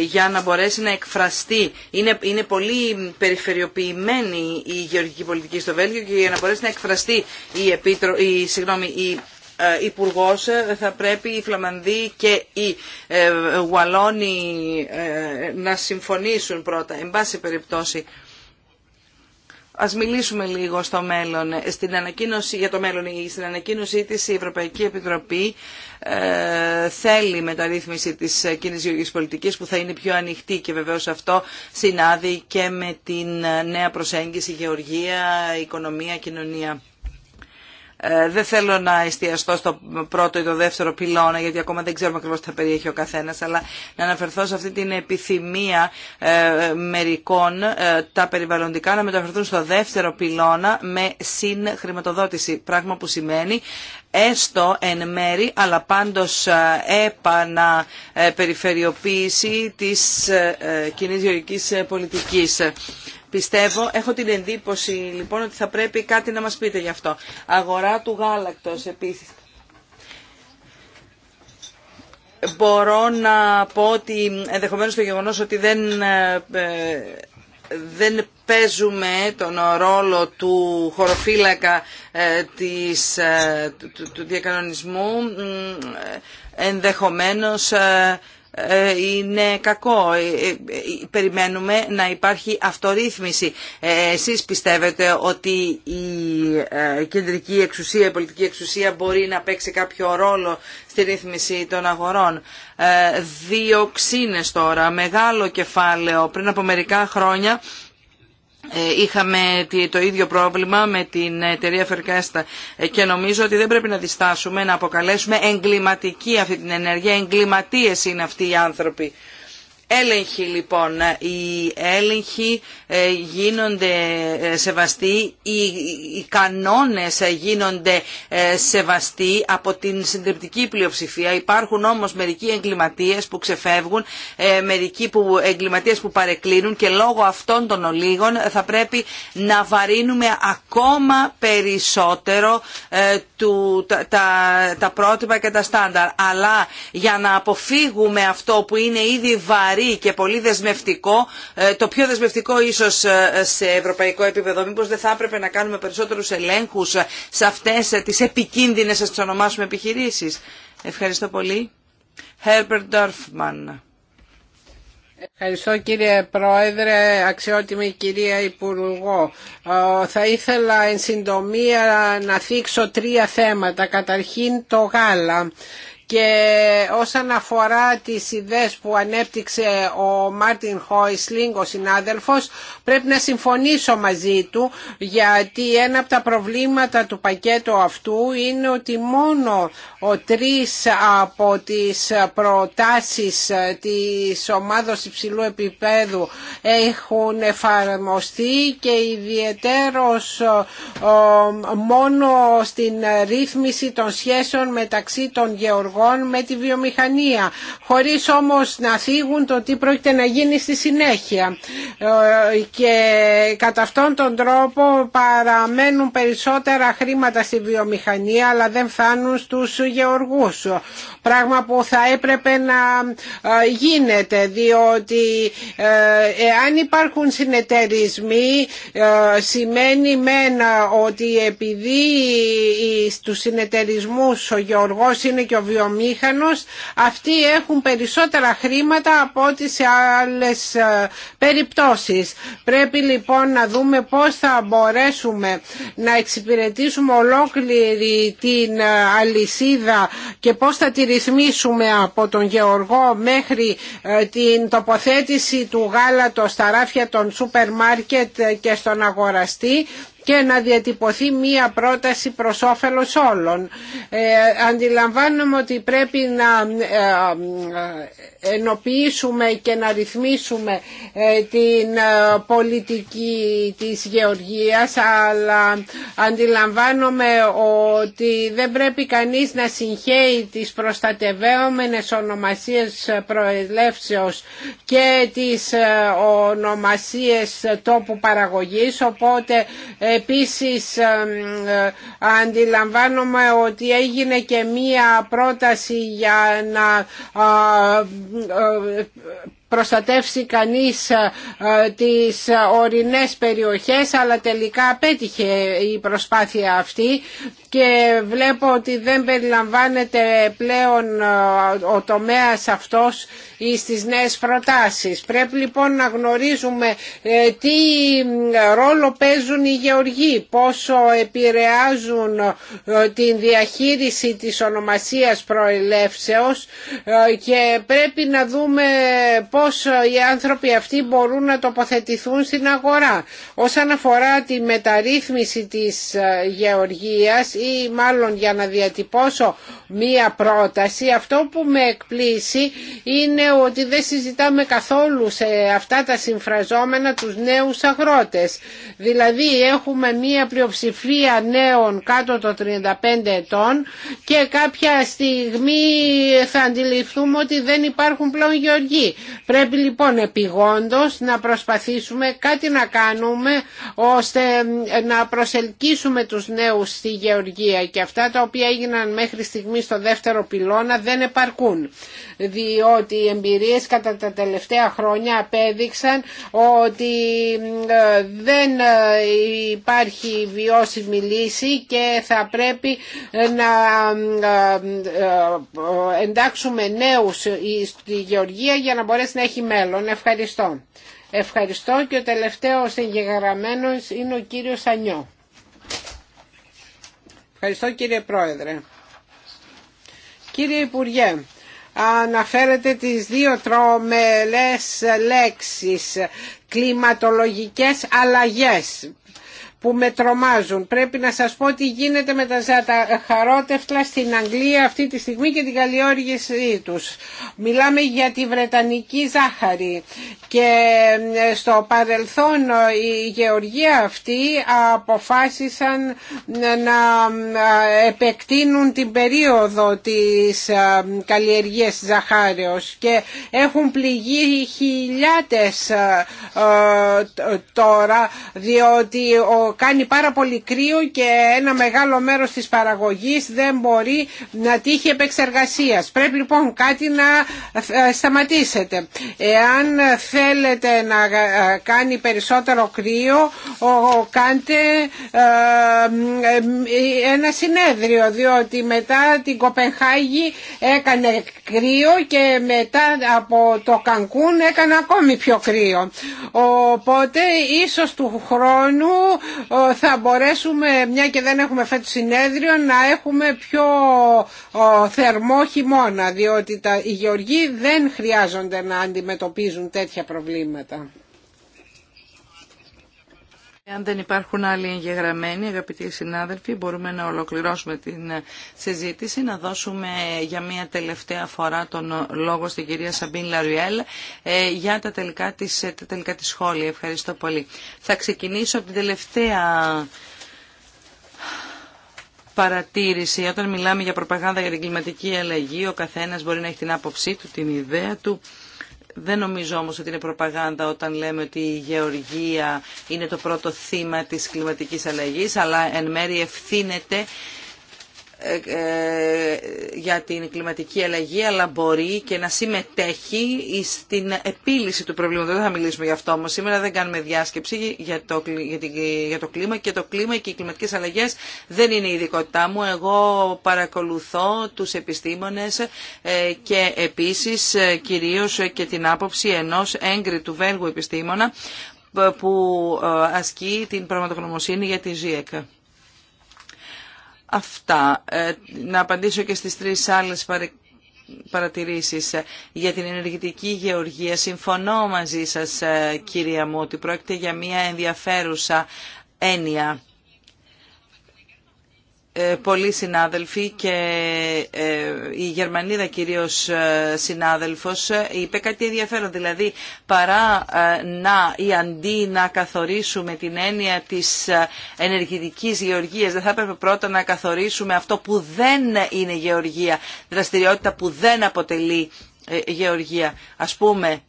[SPEAKER 1] για να μπορέσει να εκφραστεί είναι, είναι πολύ περιφερειοποιημένη η γεωργική πολιτική στο Βέλγιο και για να μπορέσει να εκφραστεί η, επίτρο, η, συγγνώμη, η Υπουργό θα πρέπει οι Φλαμανδοί και οι Γουαλόνοι να συμφωνήσουν πρώτα. Εν πάση περιπτώσει Ας μιλήσουμε λίγο στο μέλλον. Στην ανακοίνωση, για το μέλλον, στην ανακοίνωσή της η Ευρωπαϊκή Επιτροπή ε, θέλει μεταρρύθμιση της ε, κοινής γεωργικής πολιτικής που θα είναι πιο ανοιχτή και βεβαίως αυτό συνάδει και με την ε, νέα προσέγγιση γεωργία, οικονομία, κοινωνία. Ε, δεν θέλω να εστιαστώ στο πρώτο ή το δεύτερο πυλώνα, γιατί ακόμα δεν ξέρουμε ακριβώς τι θα περιέχει ο καθένας, αλλά να αναφερθώ σε αυτή την επιθυμία ε, μερικών ε, τα περιβαλλοντικά να μεταφερθούν στο δεύτερο πυλώνα με συγχρηματοδότηση, πράγμα που σημαίνει έστω εν μέρη, αλλά πάντως επαναπεριφερειοποίηση της κοινή γεωργικής πολιτικής. Πιστεύω, έχω την εντύπωση λοιπόν ότι θα πρέπει κάτι να μας πείτε γι' αυτό. Αγορά του γάλακτος επίσης. Μπορώ να πω ότι ενδεχομένως το γεγονός ότι δεν ε, ε, δεν παίζουμε τον ρόλο του χωροφύλακα ε, της, του, του διακανονισμού ενδεχομένως ε, είναι κακό. Ε, ε, περιμένουμε να υπάρχει αυτορύθμιση. Εσείς πιστεύετε ότι η κεντρική εξουσία, η πολιτική εξουσία μπορεί να παίξει κάποιο ρόλο στη ρύθμιση των αγορών. Δύο ξύνες τώρα, μεγάλο κεφάλαιο. Πριν από μερικά χρόνια ε, είχαμε το ίδιο πρόβλημα με την εταιρεία Φερκέστα και νομίζω ότι δεν πρέπει να διστάσουμε να αποκαλέσουμε εγκληματική αυτή την ενέργεια. Εγκληματίες είναι αυτοί οι άνθρωποι. Έλεγχοι λοιπόν, ε, οι έλεγχοι ε, γίνονται ε, σεβαστοί, οι κανόνες γίνονται σεβαστοί από την συντριπτική πλειοψηφία. Υπάρχουν όμως μερικοί εγκληματίες που ξεφεύγουν, μερικοί που, εγκληματίες που παρεκκλίνουν και λόγω αυτών των ολίγων θα πρέπει να βαρύνουμε ακόμα περισσότερο τα, τα, τα πρότυπα και τα στάνταρ. Αλλά για να αποφύγουμε αυτό που είναι ήδη βαρύ και πολύ δεσμευτικό, ε, το πιο δεσμευτικό ίσως ε, σε ευρωπαϊκό επίπεδο. Μήπως δεν θα έπρεπε να κάνουμε περισσότερους ελέγχους ε, σε αυτές τις επικίνδυνες, ας τις ονομάσουμε, επιχειρήσεις. Ευχαριστώ πολύ.
[SPEAKER 3] Herbert Dorfman. Ευχαριστώ κύριε Πρόεδρε, αξιότιμη κυρία Υπουργό. Θα ήθελα εν συντομία να θίξω τρία θέματα. Καταρχήν το γάλα και όσον αφορά τις ιδέες που ανέπτυξε ο Μάρτιν Χόισλινγκ, ο συνάδελφος, πρέπει να συμφωνήσω μαζί του γιατί ένα από τα προβλήματα του πακέτου αυτού είναι ότι μόνο ο τρεις από τις προτάσεις της ομάδος υψηλού επίπεδου έχουν εφαρμοστεί και ιδιαιτέρως μόνο στην ρύθμιση των σχέσεων μεταξύ των γεωργών Λοιπόν με τη βιομηχανία, χωρίς όμως να θίγουν το τι πρόκειται να γίνει στη συνέχεια. Ε, και κατά αυτόν τον τρόπο παραμένουν περισσότερα χρήματα στη βιομηχανία, αλλά δεν φτάνουν στους γεωργούς. Πράγμα που θα έπρεπε να ε, γίνεται, διότι ε, εάν υπάρχουν συνεταιρισμοί, σημαίνει μένα ότι επειδή στους συνεταιρισμούς ο γεωργός είναι και ο αυτοί έχουν περισσότερα χρήματα από ό,τι σε άλλες ε, περιπτώσεις. Πρέπει λοιπόν να δούμε πώς θα μπορέσουμε να εξυπηρετήσουμε ολόκληρη την ε, αλυσίδα και πώς θα τη ρυθμίσουμε από τον Γεωργό μέχρι ε, την τοποθέτηση του γάλατος στα ράφια των σούπερ μάρκετ και στον αγοραστή και να διατυπωθεί μία πρόταση προς όφελος όλων. Ε, αντιλαμβάνομαι ότι πρέπει να ε, ε, ενοποιήσουμε και να ρυθμίσουμε την πολιτική της γεωργίας αλλά αντιλαμβάνομαι ότι δεν πρέπει κανείς να συγχαίει τις προστατευόμενες ονομασίες προελεύσεως και τις ονομασίες τόπου παραγωγής οπότε Επίσης ε, αντιλαμβάνομαι ότι έγινε και μία πρόταση για να ε, ε, προστατεύσει κανείς ε, ε, τις ορεινές περιοχές αλλά τελικά απέτυχε η προσπάθεια αυτή και βλέπω ότι δεν περιλαμβάνεται πλέον ε, ο τομέας αυτός στις νέες προτάσεις. Πρέπει λοιπόν να γνωρίζουμε τι ρόλο παίζουν οι γεωργοί, πόσο επηρεάζουν την διαχείριση της ονομασίας προελεύσεως και πρέπει να δούμε πώς πώς ε, οι άνθρωποι αυτοί μπορούν να τοποθετηθούν στην αγορά. Όσον αφορά τη μεταρρύθμιση της ε, γεωργίας ή μάλλον για να διατυπώσω μία πρόταση, αυτό που με εκπλήσει είναι ότι δεν συζητάμε καθόλου σε αυτά τα συμφραζόμενα τους νέους αγρότες. Δηλαδή έχουμε μία πλειοψηφία νέων κάτω των 35 ετών και κάποια στιγμή θα αντιληφθούμε ότι δεν υπάρχουν πλέον γεωργοί. Πρέπει λοιπόν επιγόντως να προσπαθήσουμε κάτι να κάνουμε ώστε να προσελκύσουμε τους νέους στη γεωργία και αυτά τα οποία έγιναν μέχρι στιγμή στο δεύτερο πυλώνα δεν επαρκούν διότι οι εμπειρίες κατά τα τελευταία χρόνια απέδειξαν ότι δεν υπάρχει βιώσιμη λύση και θα πρέπει να εντάξουμε νέους στη γεωργία για να μπορέσουμε να έχει μέλλον. Ευχαριστώ. Ευχαριστώ και ο τελευταίος εγγεγραμμένος είναι ο κύριος Ανιό. Ευχαριστώ κύριε Πρόεδρε. Κύριε Υπουργέ, αναφέρετε τις δύο τρομελές λέξεις κλιματολογικές αλλαγές που με τρομάζουν. Πρέπει να σας πω τι γίνεται με τα ζαχαρότευκλα στην Αγγλία αυτή τη στιγμή και την καλλιόργησή τους. Μιλάμε για τη Βρετανική ζάχαρη και ε, στο παρελθόν ε, η γεωργία αυτή αποφάσισαν ε, να επεκτείνουν την περίοδο της καλλιεργίας ζαχάριος και έχουν πληγεί χιλιάδες τώρα διότι ο κάνει πάρα πολύ κρύο και ένα μεγάλο μέρος της παραγωγής δεν μπορεί να τύχει επεξεργασίας. Πρέπει λοιπόν κάτι να ε, σταματήσετε. Εάν θέλετε να ε, κάνει περισσότερο κρύο, κάντε ε, ένα συνέδριο, διότι μετά την Κοπενχάγη έκανε κρύο και μετά από το Κανκούν έκανε ακόμη πιο κρύο. Οπότε ίσως του χρόνου θα μπορέσουμε, μια και δεν έχουμε φέτος συνέδριο, να έχουμε πιο θερμό χειμώνα, διότι τα, οι γεωργοί δεν χρειάζονται να αντιμετωπίζουν τέτοια προβλήματα. Εάν δεν υπάρχουν άλλοι εγγεγραμμένοι, αγαπητοί συνάδελφοι, μπορούμε
[SPEAKER 1] να ολοκληρώσουμε την ε, συζήτηση, να δώσουμε για μια τελευταία φορά τον ε, λόγο στην κυρία Σαμπίν Λαριέλ ε, για τα τελικά της, τα τελικά της σχόλια. Ευχαριστώ πολύ. Θα ξεκινήσω από την τελευταία παρατήρηση. Όταν μιλάμε για προπαγάνδα για την κλιματική αλλαγή, ο καθένας μπορεί να έχει την άποψή του, την ιδέα του. Δεν νομίζω όμως ότι είναι προπαγάνδα όταν λέμε ότι η γεωργία είναι το πρώτο θύμα της κλιματικής αλλαγής, αλλά εν μέρει ευθύνεται ε, ε, για την κλιματική αλλαγή αλλά μπορεί και να συμμετέχει στην επίλυση του προβλήματος. Δεν θα μιλήσουμε γι' αυτό όμω. Σήμερα δεν κάνουμε διάσκεψη για το, για το κλίμα και το κλίμα και οι κλιματικέ αλλαγέ δεν είναι η ειδικότητά μου. Εγώ παρακολουθώ τους επιστήμονες ε, και επίσης κυρίω και την άποψη ενός έγκριτου βέλγου επιστήμονα που ασκεί την πραγματογνωμοσύνη για τη ΖΙΕΚΑ Αυτά. Ε, να απαντήσω και στις τρεις άλλες παρατηρήσεις ε, για την ενεργητική γεωργία. Συμφωνώ μαζί σας, ε, κυρία μου, ότι πρόκειται για μια ενδιαφέρουσα έννοια ε, πολλοί συνάδελφοι και ε, η Γερμανίδα κυρίως ε, συνάδελφος είπε κάτι ενδιαφέρον. Δηλαδή παρά να ή αντί να καθορίσουμε την έννοια της ενεργητικής γεωργίας δεν θα έπρεπε πρώτα να καθορίσουμε αυτό που δεν είναι γεωργία, δραστηριότητα που δεν αποτελεί γεωργία. Ας πούμε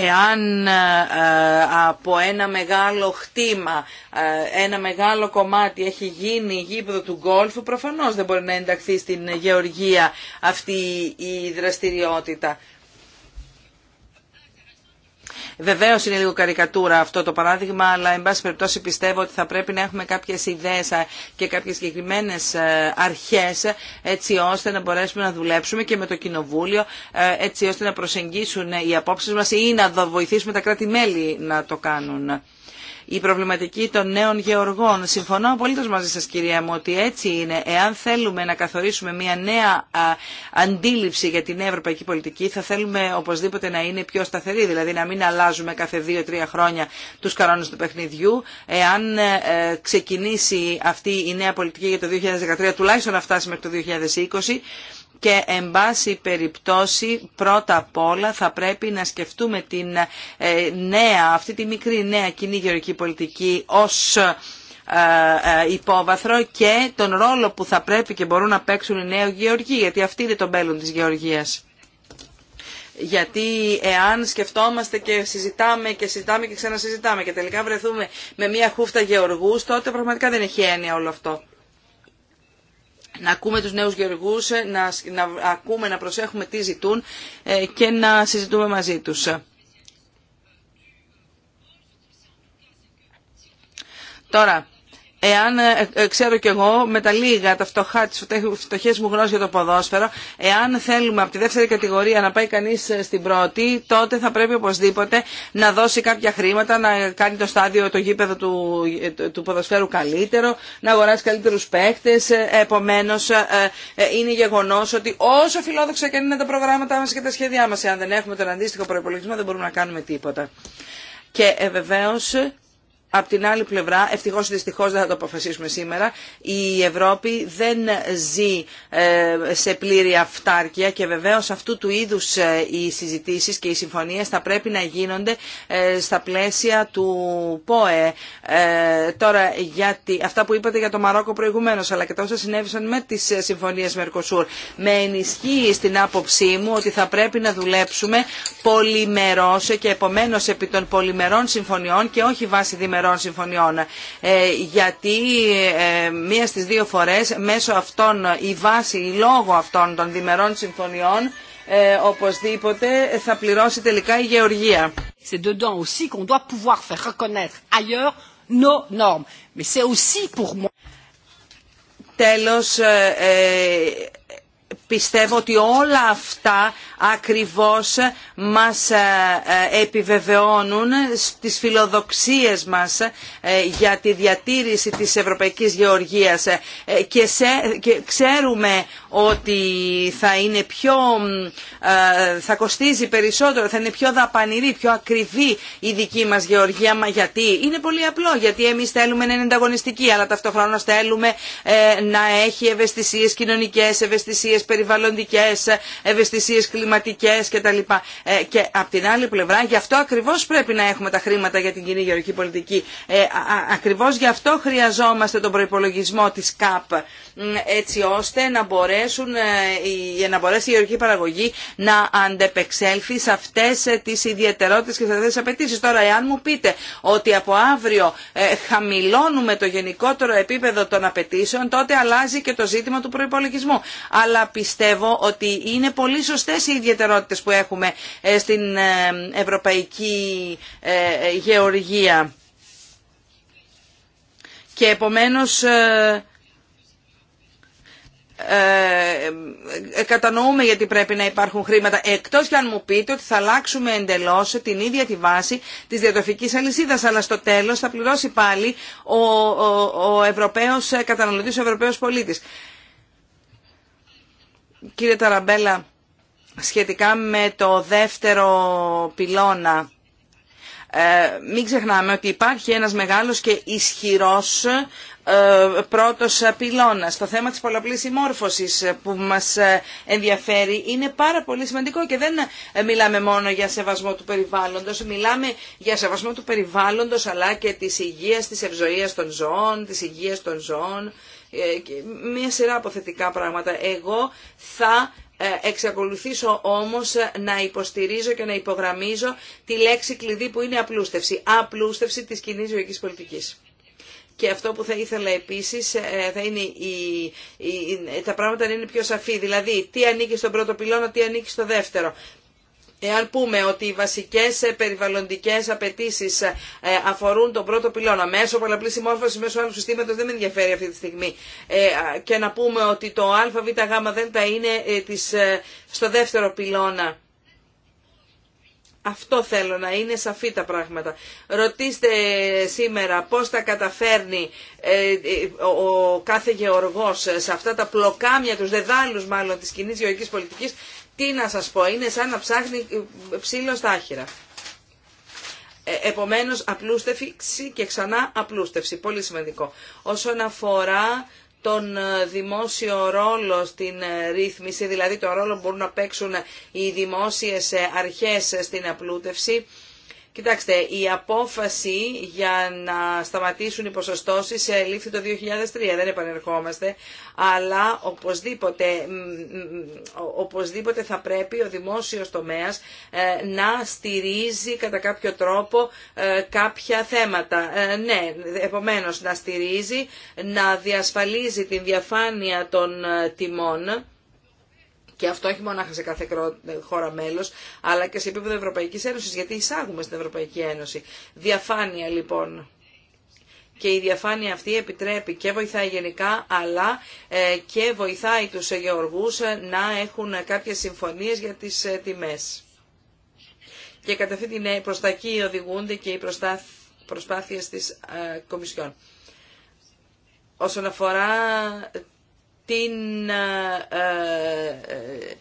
[SPEAKER 1] Εάν ε, ε, από ένα μεγάλο χτήμα, ε, ένα μεγάλο κομμάτι έχει γίνει η γήπεδο του γκόλφου, προφανώς δεν μπορεί να ενταχθεί στην γεωργία αυτή η δραστηριότητα. Βεβαίω είναι λίγο καρικατούρα αυτό το παράδειγμα, αλλά εν πάση περιπτώσει πιστεύω ότι θα πρέπει να έχουμε κάποιες ιδέες και κάποιε συγκεκριμένε ε, αρχές έτσι ώστε να μπορέσουμε να δουλέψουμε και με το Κοινοβούλιο ε, έτσι ώστε να προσεγγίσουν οι απόψεις μας ή να βοηθήσουμε τα κράτη-μέλη να το κάνουν η προβληματική των νέων γεωργών. Συμφωνώ απολύτω μαζί σας κυρία μου ότι έτσι είναι. Εάν θέλουμε να καθορίσουμε μια νέα αντίληψη για την ευρωπαϊκή πολιτική θα θέλουμε οπωσδήποτε να είναι πιο σταθερή, δηλαδή να μην αλλάζουμε κάθε δύο-τρία χρόνια τους κανόνε του παιχνιδιού. Εάν ε, ξεκινήσει αυτή η νέα πολιτική για το 2013, τουλάχιστον να φτάσει μέχρι το 2020, και εν πάση περιπτώσει πρώτα απ' όλα θα πρέπει να σκεφτούμε την ε, νέα, αυτή τη μικρή νέα κοινή γεωργική πολιτική ως ε, ε, υπόβαθρο και τον ρόλο που θα πρέπει και μπορούν να παίξουν οι νέοι γεωργοί, γιατί αυτή είναι το μέλλον της γεωργίας. Γιατί εάν σκεφτόμαστε και συζητάμε και συζητάμε και ξανασυζητάμε και τελικά βρεθούμε με μια χούφτα γεωργούς, τότε πραγματικά δεν έχει έννοια όλο αυτό να ακούμε τους νέους γεωργούς, να, να ακούμε, να προσέχουμε τι ζητούν ε, και να συζητούμε μαζί τους. Τώρα, Εάν ε, ε, ξέρω κι εγώ με τα λίγα, τα φτωχά, τις φτωχές μου γνώσεις για το ποδόσφαιρο, εάν θέλουμε από τη δεύτερη κατηγορία να πάει κανείς ε, στην πρώτη, τότε θα πρέπει οπωσδήποτε να δώσει κάποια χρήματα, να κάνει το στάδιο, το γήπεδο του, του ποδοσφαίρου καλύτερο, να αγοράσει καλύτερους παίχτες. Επομένως, είναι γεγονός ότι όσο φιλόδοξα και είναι τα προγράμματά μας και τα σχέδιά μας, εάν δεν έχουμε τον αντίστοιχο προπολογισμό δεν μπορούμε να κάνουμε τίποτα. Και ε, Απ' την άλλη πλευρά, ευτυχώς ή δυστυχώς δεν θα το αποφασίσουμε σήμερα, η Ευρώπη δεν ζει ε, σε πλήρη αυτάρκεια και βεβαίως αυτού του είδους ε, οι συζητήσεις και οι συμφωνίες θα πρέπει να γίνονται ε, στα πλαίσια του ΠΟΕ. Τώρα, γιατί, αυτά που είπατε για το Μαρόκο προηγουμένως, αλλά και τόσα συνέβησαν με τις συμφωνίες Μερκοσούρ, με ενισχύει στην άποψή μου ότι θα πρέπει να δουλέψουμε πολυμερώς και επομένως επί των πολυμερών συμφωνιών και όχι βάσει δημερών πολυμερών συμφωνιών. Ε, γιατί ε, μία στις δύο φορές μέσω αυτών η βάση, η λόγω αυτών των διμερών συμφωνιών ε, οπωσδήποτε
[SPEAKER 3] θα πληρώσει τελικά η γεωργία. C'est dedans aussi qu'on doit pouvoir faire reconnaître ailleurs nos normes. Mais c'est aussi pour moi. Τέλος,
[SPEAKER 1] πιστεύω ότι όλα αυτά ακριβώς μας ε, ε, επιβεβαιώνουν τις φιλοδοξίες μας ε, για τη διατήρηση της Ευρωπαϊκής Γεωργίας και ξέρουμε ότι θα είναι πιο, θα κοστίζει περισσότερο, θα είναι πιο δαπανηρή, πιο ακριβή η δική μας γεωργία. Μα γιατί είναι πολύ απλό, γιατί εμείς θέλουμε να είναι ανταγωνιστική, αλλά ταυτόχρονα θέλουμε να έχει ευαισθησίες κοινωνικές, ευαισθησίες περιβαλλοντικές, ευαισθησίες κλιματικές κλιματικές κτλ. Και ε, από την άλλη πλευρά, γι' αυτό ακριβώς πρέπει να έχουμε τα χρήματα για την κοινή γεωργική πολιτική. Ε, ακριβώς γι' αυτό χρειαζόμαστε τον προπολογισμό της ΚΑΠ έτσι ώστε να, μπορέσουν, ε, να μπορέσει η γεωργική παραγωγή να αντεπεξέλθει σε αυτές ε, τις ιδιαιτερότητες και σε αυτές τις απαιτήσεις. Τώρα, εάν μου πείτε ότι από αύριο ε, χαμηλώνουμε το γενικότερο επίπεδο των απαιτήσεων, τότε αλλάζει και το ζήτημα του προϋπολογισμού. Αλλά πιστεύω ότι είναι πολύ σωστές οι ιδιαιτερότητες που έχουμε στην ευρωπαϊκή γεωργία. Και επομένως ε, ε, κατανοούμε γιατί πρέπει να υπάρχουν χρήματα εκτός και αν μου πείτε ότι θα αλλάξουμε εντελώς την ίδια τη βάση της διατροφικής αλυσίδας αλλά στο τέλος θα πληρώσει πάλι ο, ο, ο Ευρωπαίος καταναλωτής, ο Ευρωπαίος πολίτης. Κύριε Ταραμπέλα, σχετικά με το δεύτερο πυλώνα ε, μην ξεχνάμε ότι υπάρχει ένας μεγάλος και ισχυρός ε, πρώτος πυλώνας. Το θέμα της πολλαπλής συμμόρφωσης ε, που μας ενδιαφέρει είναι πάρα πολύ σημαντικό και δεν μιλάμε μόνο για σεβασμό του περιβάλλοντος, μιλάμε για σεβασμό του περιβάλλοντος αλλά και της υγείας, της ευζοίας των ζώων, της υγείας των ζώων, μια σειρά αποθετικά πράγματα. Εγώ θα ε, εξακολουθήσω όμως να υποστηρίζω και να υπογραμμίζω τη λέξη κλειδί που είναι απλούστευση. Απλούστευση της κοινή ζωικής πολιτικής. Και αυτό που θα ήθελα επίσης ε, θα είναι η, τα πράγματα να είναι πιο σαφή. Δηλαδή τι ανήκει στον πρώτο πυλώνα, τι ανήκει στο δεύτερο. Εάν πούμε ότι οι βασικές ε, περιβαλλοντικές απαιτήσει ε, αφορούν τον πρώτο πυλώνα, μέσω πολλαπλής συμμόρφωσης, μέσω άλλου συστήματος, δεν με ενδιαφέρει αυτή τη στιγμή. Ε, και να πούμε ότι το δεν τα είναι στο δεύτερο πυλώνα. Αυτό θέλω να είναι σαφή τα πράγματα. Ρωτήστε σήμερα πώς τα καταφέρνει ο κάθε γεωργός σε αυτά τα πλοκάμια, τους δεδάλους μάλλον της κοινή γεωργικής πολιτικής τι να σας πω, είναι σαν να ψάχνει ψήλο στα άχυρα. Ε, επομένως, απλούστευση και ξανά απλούστευση. Πολύ σημαντικό. Όσον αφορά τον ε, δημόσιο ρόλο στην ε, ρύθμιση, δηλαδή τον ρόλο που μπορούν να παίξουν οι δημόσιες αρχές στην απλούτευση, Κοιτάξτε, η απόφαση για να σταματήσουν οι ποσοστώσεις λήφθη το 2003, δεν επανερχόμαστε, αλλά οπωσδήποτε, οπωσδήποτε θα πρέπει ο δημόσιος τομέας ε, να στηρίζει κατά κάποιο τρόπο ε, κάποια θέματα. Ε, ναι, επομένως να στηρίζει, να διασφαλίζει την διαφάνεια των τιμών, και αυτό όχι μονάχα σε κάθε χώρα μέλο, αλλά και σε επίπεδο Ευρωπαϊκή Ένωση, γιατί εισάγουμε στην Ευρωπαϊκή Ένωση. Διαφάνεια λοιπόν. Και η διαφάνεια αυτή επιτρέπει και βοηθάει γενικά, αλλά ε, και βοηθάει τους γεωργούς ε, να έχουν κάποιες συμφωνίες για τις ε, τιμές. Και κατά αυτή την προστακή οδηγούνται και οι προσπάθειες της Κομισιόν. Όσον αφορά την, ε, ε,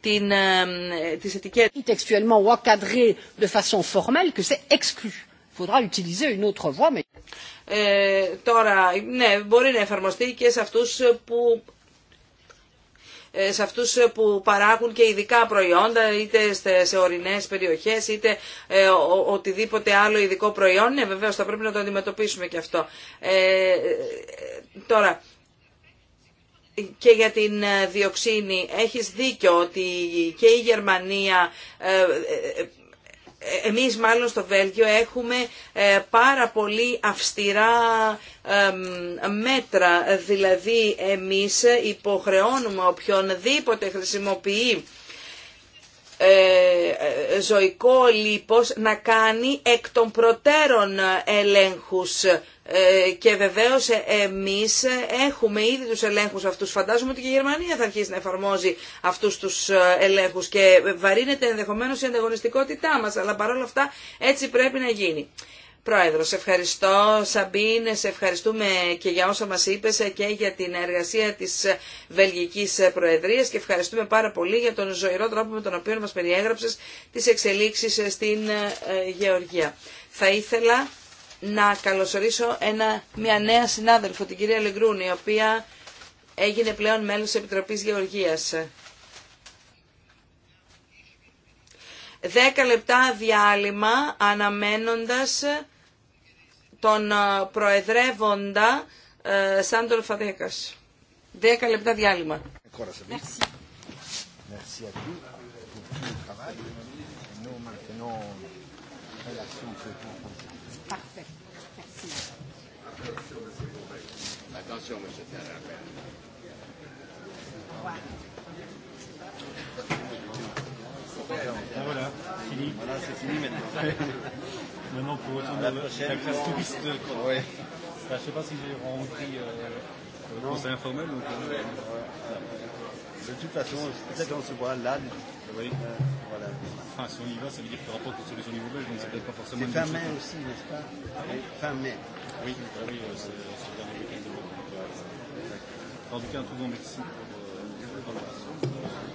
[SPEAKER 1] την, ε, τις ετικέτες.
[SPEAKER 3] Textuellement ou encadré de façon formelle que c'est exclu. Faudra utiliser une autre voie, mais...
[SPEAKER 1] ε, τώρα, ναι, μπορεί να εφαρμοστεί και σε αυτούς που σε αυτούς που παράγουν και ειδικά προϊόντα, είτε σε ορεινές περιοχές, είτε ε, ο, οτιδήποτε άλλο ειδικό προϊόν. Ναι, βεβαίως θα πρέπει να το αντιμετωπίσουμε και αυτό. Ε, τώρα, και για την ε, διοξίνη έχεις δίκιο ότι και η Γερμανία ε, ε, εμείς μάλλον στο Βέλγιο έχουμε πάρα πολύ αυστηρά μέτρα δηλαδή εμείς υποχρεώνουμε οποιονδήποτε χρησιμοποιεί ζωικό λίπος να κάνει εκ των προτέρων ελέγχους ε, και βεβαίω ε, εμείς έχουμε ήδη τους ελέγχους αυτούς. Φαντάζομαι ότι και η Γερμανία θα αρχίσει να εφαρμόζει αυτούς τους ε, ελέγχους και βαρύνεται ενδεχομένως η ανταγωνιστικότητά μας, αλλά παρόλα αυτά έτσι πρέπει να γίνει. Πρόεδρο, σε ευχαριστώ. Σαμπίν, σε ευχαριστούμε και για όσα μας είπες και για την εργασία της Βελγικής Προεδρίας και ευχαριστούμε πάρα πολύ για τον ζωηρό τρόπο με τον οποίο μας περιέγραψες τις εξελίξεις στην Γεωργία. Θα ήθελα να καλωσορίσω ένα, μια νέα συνάδελφο, την κυρία Λεγκρούνη, η οποία έγινε πλέον μέλος της Επιτροπής Γεωργίας. Δέκα λεπτά διάλειμμα αναμένοντας τον ε, προεδρεύοντα ε, Σάντορ Φαδέκας. Δέκα
[SPEAKER 2] λεπτά διάλειμμα. Voilà, fini. Voilà, c'est fini maintenant. maintenant, pour retourner à la classe touriste. Ouais. Je ne sais pas si j'ai rencontré euh, le conseil informel. Donc, De toute façon, peut-être qu'on se voit là. Oui. voilà. Enfin, si on y va, ça veut dire que n'y aura pas de solution niveau belge, donc c'est peut-être pas forcément. C'est fin mai aussi, n'est-ce pas Fin mai. Oui, oui, c'est. En tout cas, un tout bon merci pour, pour la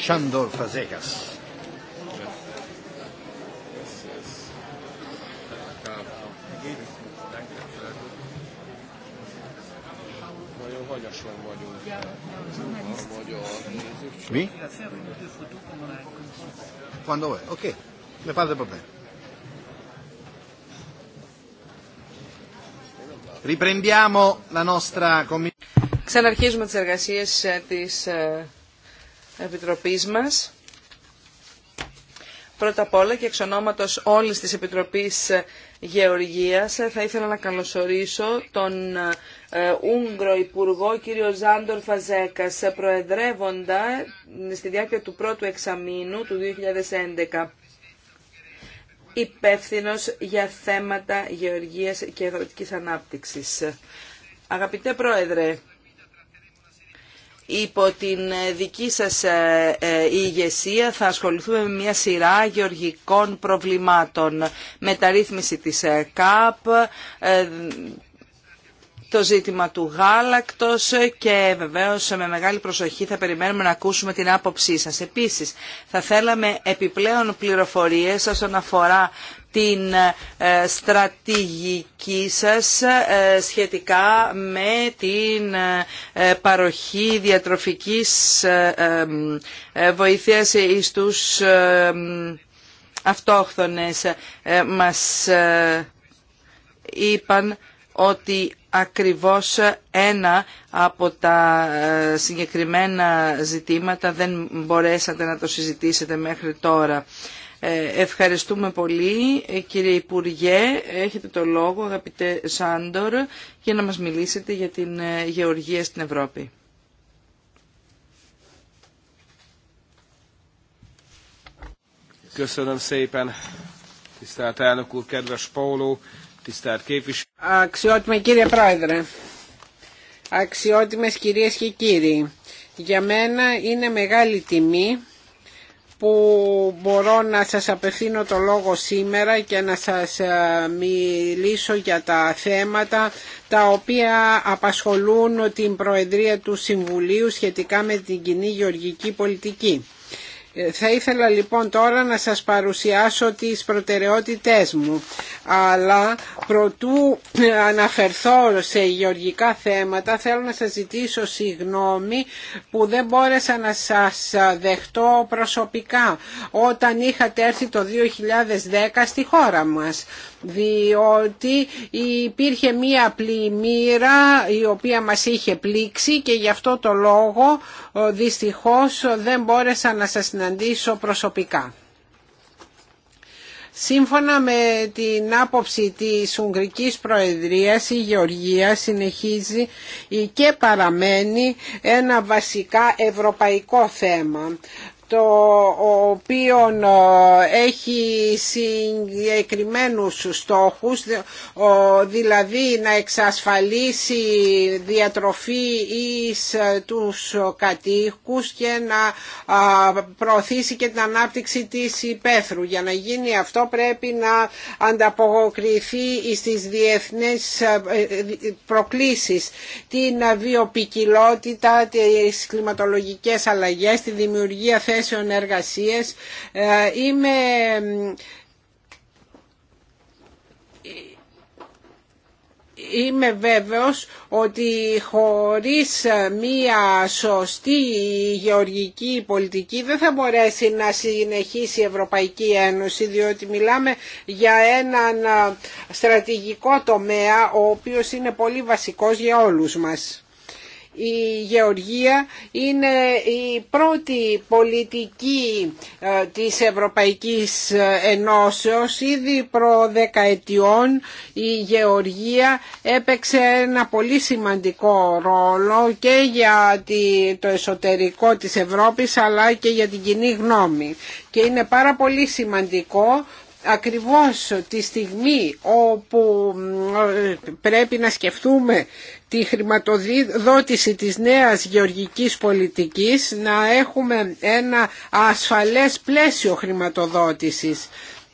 [SPEAKER 2] Shandor Fazekas. Mi? Quando vuoi, ok, ne fate problema. Riprendiamo la nostra
[SPEAKER 1] commissione. Ξαναρχίζουμε τις εργασίες ε, της ε, Επιτροπής μας. Πρώτα απ' όλα και εξ ονόματος όλης της Επιτροπής ε, Γεωργίας θα ήθελα να καλωσορίσω τον Ούγγρο Υπουργό κύριο Ζάντορ Φαζέκας προεδρεύοντα στη διάρκεια του πρώτου εξαμήνου του 2011 υπεύθυνο για θέματα γεωργίας και αγροτικής ανάπτυξης. Αγαπητέ Πρόεδρε, υπό την ε, δική σας ε, ε, ηγεσία θα ασχοληθούμε με μια σειρά γεωργικών προβλημάτων. Μεταρρύθμιση της ΚΑΠ, το ζήτημα του γάλακτος και βεβαίως με μεγάλη προσοχή θα περιμένουμε να ακούσουμε την άποψή σας. Επίσης, θα θέλαμε επιπλέον πληροφορίες όσον αφορά την ε, στρατηγική σας ε, σχετικά με την ε, παροχή διατροφικής βοήθειας στους αυτόχθονες. Μας είπαν ότι ακριβώς ένα από τα συγκεκριμένα ζητήματα δεν μπορέσατε να το συζητήσετε μέχρι τώρα. Ε, ευχαριστούμε πολύ. Ε, κύριε Υπουργέ, έχετε το λόγο, αγαπητέ Σάντορ, για να μας μιλήσετε για την ε, γεωργία στην Ευρώπη.
[SPEAKER 2] Köszönöm szépen, tisztelt
[SPEAKER 3] κύριε Πρόεδρε, αξιότιμες κυρίες και κύριοι, για μένα είναι μεγάλη τιμή που μπορώ να σας απευθύνω το λόγο σήμερα και να σας ε, μιλήσω για τα θέματα τα οποία απασχολούν την Προεδρία του Συμβουλίου σχετικά με την κοινή γεωργική πολιτική. Ε, θα ήθελα λοιπόν τώρα να σας παρουσιάσω τις προτεραιότητές μου, αλλά προτού ε, αναφερθώ σε γεωργικά θέματα θέλω να σας ζητήσω συγγνώμη που δεν μπόρεσα να σας ε, δεχτώ προσωπικά όταν είχατε έρθει το 2010 στη χώρα μας διότι υπήρχε μία πλημμύρα η οποία μας είχε πλήξει και γι' αυτό το λόγο ε, δυστυχώς δεν μπόρεσα να σας συναντήσω προσωπικά. Σύμφωνα με την άποψη της Ουγγρικής Προεδρίας η Γεωργία συνεχίζει και παραμένει ένα βασικά ευρωπαϊκό θέμα το οποίο ε, έχει συγκεκριμένους στόχους, δηλαδή να εξασφαλίσει διατροφή εις ε, τους κατοίκους και να προωθήσει και την ανάπτυξη της υπαίθρου. Για να γίνει αυτό πρέπει να ανταποκριθεί στις διεθνές ε, προκλήσεις, την βιοπικιλότητα, τις κλιματολογικές αλλαγές, τη δημιουργία θέσεων ε, Είμαι είμαι βέβαιος ότι χωρίς μία σωστή γεωργική πολιτική δεν θα μπορέσει να συνεχίσει η Ευρωπαϊκή Ένωση διότι μιλάμε για έναν στρατηγικό τομέα ο οποίος είναι πολύ βασικός για όλους μας η γεωργία είναι η πρώτη πολιτική ε, της Ευρωπαϊκής ε, Ενώσεως. Ήδη προ δεκαετιών η γεωργία έπαιξε ένα πολύ σημαντικό ρόλο και για το εσωτερικό της Ευρώπης αλλά και για την κοινή γνώμη. Και είναι πάρα πολύ σημαντικό ακριβώς τη στιγμή όπου ε, πρέπει να σκεφτούμε τη χρηματοδότηση της νέας γεωργικής πολιτικής να έχουμε ένα ασφαλές πλαίσιο χρηματοδότησης.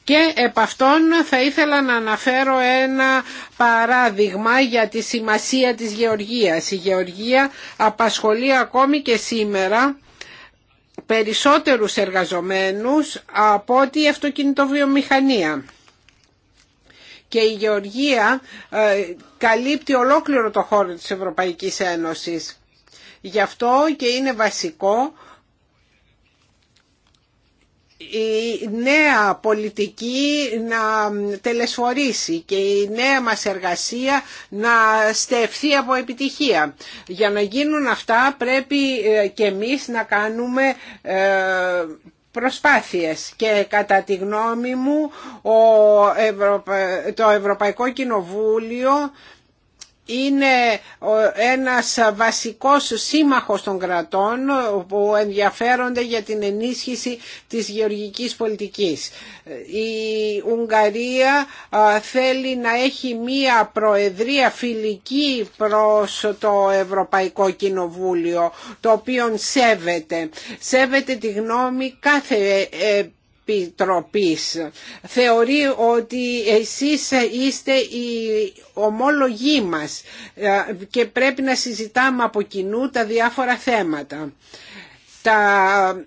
[SPEAKER 3] Και επ' αυτόν θα ήθελα να αναφέρω ένα παράδειγμα για τη σημασία της γεωργίας. Η γεωργία απασχολεί ακόμη και σήμερα περισσότερους εργαζομένους από ότι η αυτοκινητοβιομηχανία. Και η Γεωργία ε, καλύπτει ολόκληρο το χώρο της Ευρωπαϊκής Ένωσης. Γι' αυτό και είναι βασικό η νέα πολιτική να τελεσφορήσει και η νέα μας εργασία να στεφθεί από επιτυχία. Για να γίνουν αυτά πρέπει ε, και εμείς να κάνουμε ε, προσπάθειες και κατά τη γνώμη μου το Ευρωπαϊκό Κοινοβούλιο είναι ένας βασικός σύμμαχος των κρατών που ενδιαφέρονται για την ενίσχυση της γεωργικής πολιτικής. Η Ουγγαρία θέλει να έχει μία προεδρία φιλική προς το Ευρωπαϊκό Κοινοβούλιο, το οποίο σέβεται. Σέβεται τη γνώμη κάθε ε, Επιτροπής. Θεωρεί ότι εσείς είστε οι ομόλογοί μας ε, και πρέπει να συζητάμε από κοινού τα διάφορα θέματα. Τα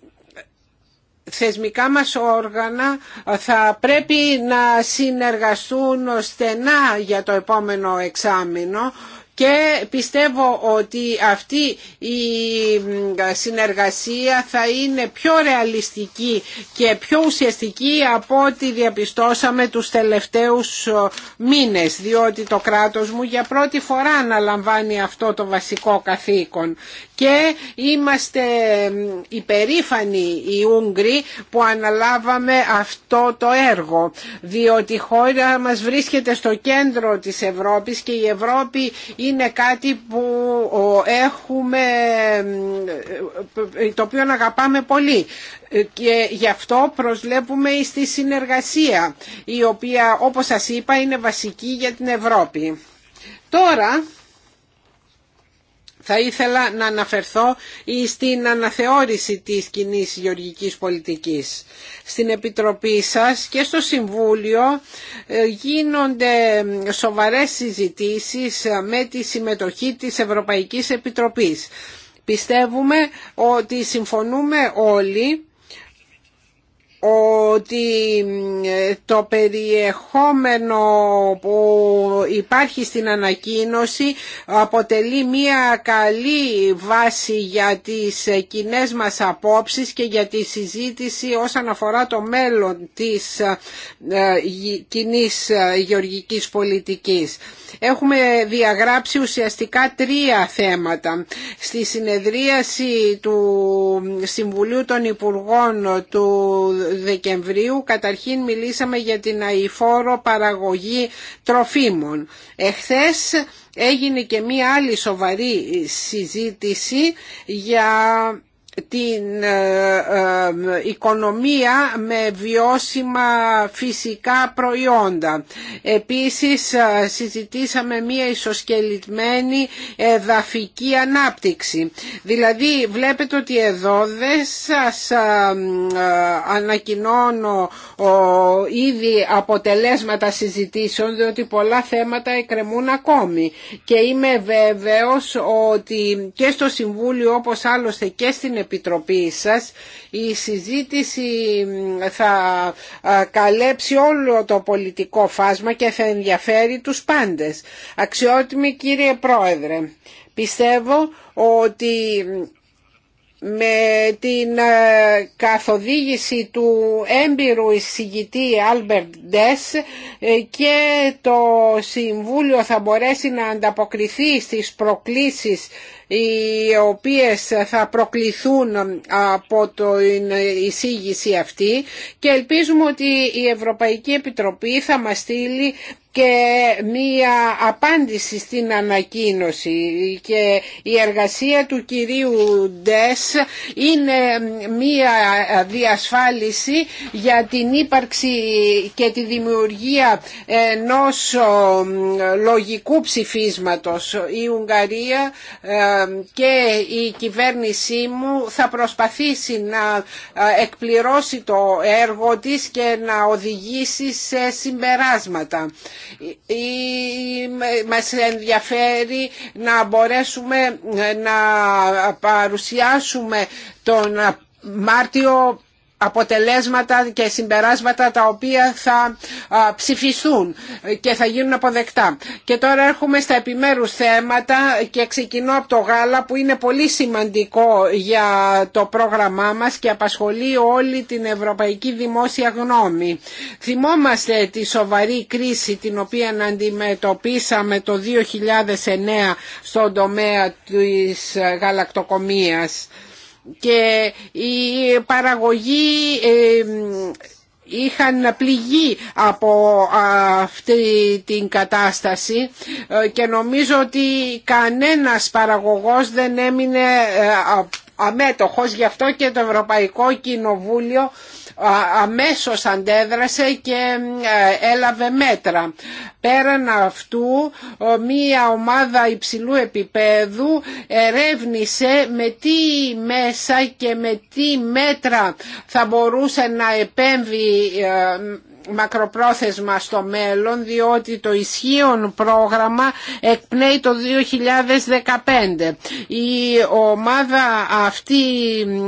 [SPEAKER 3] θεσμικά μας όργανα ε, θα πρέπει να συνεργαστούν στενά για το επόμενο εξάμεινο και πιστεύω ότι αυτή η συνεργασία θα είναι πιο ρεαλιστική και πιο ουσιαστική από ό,τι διαπιστώσαμε τους τελευταίους μήνες διότι το κράτος μου για πρώτη φορά αναλαμβάνει αυτό το βασικό καθήκον και είμαστε υπερήφανοι οι Ούγγροι που αναλάβαμε αυτό το έργο διότι η χώρα μας βρίσκεται στο κέντρο της Ευρώπης και η Ευρώπη είναι κάτι που έχουμε ε, το οποίο αγαπάμε πολύ και γι' αυτό προσλέπουμε στη συνεργασία η οποία όπως σας είπα είναι βασική για την Ευρώπη. Τώρα θα ήθελα να αναφερθώ στην αναθεώρηση της κοινή γεωργικής πολιτικής. Στην Επιτροπή σας και στο Συμβούλιο ε, γίνονται σοβαρές συζητήσεις ε, με τη συμμετοχή της Ευρωπαϊκής Επιτροπής. Πιστεύουμε ότι συμφωνούμε όλοι ότι ε, το περιεχόμενο που υπάρχει στην ανακοίνωση αποτελεί μια καλή βάση για τις ε, κοινέ μας απόψεις και για τη συζήτηση όσον αφορά το μέλλον της ε, κοινής γεωργικής πολιτικής. Έχουμε διαγράψει ουσιαστικά τρία θέματα. Στη συνεδρίαση του Συμβουλίου των Υπουργών του Δεκεμβρίου καταρχήν μιλήσαμε για την αηφόρο παραγωγή τροφίμων. Εχθές έγινε και μία άλλη σοβαρή συζήτηση για την ε, ε, οικονομία με βιώσιμα φυσικά προϊόντα. Επίσης ε, συζητήσαμε μία ισοσκελισμένη εδαφική ανάπτυξη. Δηλαδή βλέπετε ότι εδώ δεν σας ανακοινώνω ήδη αποτελέσματα συζητήσεων διότι πολλά θέματα εκκρεμούν ακόμη και είμαι βέβαιος ότι και στο Συμβούλιο όπως άλλωστε και στην Επιτροπή σας. Η συζήτηση θα καλέψει όλο το πολιτικό φάσμα και θα ενδιαφέρει τους πάντες. Αξιότιμη κύριε Πρόεδρε, πιστεύω ότι με την καθοδήγηση του έμπειρου εισηγητή Albert Dess ε, και το Συμβούλιο θα μπορέσει να ανταποκριθεί στις προκλήσεις οι οποίες θα προκληθούν από την εισήγηση αυτή και ελπίζουμε ότι η Ευρωπαϊκή Επιτροπή θα μας στείλει και μία απάντηση στην ανακοίνωση και η εργασία του κυρίου Ντες είναι μία διασφάλιση για την ύπαρξη και τη δημιουργία ενός λογικού ψηφίσματος. Η Ουγγαρία ε, και η κυβέρνησή μου θα προσπαθήσει να ε, εκπληρώσει το έργο της και να οδηγήσει σε συμπεράσματα. Μας ενδιαφέρει να μπορέσουμε ε, να παρουσιάσουμε τον Μάρτιο αποτελέσματα και συμπεράσματα τα οποία θα ψηφιστούν και θα γίνουν αποδεκτά. Και τώρα έρχομαι στα επιμέρους θέματα και ξεκινώ από το γάλα που είναι πολύ σημαντικό για το πρόγραμμά μας και απασχολεί όλη την ευρωπαϊκή δημόσια γνώμη. Θυμόμαστε τη σοβαρή κρίση την οποία αντιμετωπίσαμε το 2009 στον τομέα της γαλακτοκομίας και η παραγωγοί είχαν πληγεί από αυτή την κατάσταση ε, και νομίζω ότι κανένας παραγωγός δεν έμεινε ε, αμέτωχος, γι' αυτό και το Ευρωπαϊκό Κοινοβούλιο αμέσως αντέδρασε και έλαβε μέτρα. Πέραν αυτού, μία ομάδα υψηλού επίπεδου ερεύνησε με τι μέσα και με τι μέτρα θα μπορούσε να επέμβει ε, μακροπρόθεσμα στο μέλλον διότι το ισχύον πρόγραμμα εκπνέει το 2015. Η ομάδα αυτή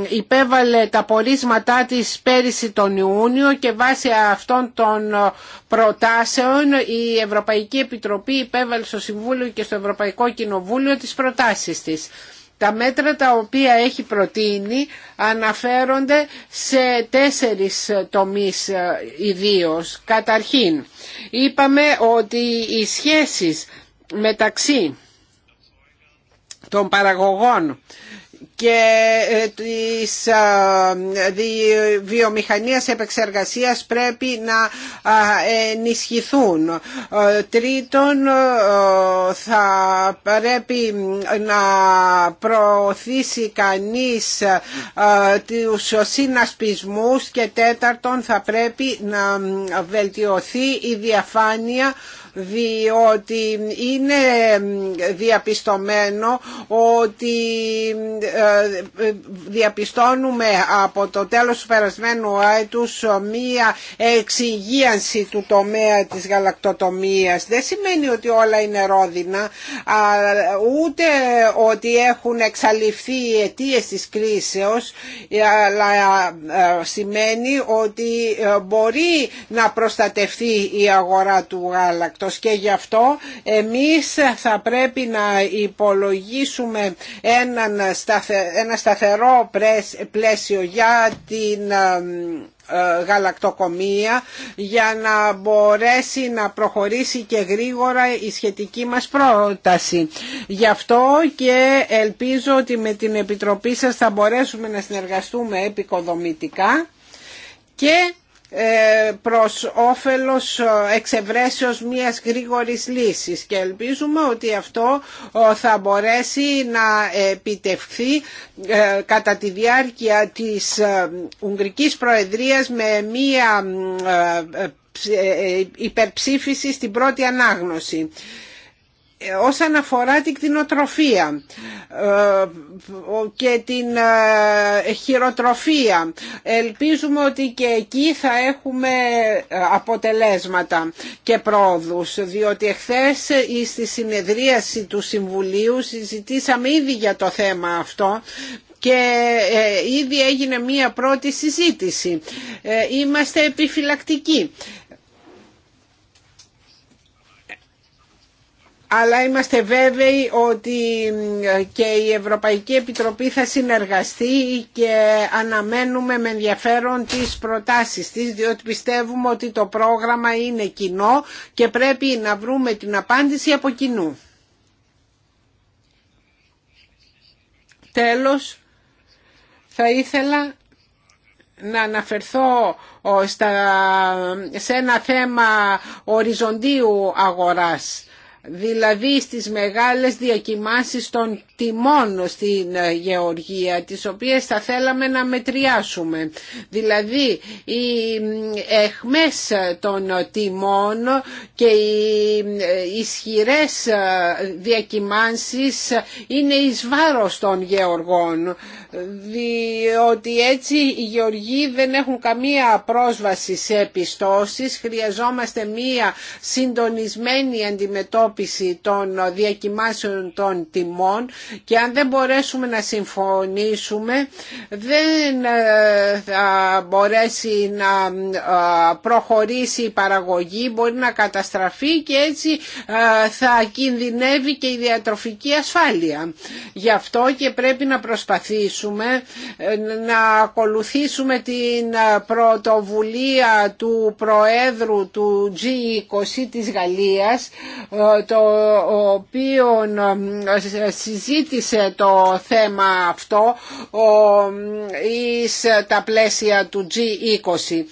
[SPEAKER 3] υπέβαλε τα πορίσματά της πέρυσι τον Ιούνιο και βάσει αυτών των προτάσεων η Ευρωπαϊκή Επιτροπή υπέβαλε στο Συμβούλιο και στο Ευρωπαϊκό Κοινοβούλιο τις προτάσεις της. Τα μέτρα τα οποία έχει προτείνει αναφέρονται σε τέσσερις τομείς ε, ιδίως. Καταρχήν, είπαμε ότι οι σχέσεις μεταξύ των παραγωγών και ε, της βιομηχανίας επεξεργασίας πρέπει να ενισχυθούν. Ε, τρίτον, ε, θα πρέπει να προωθήσει κανείς τους συνασπισμούς και τέταρτον θα πρέπει να βελτιωθεί η διαφάνεια διότι είναι διαπιστωμένο ότι ε, διαπιστώνουμε από το τέλος του περασμένου έτους μία εξυγίανση του τομέα της γαλακτοτομίας. Δεν σημαίνει ότι όλα είναι ρόδινα, ούτε ότι έχουν εξαλειφθεί οι αιτίες της κρίσεως, αλλά ε, σημαίνει ότι ε, μπορεί να προστατευτεί η αγορά του γαλακτοτομίας και γι' αυτό εμείς θα πρέπει να υπολογίσουμε ένα σταθερό πλαίσιο για την ε, ε, γαλακτοκομία για να μπορέσει να προχωρήσει και γρήγορα η σχετική μας πρόταση. Γι' αυτό και ελπίζω ότι με την Επιτροπή σας θα μπορέσουμε να συνεργαστούμε επικοδομητικά και ε, προς όφελος ε, εξευρέσεως μιας γρήγορης λύσης και ελπίζουμε ότι αυτό ε, θα μπορέσει να επιτευχθεί κατά τη διάρκεια της Ουγγρικής Προεδρίας με μια υπερψήφιση στην πρώτη ανάγνωση. Ε, όσον αφορά την κτηνοτροφία ε, και την ε, χειροτροφία. Ελπίζουμε ότι και εκεί θα έχουμε αποτελέσματα και πρόοδους, διότι εχθές στη συνεδρίαση του Συμβουλίου συζητήσαμε ήδη για το θέμα αυτό και ήδη έγινε μία πρώτη συζήτηση. Είμαστε επιφυλακτικοί αλλά είμαστε βέβαιοι ότι και η Ευρωπαϊκή Επιτροπή θα συνεργαστεί και αναμένουμε με ενδιαφέρον τις προτάσεις της, διότι πιστεύουμε ότι το πρόγραμμα είναι κοινό και πρέπει να βρούμε την απάντηση από κοινού. Τέλος, θα ήθελα να αναφερθώ σε ένα θέμα οριζοντίου αγοράς δηλαδή στις μεγάλες διακοιμάνσεις των τιμών στην ε, γεωργία τις οποίες θα θέλαμε να μετριάσουμε δηλαδή οι εχμές των τιμών και οι ε, ισχυρές ε, διακοιμάνσεις είναι εις βάρος των γεωργών διότι έτσι οι γεωργοί δεν έχουν καμία πρόσβαση σε επιστώσεις. Χρειαζόμαστε μία συντονισμένη αντιμετώπιση των διακοιμάσεων των τιμών και αν δεν μπορέσουμε να συμφωνήσουμε δεν ε, θα μπορέσει να ε, προχωρήσει η παραγωγή, μπορεί να καταστραφεί και έτσι ε, θα κινδυνεύει και η διατροφική ασφάλεια. Γι' αυτό και πρέπει να προσπαθήσουμε ε, να ακολουθήσουμε την ε, πρωτοβουλία του Προέδρου του G20 της Γαλλίας ε, το οποίο συζήτησε το θέμα αυτό εις τα πλαίσια του G20.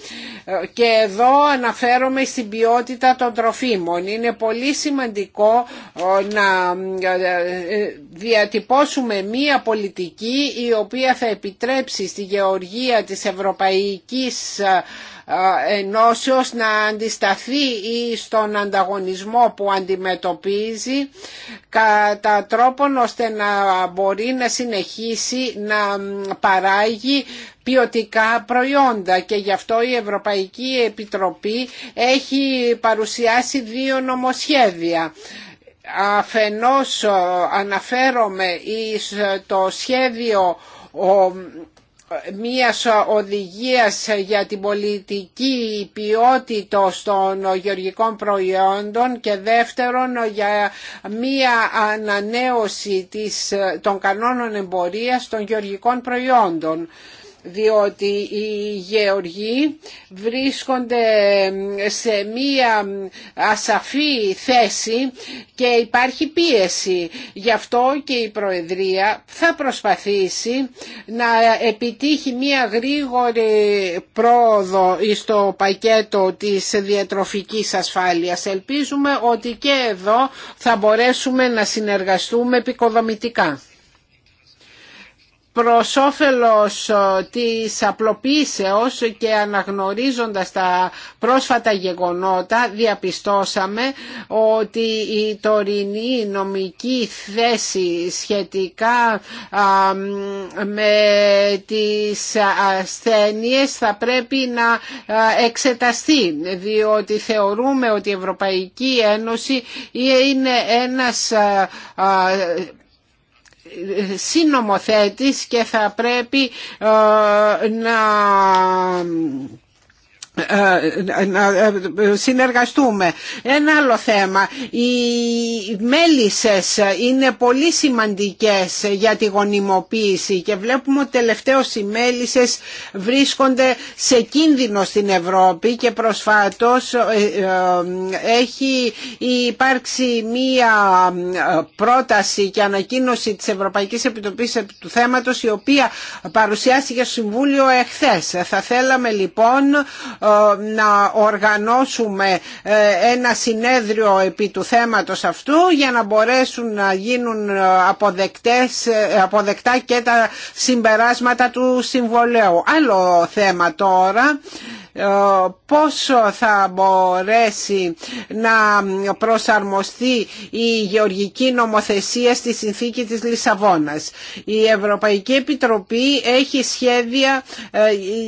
[SPEAKER 3] Και εδώ αναφέρομαι στην ποιότητα των τροφίμων. Είναι πολύ σημαντικό ε, να ε, ε, διατυπώσουμε μία πολιτική η οποία θα επιτρέψει στη γεωργία της Ευρωπαϊκής ενώσεως να αντισταθεί ή στον ανταγωνισμό που αντιμετωπίζει κατά τρόπον ώστε να μπορεί να συνεχίσει να παράγει ποιοτικά προϊόντα και γι' αυτό η Ευρωπαϊκή Επιτροπή έχει παρουσιάσει δύο νομοσχέδια αφενός ε, αναφέρομαι ε, το σχέδιο μία οδηγίας για την πολιτική ποιότητα των γεωργικών προϊόντων και δεύτερον για μία ανανέωση ε, των κανόνων εμπορίας των γεωργικών προϊόντων διότι οι γεωργοί βρίσκονται σε μία ασαφή θέση και υπάρχει πίεση. Γι' αυτό και η Προεδρία θα προσπαθήσει να επιτύχει μία γρήγορη πρόοδο στο πακέτο της διατροφικής ασφάλειας. Ελπίζουμε ότι και εδώ θα μπορέσουμε να συνεργαστούμε επικοδομητικά προς όφελος ε, της απλοποίησεως και αναγνωρίζοντας τα πρόσφατα γεγονότα διαπιστώσαμε ότι η τωρινή νομική θέση σχετικά με τις ασθένειες θα πρέπει να εξεταστεί διότι θεωρούμε ότι η Ευρωπαϊκή Ένωση είναι ένας συνομοθέτης και θα πρέπει ε, να να ε, ε, ε, συνεργαστούμε. Ένα άλλο θέμα, οι μέλισσες είναι πολύ σημαντικές για τη γονιμοποίηση και βλέπουμε ότι τελευταίως οι μέλισσες βρίσκονται σε κίνδυνο στην Ευρώπη και προσφάτως έχει υπάρξει μία πρόταση και ανακοίνωση της Ευρωπαϊκής Επιτροπής του θέματος η οποία παρουσιάστηκε στο Συμβούλιο εχθές. Θα θέλαμε λοιπόν ε, να οργανώσουμε ε, ένα συνέδριο επί του θέματος αυτού για να μπορέσουν να γίνουν ε, αποδεκτές, αποδεκτά και τα συμπεράσματα του συμβολέου. Άλλο θέμα τώρα ε, πόσο θα μπορέσει να προσαρμοστεί η γεωργική νομοθεσία στη συνθήκη της Λισαβόνας. Η Ευρωπαϊκή Επιτροπή έχει σχέδια ε,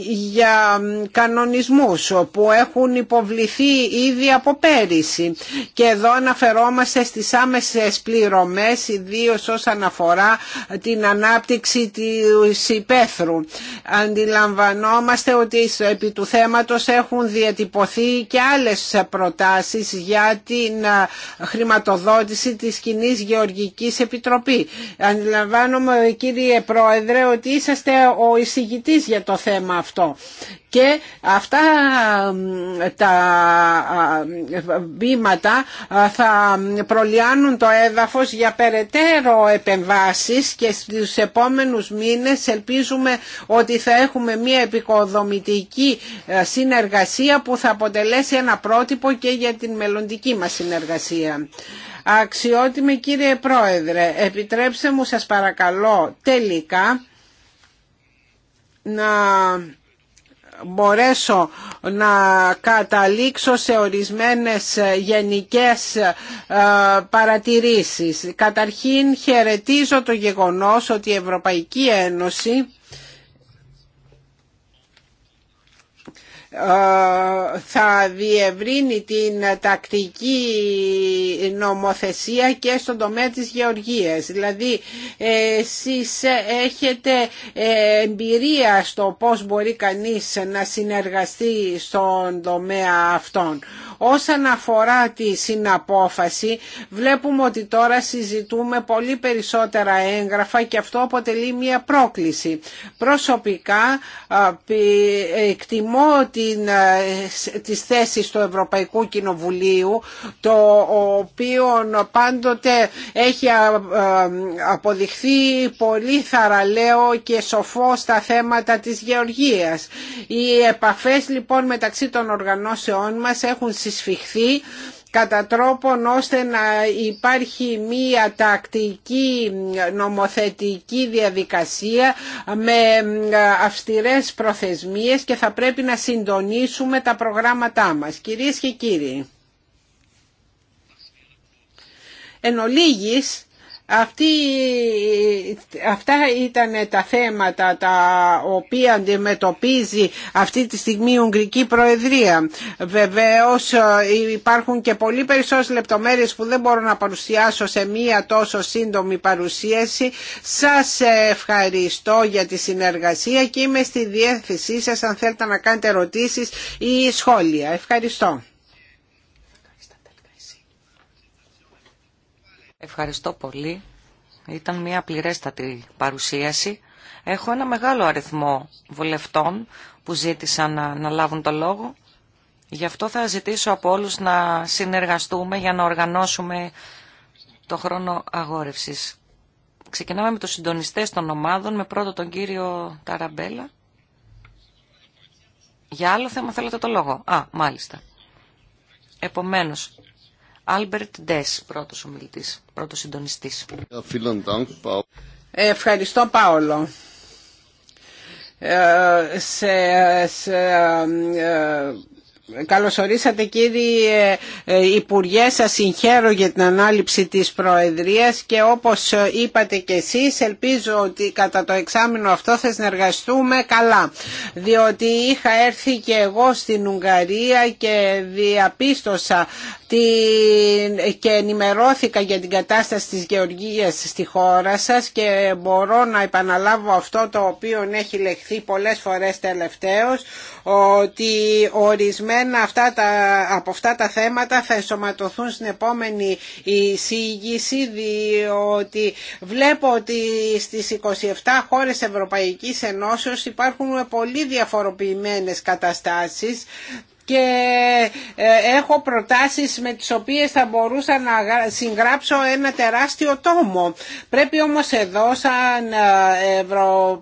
[SPEAKER 3] για κανονισμούς που έχουν υποβληθεί ήδη από πέρυσι και εδώ αναφερόμαστε στις άμεσες πληρωμές ιδίω όσον αφορά την ανάπτυξη της υπαίθρου. Αντιλαμβανόμαστε ότι επί του θέμα θέματος έχουν διατυπωθεί και άλλες προτάσεις για την χρηματοδότηση της κοινή Γεωργικής επιτροπής. Αντιλαμβάνομαι κύριε Πρόεδρε ότι είσαστε ο εισηγητής για το θέμα αυτό και αυτά τα βήματα θα προλιάνουν το έδαφος για περαιτέρω επεμβάσεις και στους επόμενους μήνες ελπίζουμε ότι θα έχουμε μια επικοδομητική συνεργασία που θα αποτελέσει ένα πρότυπο και για την μελλοντική μας συνεργασία. Αξιότιμε κύριε Πρόεδρε, επιτρέψτε μου σας παρακαλώ τελικά να μπορέσω να καταλήξω σε ορισμένες γενικές ε, παρατηρήσεις. Καταρχήν χαιρετίζω το γεγονός ότι η Ευρωπαϊκή Ένωση Ε, θα διευρύνει την τακτική νομοθεσία και στον τομέα της γεωργίας. Δηλαδή εσείς έχετε εμπειρία στο πώς μπορεί κανείς να συνεργαστεί στον τομέα αυτών. Όσον αφορά τη συναπόφαση βλέπουμε ότι τώρα συζητούμε πολύ περισσότερα έγγραφα και αυτό αποτελεί μια πρόκληση. Προσωπικά εκτιμώ την, τις θέσεις του Ευρωπαϊκού Κοινοβουλίου το οποίο πάντοτε έχει αποδειχθεί πολύ θαραλέο και σοφό στα θέματα της γεωργίας. Οι επαφές λοιπόν μεταξύ των οργανώσεών μας έχουν συσφιχθεί κατά τρόπον ώστε να υπάρχει μία τακτική νομοθετική διαδικασία με αυστηρές προθεσμίες και θα πρέπει να συντονίσουμε τα προγράμματά μας. Κυρίες και κύριοι, εν ολίγης, αυτή, αυτά ήταν τα θέματα τα οποία αντιμετωπίζει αυτή τη στιγμή η Ουγγρική Προεδρία. Βεβαίως ε, υπάρχουν και πολύ περισσότερες λεπτομέρειες που δεν μπορώ να παρουσιάσω σε μία τόσο σύντομη παρουσίαση. Σας ευχαριστώ για τη συνεργασία και είμαι στη διεύθυνσή σας αν θέλετε να κάνετε ερωτήσεις ή σχόλια. Ευχαριστώ. Ευχαριστώ πολύ. Ήταν μια πληρέστατη
[SPEAKER 4] παρουσίαση. Έχω ένα μεγάλο αριθμό βουλευτών που ζήτησαν να, να λάβουν το λόγο. Γι' αυτό θα ζητήσω από όλους να συνεργαστούμε για να οργανώσουμε το χρόνο αγόρευσης. Ξεκινάμε με τους συντονιστές των ομάδων, με πρώτο τον κύριο Ταραμπέλα. Για άλλο θέμα θέλετε το λόγο. Α, μάλιστα. Επομένως,
[SPEAKER 3] Άλμπερτ Ντες, πρώτος ομιλητής, πρώτος συντονιστής. Ε, ε, ευχαριστώ Πάολο. Ε, σε, σε Καλωσορίσατε κύριε Υπουργέ, σας συγχαίρω για την ανάληψη της Προεδρίας και όπως είπατε και εσείς ελπίζω ότι κατά το εξάμεινο αυτό θα συνεργαστούμε καλά διότι είχα έρθει και εγώ στην Ουγγαρία και διαπίστωσα την, και ενημερώθηκα για την κατάσταση της γεωργίας στη χώρα σας και μπορώ να επαναλάβω αυτό το οποίο έχει λεχθεί πολλές φορές τελευταίως ότι ορισμένα αυτά τα, από αυτά τα θέματα θα εσωματωθούν στην επόμενη εισήγηση διότι βλέπω ότι στις 27 χώρες Ευρωπαϊκής Ενώσεως υπάρχουν πολύ διαφοροποιημένες καταστάσεις και ε, έχω προτάσεις με τις οποίες θα μπορούσα να συγγράψω ένα τεράστιο τόμο. Πρέπει όμως εδώ σαν ε, ευρώ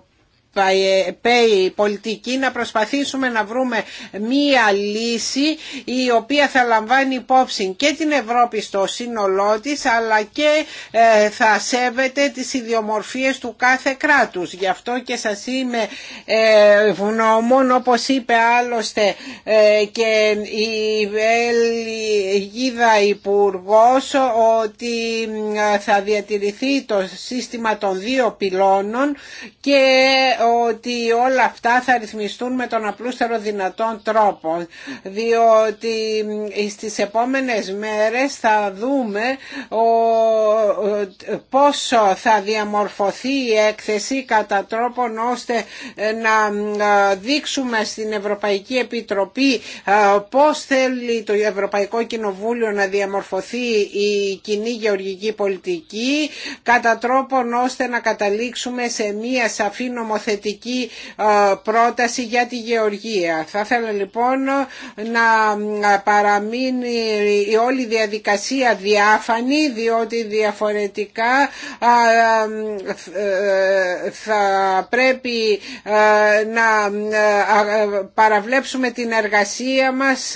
[SPEAKER 3] πει πολιτική να προσπαθήσουμε να βρούμε μία λύση η οποία θα λαμβάνει υπόψη και την Ευρώπη στο σύνολό της αλλά και ε, θα σέβεται τις ιδιομορφίες του κάθε κράτους. Γι' αυτό και σας είμαι ε, ευγνώμων όπως είπε άλλωστε ε, και η Βέλγιδα υπουργό ότι θα διατηρηθεί το σύστημα των δύο πυλώνων και ότι όλα αυτά θα ρυθμιστούν με τον απλούστερο δυνατόν τρόπο διότι στις επόμενες μέρες θα δούμε πόσο θα διαμορφωθεί η έκθεση κατά τρόπον ώστε να δείξουμε στην Ευρωπαϊκή Επιτροπή πώς θέλει το Ευρωπαϊκό Κοινοβούλιο να διαμορφωθεί η κοινή γεωργική πολιτική κατά τρόπον ώστε να καταλήξουμε σε μία σαφή νομοθεσία πρόταση για τη γεωργία. Θα ήθελα λοιπόν να παραμείνει η όλη διαδικασία διάφανη διότι διαφορετικά ε, θα πρέπει ε, να ε, παραβλέψουμε την εργασία μας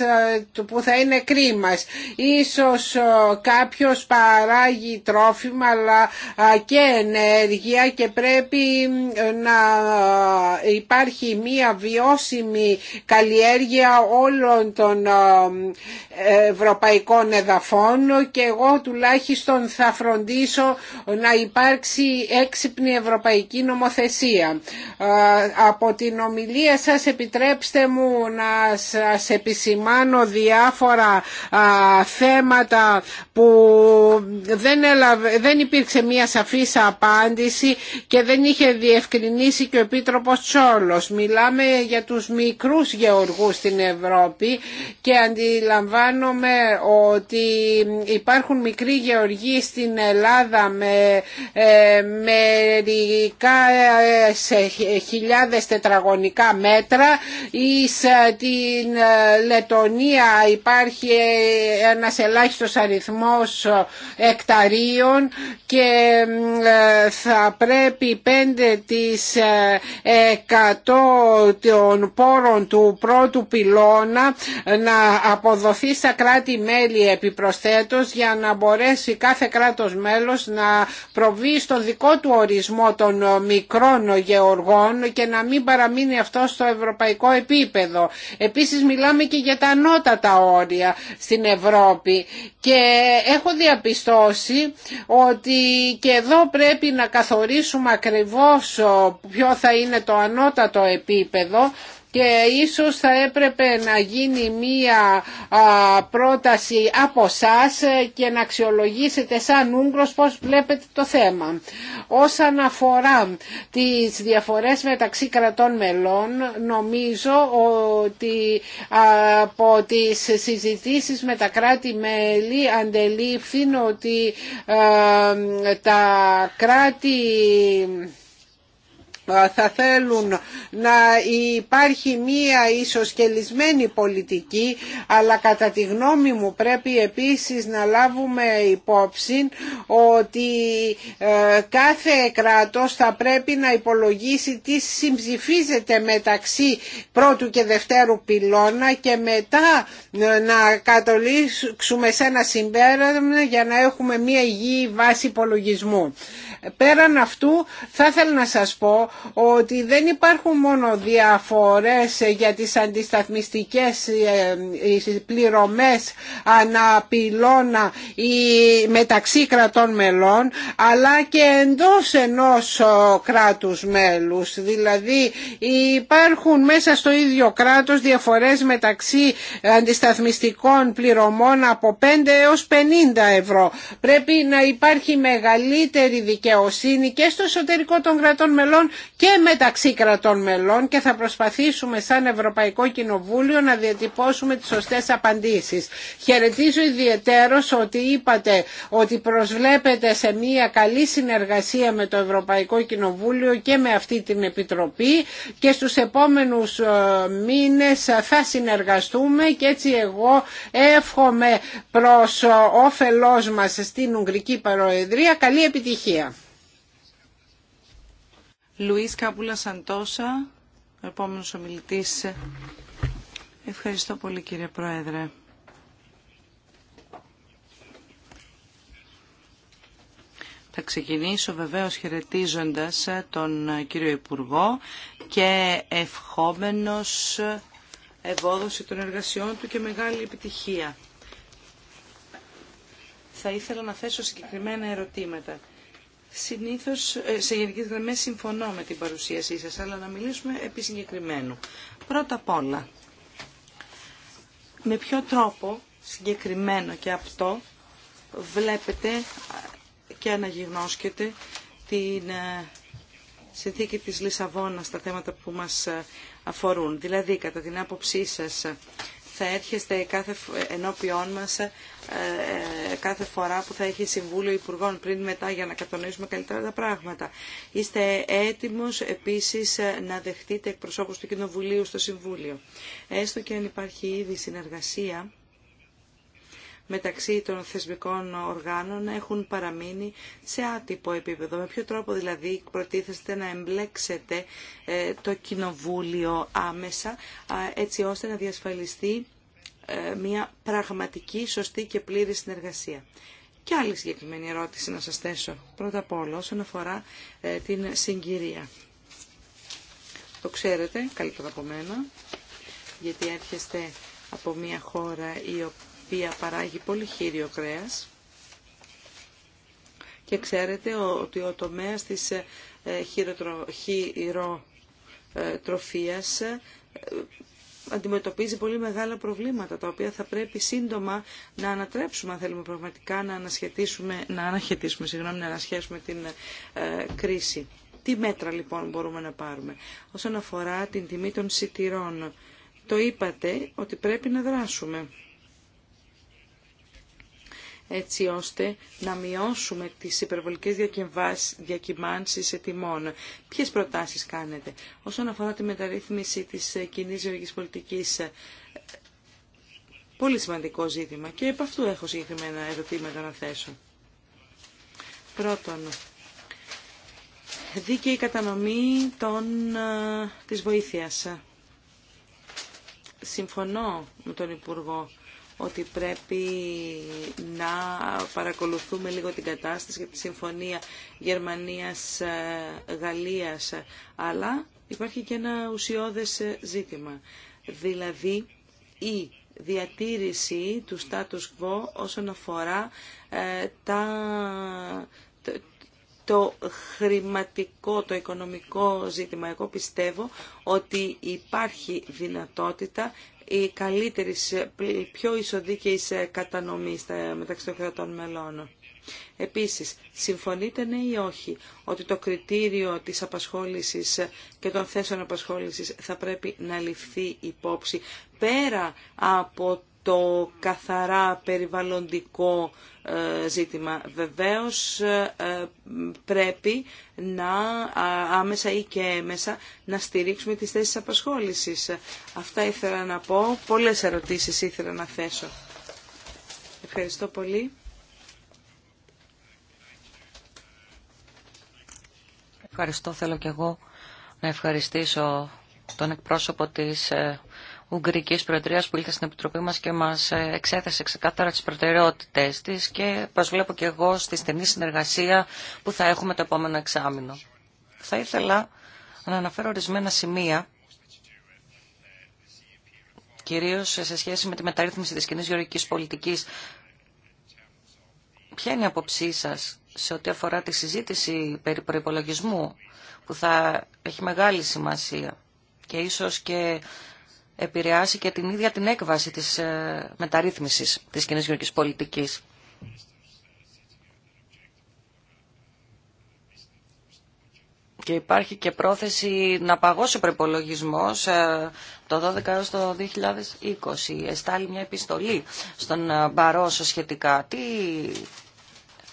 [SPEAKER 3] που θα είναι κρίμας. Ίσως κάποιος παράγει τρόφιμα αλλά και ενέργεια και πρέπει να ε, υπάρχει μία βιώσιμη καλλιέργεια όλων των ε, ευρωπαϊκών εδαφών και εγώ τουλάχιστον θα φροντίσω να υπάρξει έξυπνη ευρωπαϊκή νομοθεσία. Ε, από την ομιλία σας επιτρέψτε μου να σας επισημάνω διάφορα θέματα που δεν, υπήρξε μία σαφής απάντηση και δεν είχε διευκρινίσει και ο Επίτροπος Τσόλος. Μιλάμε για τους μικρούς γεωργούς στην Ευρώπη και αντιλαμβάνομαι ότι υπάρχουν μικροί γεωργοί στην Ελλάδα με ε, μερικά ε, σε χιλιάδες τετραγωνικά μέτρα ή στην ε, Λετωνία υπάρχει ένας ελάχιστος αριθμός εκταρίων και θα πρέπει πέντε της 100 των πόρων του πρώτου πυλώνα να αποδοθεί στα κράτη-μέλη επιπροσθέτως για να μπορέσει κάθε κράτος μέλος να προβεί στο δικό του ορισμό των μικρών γεωργών και να μην παραμείνει αυτό στο ευρωπαϊκό επίπεδο. Επίσης μιλάμε και για τα ανώτατα όρια στην Ευρώπη και έχω διαπιστώσει ότι και εδώ πρέπει να καθορίσουμε ακριβώς ποιο θα είναι το ανώτατο επίπεδο και ίσως θα έπρεπε να γίνει μία πρόταση από εσά και να αξιολογήσετε σαν Ούγκρος πώς βλέπετε το θέμα. Όσον αφορά τις διαφορές μεταξύ κρατών μελών, νομίζω ότι από τις συζητήσεις με τα κράτη-μέλη αντελήφθην ότι τα κράτη θα θέλουν να υπάρχει μία κελισμένη πολιτική αλλά κατά τη γνώμη μου πρέπει επίσης να λάβουμε υπόψη ότι ε, κάθε κράτος θα πρέπει να υπολογίσει τι συμψηφίζεται μεταξύ πρώτου και δευτέρου πυλώνα και μετά ε, να κατολίξουμε σε ένα συμπέρασμα για να έχουμε μία υγιή βάση υπολογισμού. Πέραν αυτού θα ήθελα να σας πω ότι δεν υπάρχουν μόνο διαφορές για τις αντισταθμιστικές ε, ε, ε, πληρωμές αναπηλώνα μεταξύ κρατών μελών αλλά και εντός ενός κράτους μέλους. Δηλαδή υπάρχουν μέσα στο ίδιο κράτος διαφορές μεταξύ αντισταθμιστικών πληρωμών από 5 έως 50 ευρώ. Πρέπει να υπάρχει μεγαλύτερη δικαιοσύνη δικαιοσύνη και στο εσωτερικό των κρατών μελών και μεταξύ κρατών μελών και θα προσπαθήσουμε σαν Ευρωπαϊκό Κοινοβούλιο να διατυπώσουμε τις σωστές απαντήσεις. Χαιρετίζω ιδιαιτέρως ότι είπατε ότι προσβλέπετε σε μια καλή συνεργασία με το Ευρωπαϊκό Κοινοβούλιο και με αυτή την Επιτροπή και στους επόμενους ε, μήνες θα συνεργαστούμε και έτσι εγώ εύχομαι προς ε, όφελός μας στην Ουγγρική Παροεδρία καλή επιτυχία.
[SPEAKER 1] Λουίς Κάπουλα Σαντόσα,
[SPEAKER 3] επόμενος ομιλητής.
[SPEAKER 1] Ευχαριστώ πολύ κύριε Πρόεδρε. Θα ξεκινήσω βεβαίως χαιρετίζοντας τον κύριο Υπουργό και ευχόμενος ευόδοση των εργασιών του και μεγάλη επιτυχία. Θα ήθελα να θέσω συγκεκριμένα ερωτήματα. Συνήθως ε, σε γενικές γραμμές συμφωνώ με την παρουσίασή σας, αλλά να μιλήσουμε επί συγκεκριμένου. Πρώτα απ' όλα, με ποιο τρόπο συγκεκριμένο και αυτό βλέπετε και αναγυγνώσκετε την ε, συνθήκη της Λισαβόνας στα θέματα που μας ε, αφορούν. Δηλαδή, κατά την άποψή σας, θα έρχεστε κάθε, ενώπιόν μας ε, ε, κάθε φορά που θα έχει Συμβούλιο Υπουργών πριν μετά για να κατανοήσουμε καλύτερα τα πράγματα. Είστε έτοιμος επίσης ε, να δεχτείτε εκπροσώπους του Κοινοβουλίου στο Συμβούλιο. Έστω και αν υπάρχει ήδη συνεργασία μεταξύ των θεσμικών οργάνων έχουν παραμείνει σε άτυπο επίπεδο. Με ποιο τρόπο δηλαδή προτίθεστε να εμπλέξετε ε, το Κοινοβούλιο άμεσα έτσι ώστε να διασφαλιστεί ε, μια πραγματική, σωστή και πλήρη συνεργασία. Και άλλη συγκεκριμένη ερώτηση να σας θέσω. Πρώτα απ' όλα όσον αφορά ε, την συγκυρία. Το ξέρετε καλύτερα από μένα, γιατί έρχεστε από μια χώρα η οποία οποία παράγει πολύ χείριο κρέας και ξέρετε ότι ο τομέας της ε, χειροτροφίας ε, αντιμετωπίζει πολύ μεγάλα προβλήματα τα οποία θα πρέπει σύντομα να ανατρέψουμε αν θέλουμε πραγματικά να ανασχετήσουμε, να ανασχετήσουμε, συγγνώμη, να ανασχέσουμε την ε, κρίση. Τι μέτρα λοιπόν μπορούμε να πάρουμε. Όσον αφορά την τιμή των σιτηρών, το είπατε ότι πρέπει να δράσουμε έτσι ώστε να μειώσουμε τις υπερβολικές διακυμάνσεις σε τιμών. Ποιες προτάσεις κάνετε όσον αφορά τη μεταρρύθμιση της ε, κοινή γεωργικής πολιτικής ε, Πολύ σημαντικό ζήτημα και επ' αυτού έχω συγκεκριμένα ερωτήματα να θέσω. Πρώτον, δίκαιη κατανομή των, ε, της βοήθειας. Συμφωνώ με τον Υπουργό ότι πρέπει να παρακολουθούμε λίγο την κατάσταση και τη συμφωνία Γερμανίας-Γαλλίας. Αλλά υπάρχει και ένα ουσιώδες ζήτημα. Δηλαδή η διατήρηση του status quo όσον αφορά ε, τα, το, το χρηματικό, το οικονομικό ζήτημα. Εγώ πιστεύω ότι υπάρχει δυνατότητα η καλύτερη, πιο ισοδίκαιης κατανομή μεταξύ των κρατών μελών. Επίσης, συμφωνείτε ναι ή όχι ότι το κριτήριο της απασχόλησης και των θέσεων απασχόλησης θα πρέπει να ληφθεί υπόψη πέρα από το καθαρά περιβαλλοντικό ε, ζήτημα. Βεβαίως ε, πρέπει να άμεσα ή και έμεσα να στηρίξουμε τις θέσεις απασχόλησης. Αυτά ήθελα να πω. Πολλές ερωτήσεις ήθελα να θέσω. Ευχαριστώ πολύ.
[SPEAKER 4] Ευχαριστώ. Θέλω κι εγώ να ευχαριστήσω τον εκπρόσωπο της ε, Ουγγρική Προεδρία που ήλθε στην Επιτροπή μα και μας ε, εξέθεσε ξεκάθαρα τις προτεραιότητες της και βλέπω και εγώ στη στενή συνεργασία που θα έχουμε το επόμενο εξάμεινο. Θα ήθελα να αναφέρω ορισμένα σημεία κυρίως σε σχέση με τη μεταρρύθμιση της κοινή γεωργικής πολιτικής. Ποια είναι η αποψή σας σε ό,τι αφορά τη συζήτηση περί προϋπολογισμού που θα έχει μεγάλη σημασία και ίσως και επηρεάσει και την ίδια την έκβαση της ε, μεταρρύθμισης της κοινής γεωργικής πολιτικής. Και υπάρχει και πρόθεση να παγώσει ο προπολογισμό ε, το 12 έως το 2020. Εστάλει μια επιστολή στον ε, Μπαρόσο σχετικά. Τι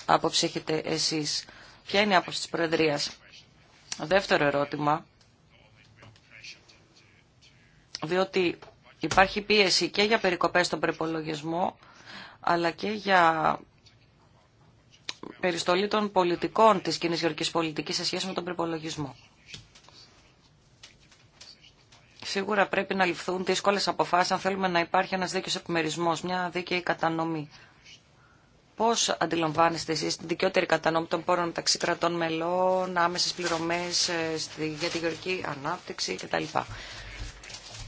[SPEAKER 4] άποψη έχετε εσείς, ποια είναι η άποψη της Προεδρίας. Δεύτερο ερώτημα διότι υπάρχει πίεση και για περικοπές στον προπολογισμό, αλλά και για περιστολή των πολιτικών της κοινής γεωργικής πολιτικής σε σχέση με τον προπολογισμό. Σίγουρα πρέπει να ληφθούν δύσκολες αποφάσεις αν θέλουμε να υπάρχει ένας δίκαιος επιμερισμός, μια δίκαιη κατανομή. Πώς αντιλαμβάνεστε εσείς την δικαιότερη κατανομή των πόρων μεταξύ κρατών μελών, άμεσες πληρωμές ε, για τη γεωργική ανάπτυξη κτλ.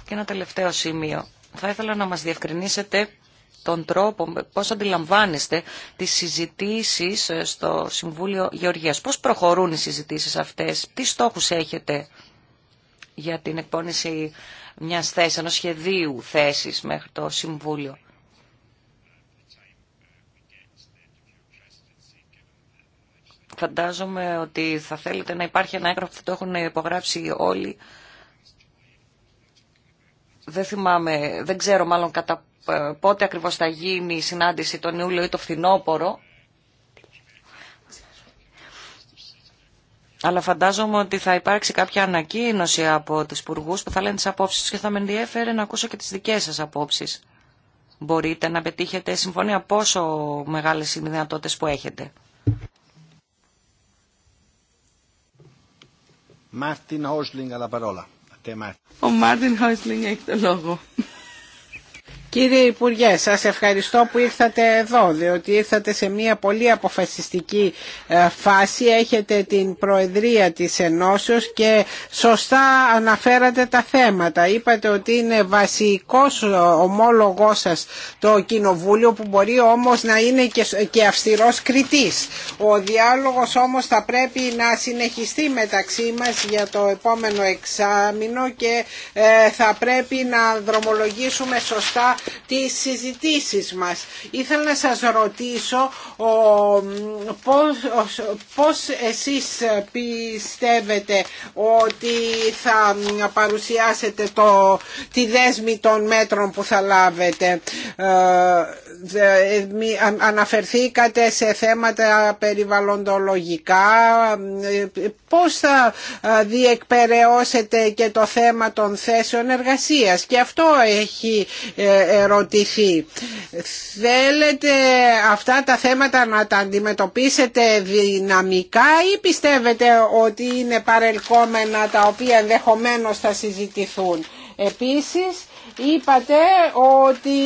[SPEAKER 4] Και ένα τελευταίο σημείο. Θα ήθελα να μας διευκρινίσετε τον τρόπο, πώς αντιλαμβάνεστε τις συζητήσεις ε, στο Συμβούλιο Γεωργίας. Πώς προχωρούν οι συζητήσεις αυτές, τι στόχους έχετε για την εκπόνηση μιας θέσης, ενός σχεδίου θέσης μέχρι το Συμβούλιο. Φαντάζομαι ότι θα θέλετε να υπάρχει ένα έγγραφο που το έχουν υπογράψει όλοι δεν θυμάμαι, δεν ξέρω μάλλον κατά ε, πότε ακριβώς θα γίνει η συνάντηση τον Ιούλιο ή το φθινόπωρο. Αλλά φαντάζομαι ότι θα υπάρξει κάποια ανακοίνωση από τους υπουργού που θα λένε τις απόψεις και θα με ενδιαφέρει να ακούσω και τις δικές σας απόψεις. Μπορείτε να πετύχετε συμφωνία πόσο μεγάλες είναι οι δυνατότητες που έχετε.
[SPEAKER 2] Μάρτιν Χόσλινγκ, παρόλα.
[SPEAKER 3] Ο Μάρτιν Χαϊσλινγκ έχει το λόγο. Κύριε Υπουργέ, σας ευχαριστώ που ήρθατε εδώ, διότι ήρθατε σε μια πολύ αποφασιστική ε, φάση. Έχετε την Προεδρία της Ενώσεως και σωστά αναφέρατε τα θέματα. Είπατε ότι είναι βασικός ομόλογός σας το Κοινοβούλιο, που μπορεί όμως να είναι και αυστηρός κριτής. Ο διάλογος όμως θα πρέπει να συνεχιστεί μεταξύ μας για το επόμενο εξάμεινο και ε, θα πρέπει να δρομολογήσουμε σωστά τις συζητήσεις μας. Ήθελα να σας ρωτήσω πώς, πώς εσείς πιστεύετε ότι θα παρουσιάσετε το, τη δέσμη των μέτρων που θα λάβετε. Ε, αναφερθήκατε σε θέματα περιβαλλοντολογικά πώς θα διεκπαιρεώσετε και το θέμα των θέσεων εργασίας και αυτό έχει ε, ερωτηθεί θέλετε αυτά τα θέματα να τα αντιμετωπίσετε δυναμικά ή πιστεύετε ότι είναι παρελκόμενα τα οποία ενδεχομένως θα συζητηθούν επίσης Είπατε ότι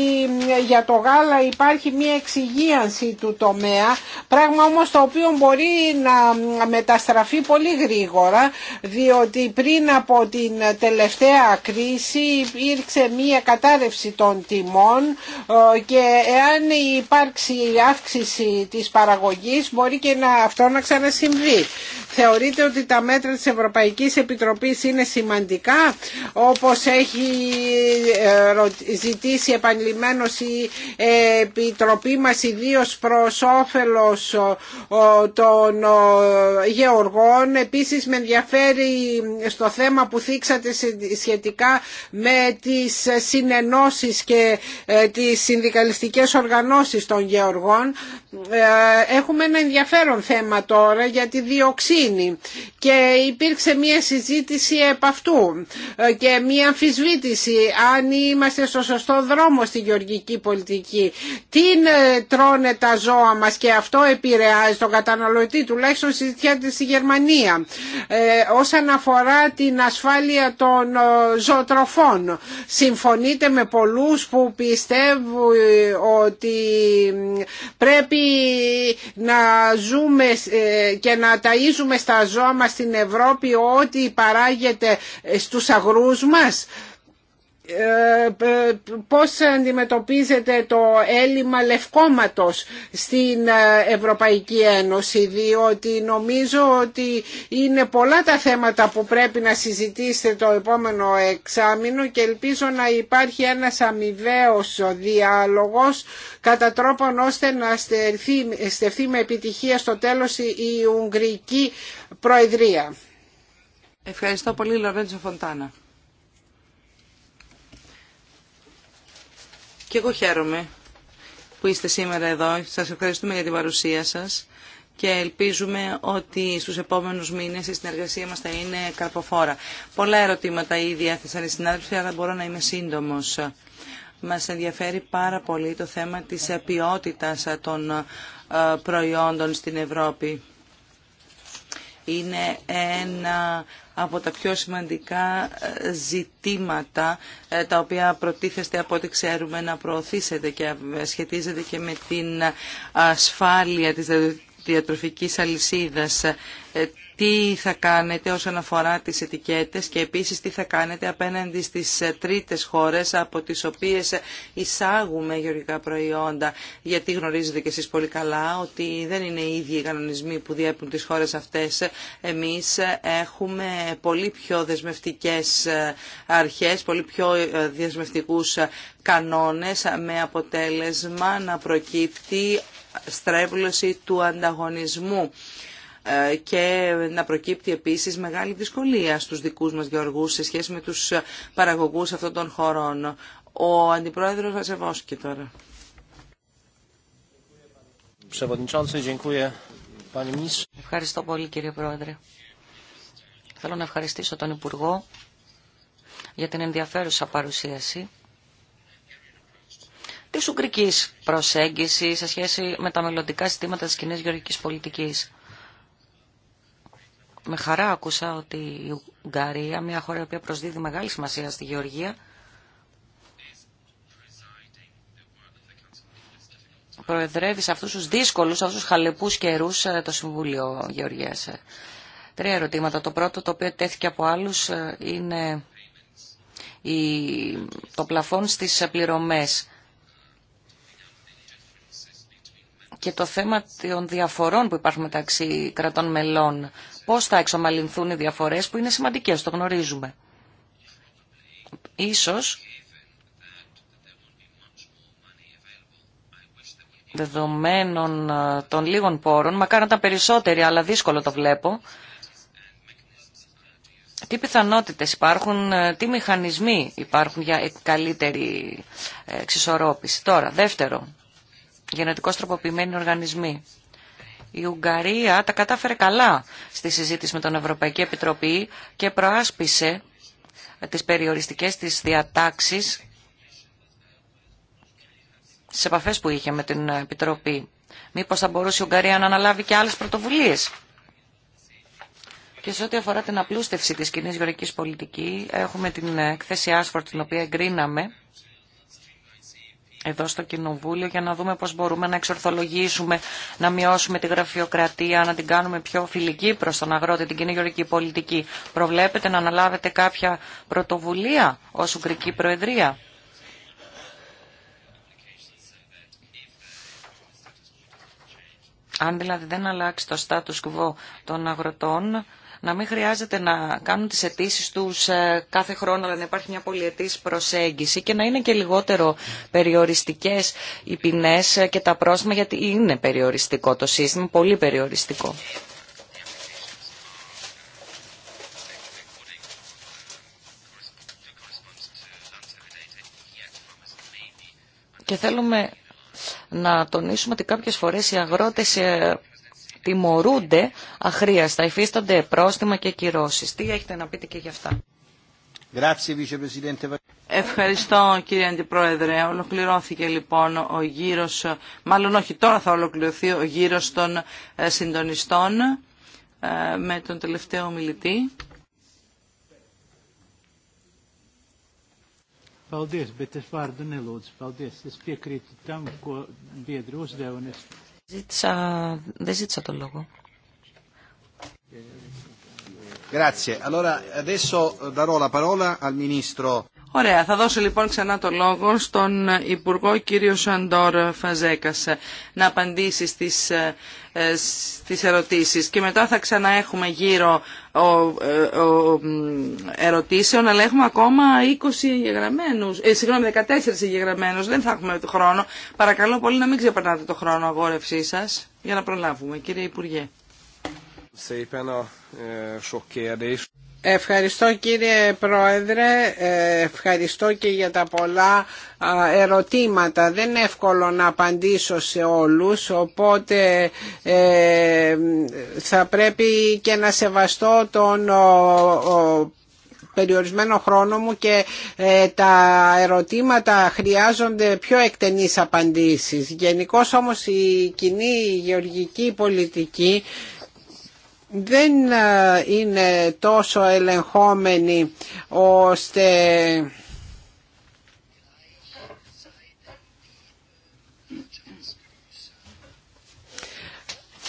[SPEAKER 3] για το γάλα υπάρχει μια εξυγίανση του τομέα, πράγμα όμως το οποίο μπορεί να μεταστραφεί πολύ γρήγορα, διότι πριν από την τελευταία κρίση υπήρξε μια κατάρρευση των τιμών ε, και εάν υπάρξει αύξηση της παραγωγής μπορεί και να, αυτό να ξανασυμβεί. Θεωρείτε ότι τα μέτρα της Ευρωπαϊκής Επιτροπής είναι σημαντικά, όπως έχει ε, ζητήσει επανειλημμένως η Επιτροπή μας ιδίω προς όφελος των γεωργών. Επίσης με ενδιαφέρει στο θέμα που θίξατε σχετικά με τις συνενώσεις και ε, τις συνδικαλιστικές οργανώσεις των γεωργών. Ε, έχουμε ένα ενδιαφέρον θέμα τώρα για τη διοξίνη και υπήρξε μια συζήτηση επ' αυτού ε, και μια αμφισβήτηση αν είμαστε στο σωστό δρόμο στη γεωργική πολιτική. Τι τρώνε τα ζώα μας και αυτό επηρεάζει τον καταναλωτή, τουλάχιστον συζητιάται στη Γερμανία. Ε, όσον αφορά την ασφάλεια των ε, ζωοτροφών, συμφωνείτε με πολλούς που πιστεύουν ε, ότι πρέπει να ζούμε ε, και να ταΐζουμε στα ζώα μας στην Ευρώπη ό,τι παράγεται στους αγρούς μας. Ε, πώς αντιμετωπίζεται το έλλειμμα λευκόματος στην ε, Ευρωπαϊκή Ένωση διότι νομίζω ότι είναι πολλά τα θέματα που πρέπει να συζητήσετε το επόμενο εξάμεινο και ελπίζω να υπάρχει ένας αμοιβαίος διάλογος κατά τρόπον ώστε να στερθεί, με επιτυχία στο τέλος η Ουγγρική Προεδρία. Ευχαριστώ πολύ Λορέντζο Φοντάνα.
[SPEAKER 1] Και εγώ χαίρομαι που είστε σήμερα εδώ. Σας ευχαριστούμε για την παρουσία σας και ελπίζουμε ότι στους επόμενους μήνες η συνεργασία μας θα είναι καρποφόρα. Πολλά ερωτήματα ήδη έθεσαν οι συνάδελφοι, αλλά μπορώ να είμαι σύντομος. Μας ενδιαφέρει πάρα πολύ το θέμα της ποιότητας των ε, προϊόντων στην Ευρώπη. Είναι ένα από τα πιο σημαντικά ε, ζητήματα ε, τα οποία προτίθεστε από ό,τι ξέρουμε να προωθήσετε και ε, σχετίζεται και με την ασφάλεια της διατροφικής αλυσίδας τι θα κάνετε όσον αφορά τις ετικέτες και επίσης τι θα κάνετε απέναντι στις τρίτες χώρες από τις οποίες εισάγουμε γεωργικά προϊόντα. Γιατί γνωρίζετε και εσείς πολύ καλά ότι δεν είναι οι ίδιοι οι κανονισμοί που διέπουν τις χώρες αυτές. Εμείς έχουμε πολύ πιο δεσμευτικές αρχές, πολύ πιο δεσμευτικούς κανόνες με αποτέλεσμα να προκύπτει στρέβλωση του ανταγωνισμού ε, και να προκύπτει επίσης μεγάλη δυσκολία στους δικούς μας γεωργούς σε σχέση με τους παραγωγούς αυτών των χωρών. Ο Αντιπρόεδρος Βασεβόσκη τώρα.
[SPEAKER 4] Ευχαριστώ πολύ κύριε Πρόεδρε. Θέλω να ευχαριστήσω τον Υπουργό για την ενδιαφέρουσα παρουσίαση της ουγγρικής προσέγγιση σε σχέση με τα μελλοντικά συστήματα της κοινή γεωργικής πολιτικής με χαρά άκουσα ότι η Ουγγαρία, μια χώρα η οποία προσδίδει μεγάλη σημασία στη Γεωργία, προεδρεύει σε αυτούς τους δύσκολους, αυτούς τους χαλεπούς καιρούς ε, το Συμβούλιο Γεωργίας. Ε, τρία ερωτήματα. Το πρώτο, το οποίο τέθηκε από άλλους, ε, είναι το πλαφόν στις πληρωμές. και το θέμα των διαφορών που υπάρχουν μεταξύ κρατών μελών Πώ θα εξομαλυνθούν οι διαφορές που είναι σημαντικές, το γνωρίζουμε. Ίσως, δεδομένων ε, των λίγων πόρων, μακάρι να ήταν περισσότεροι, αλλά δύσκολο το βλέπω, τι πιθανότητες υπάρχουν, ε, τι μηχανισμοί υπάρχουν για καλύτερη ε, εξισορρόπηση. Τώρα, δεύτερο, γενετικώς τροποποιημένοι οργανισμοί. Η Ουγγαρία τα κατάφερε καλά στη συζήτηση με τον Ευρωπαϊκή Επιτροπή και προάσπισε τις περιοριστικές της διατάξεις στι επαφές που είχε με την Επιτροπή. Μήπως θα μπορούσε η Ουγγαρία να αναλάβει και άλλες πρωτοβουλίες. Και σε ό,τι αφορά την απλούστευση της κοινή γεωρικής πολιτικής, έχουμε την έκθεση Άσφορτ, την οποία εγκρίναμε εδώ στο Κοινοβούλιο για να δούμε πώς μπορούμε να εξορθολογήσουμε, να μειώσουμε τη γραφειοκρατία, να την κάνουμε πιο φιλική προς τον αγρότη, την κοινή γεωργική πολιτική. Προβλέπετε να αναλάβετε κάποια πρωτοβουλία ως Ουγγρική Προεδρία. Αν δηλαδή δεν αλλάξει το status quo των αγροτών, να μην χρειάζεται να κάνουν τις αιτήσει τους ε, κάθε χρόνο, αλλά να υπάρχει μια πολυετής προσέγγιση και να είναι και λιγότερο περιοριστικές οι ποινές ε, και τα πρόσημα, γιατί είναι περιοριστικό το σύστημα, πολύ περιοριστικό. Και θέλουμε να τονίσουμε ότι κάποιες φορές οι αγρότες ε, τιμωρούνται αχρίαστα, υφίστανται πρόστιμα και κυρώσεις. Τι έχετε να πείτε και γι' αυτά. Ευχαριστώ κύριε
[SPEAKER 1] Αντιπρόεδρε. Ολοκληρώθηκε λοιπόν ο γύρος, μάλλον όχι τώρα θα ολοκληρωθεί ο γύρος των ε, συντονιστών ε, με τον τελευταίο μιλητή.
[SPEAKER 2] Ευχαριστώ, μπετε Ζήτησα,
[SPEAKER 4] δεν ζήτησα το λόγο.
[SPEAKER 2] Grazie. Allora adesso darò la parola al Ministro.
[SPEAKER 1] Ωραία, θα δώσω λοιπόν ξανά το λόγο στον Υπουργό κύριο Σαντόρ Φαζέκας να απαντήσει στις, ε, ε, στις ερωτήσεις και μετά θα ξαναέχουμε γύρω ο, ε, ο, ερωτήσεων αλλά έχουμε ακόμα 20 εγγεγραμμένους, ε, συγγνώμη 14 εγγεγραμμένους, δεν θα έχουμε το χρόνο. Παρακαλώ πολύ να μην ξεπερνάτε το χρόνο αγόρευσή σας
[SPEAKER 3] για να προλάβουμε. Κύριε Υπουργέ. Ευχαριστώ κύριε Πρόεδρε, ε, ευχαριστώ και για τα πολλά ερωτήματα. Δεν είναι εύκολο να απαντήσω σε όλους, οπότε ε, θα πρέπει και να σεβαστώ τον περιορισμένο χρόνο μου και ε, τα ερωτήματα χρειάζονται πιο εκτενείς απαντήσεις. Γενικώ όμως η κοινή γεωργική πολιτική δεν ε, είναι τόσο ελεγχόμενοι ώστε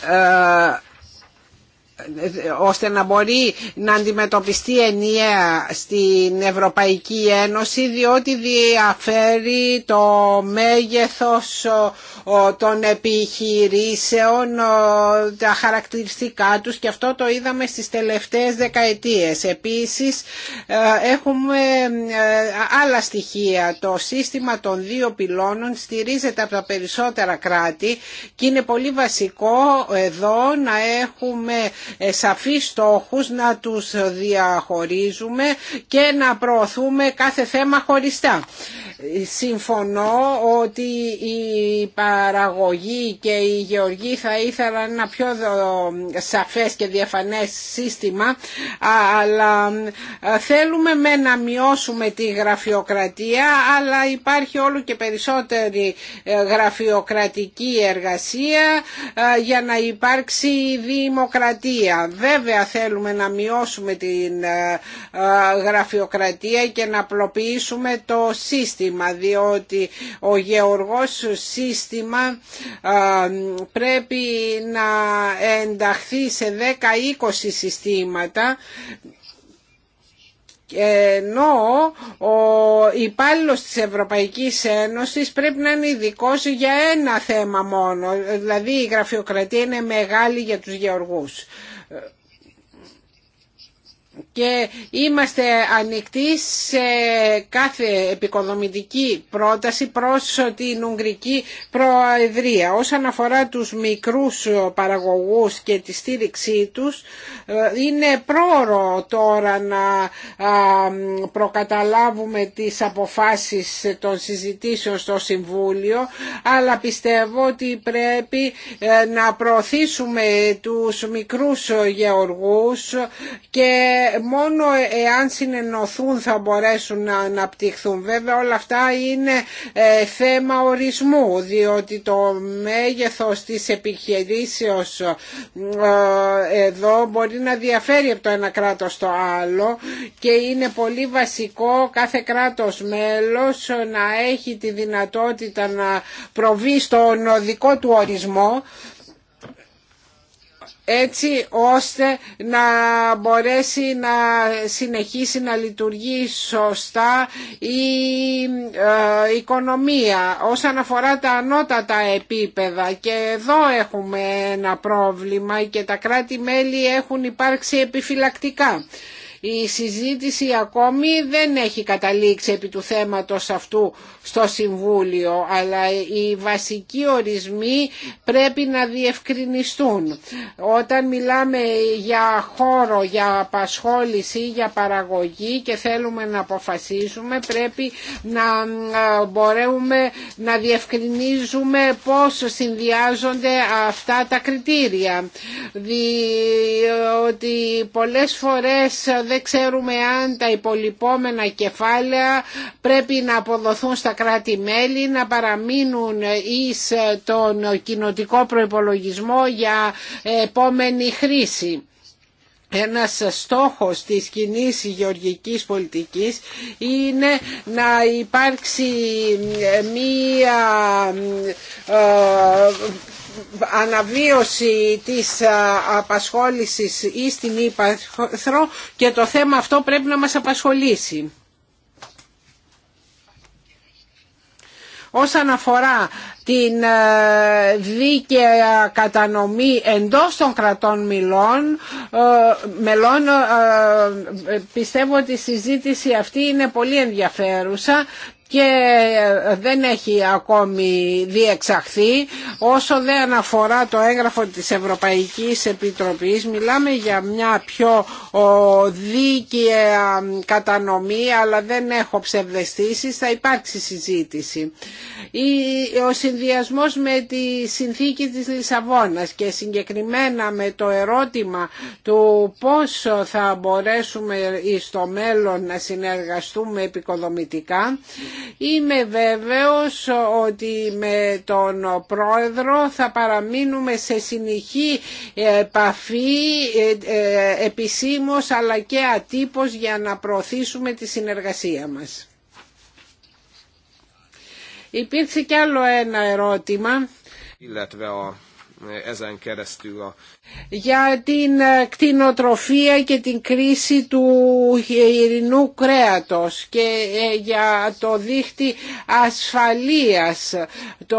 [SPEAKER 3] ε, ώστε να μπορεί να αντιμετωπιστεί ενιαία στην Ευρωπαϊκή Ένωση διότι διαφέρει το μέγεθος των επιχειρήσεων, τα χαρακτηριστικά τους και αυτό το είδαμε στις τελευταίες δεκαετίες. Επίσης ε, έχουμε ε, άλλα στοιχεία. Το σύστημα των δύο πυλώνων στηρίζεται από τα περισσότερα κράτη και είναι πολύ βασικό εδώ να έχουμε ε, σαφείς στόχους, να τους διαχωρίζουμε και να προωθούμε κάθε θέμα χωριστά. Συμφωνώ ότι η παραγωγή και η γεωργή θα ήθελαν ένα πιο σαφές και διαφανές σύστημα αλλά ε, θέλουμε να μειώσουμε τη γραφειοκρατία αλλά υπάρχει όλο και περισσότερη ε, γραφειοκρατική εργασία ε, για να υπάρξει δημοκρατία. Βέβαια θέλουμε να μειώσουμε την γραφειοκρατία και να απλοποιήσουμε το σύστημα σύστημα διότι ο γεωργός σύστημα πρέπει να ενταχθεί σε 10-20 συστήματα ενώ ο υπάλληλος της Ευρωπαϊκής Ένωσης πρέπει να είναι ειδικό για ένα θέμα μόνο, δηλαδή η γραφειοκρατία είναι μεγάλη για τους γεωργούς και είμαστε ανοιχτοί σε κάθε επικοδομητική πρόταση προς την Ουγγρική Προεδρία. Όσον αφορά τους μικρούς παραγωγούς και τη στήριξή τους, είναι πρόωρο τώρα να προκαταλάβουμε τις αποφάσεις των συζητήσεων στο Συμβούλιο, αλλά πιστεύω ότι πρέπει ε, να προωθήσουμε τους μικρούς γεωργούς και μόνο ε, εάν συνενωθούν θα μπορέσουν να αναπτυχθούν. Βέβαια όλα αυτά είναι ε, θέμα ορισμού διότι το μέγεθος της επιχειρήσεως ε, εδώ μπορεί να διαφέρει από το ένα κράτος στο άλλο και είναι πολύ βασικό κάθε κράτος μέλος να έχει τη δυνατότητα να προβεί στον δικό του ορισμό έτσι ώστε να μπορέσει να συνεχίσει να λειτουργεί σωστά η ε, οικονομία όσον αφορά τα ανώτατα επίπεδα και εδώ έχουμε ένα πρόβλημα και τα κράτη-μέλη έχουν υπάρξει επιφυλακτικά. Η συζήτηση ακόμη δεν έχει καταλήξει επί του θέματος αυτού στο Συμβούλιο, αλλά οι βασικοί ορισμοί πρέπει να διευκρινιστούν. Όταν μιλάμε για χώρο, για απασχόληση, για παραγωγή και θέλουμε να αποφασίσουμε, πρέπει να ε, μπορέουμε να διευκρινίζουμε πώς συνδυάζονται αυτά τα κριτήρια. Διότι πολλές φορές δεν ξέρουμε αν τα υπολοιπόμενα κεφάλαια πρέπει να αποδοθούν στα κράτη-μέλη, να παραμείνουν εις τον κοινοτικό προϋπολογισμό για επόμενη χρήση. Ένας στόχος της κοινή γεωργικής πολιτικής είναι να υπάρξει μία ε, αναβίωση της απασχόλησης ή στην ύπαθρο και το θέμα αυτό πρέπει να μας απασχολήσει. Όσον αφορά την δίκαια κατανομή εντός των κρατών μιλών, μελών πιστεύω ότι η συζήτηση αυτή είναι πολύ ενδιαφέρουσα και ε, δεν έχει ακόμη διεξαχθεί. Όσο δεν αναφορά το έγγραφο της Ευρωπαϊκής Επιτροπής, μιλάμε για μια πιο δίκαια κατανομή, αλλά δεν έχω ψευδεστήσεις, θα υπάρξει συζήτηση. Ο συνδυασμός με τη συνθήκη της Λισαβόνας και συγκεκριμένα με το ερώτημα του πώς θα μπορέσουμε στο μέλλον να συνεργαστούμε επικοδομητικά, Είμαι βέβαιος ότι με τον πρόεδρο θα παραμείνουμε σε συνεχή επαφή ε, ε, επισήμως αλλά και ατύπως για να προωθήσουμε τη συνεργασία μας. Υπήρξε κι άλλο ένα ερώτημα. Για την ε, κτηνοτροφία και την κρίση του ειρηνού κρέατος και ε, για το δίχτυ ασφαλείας το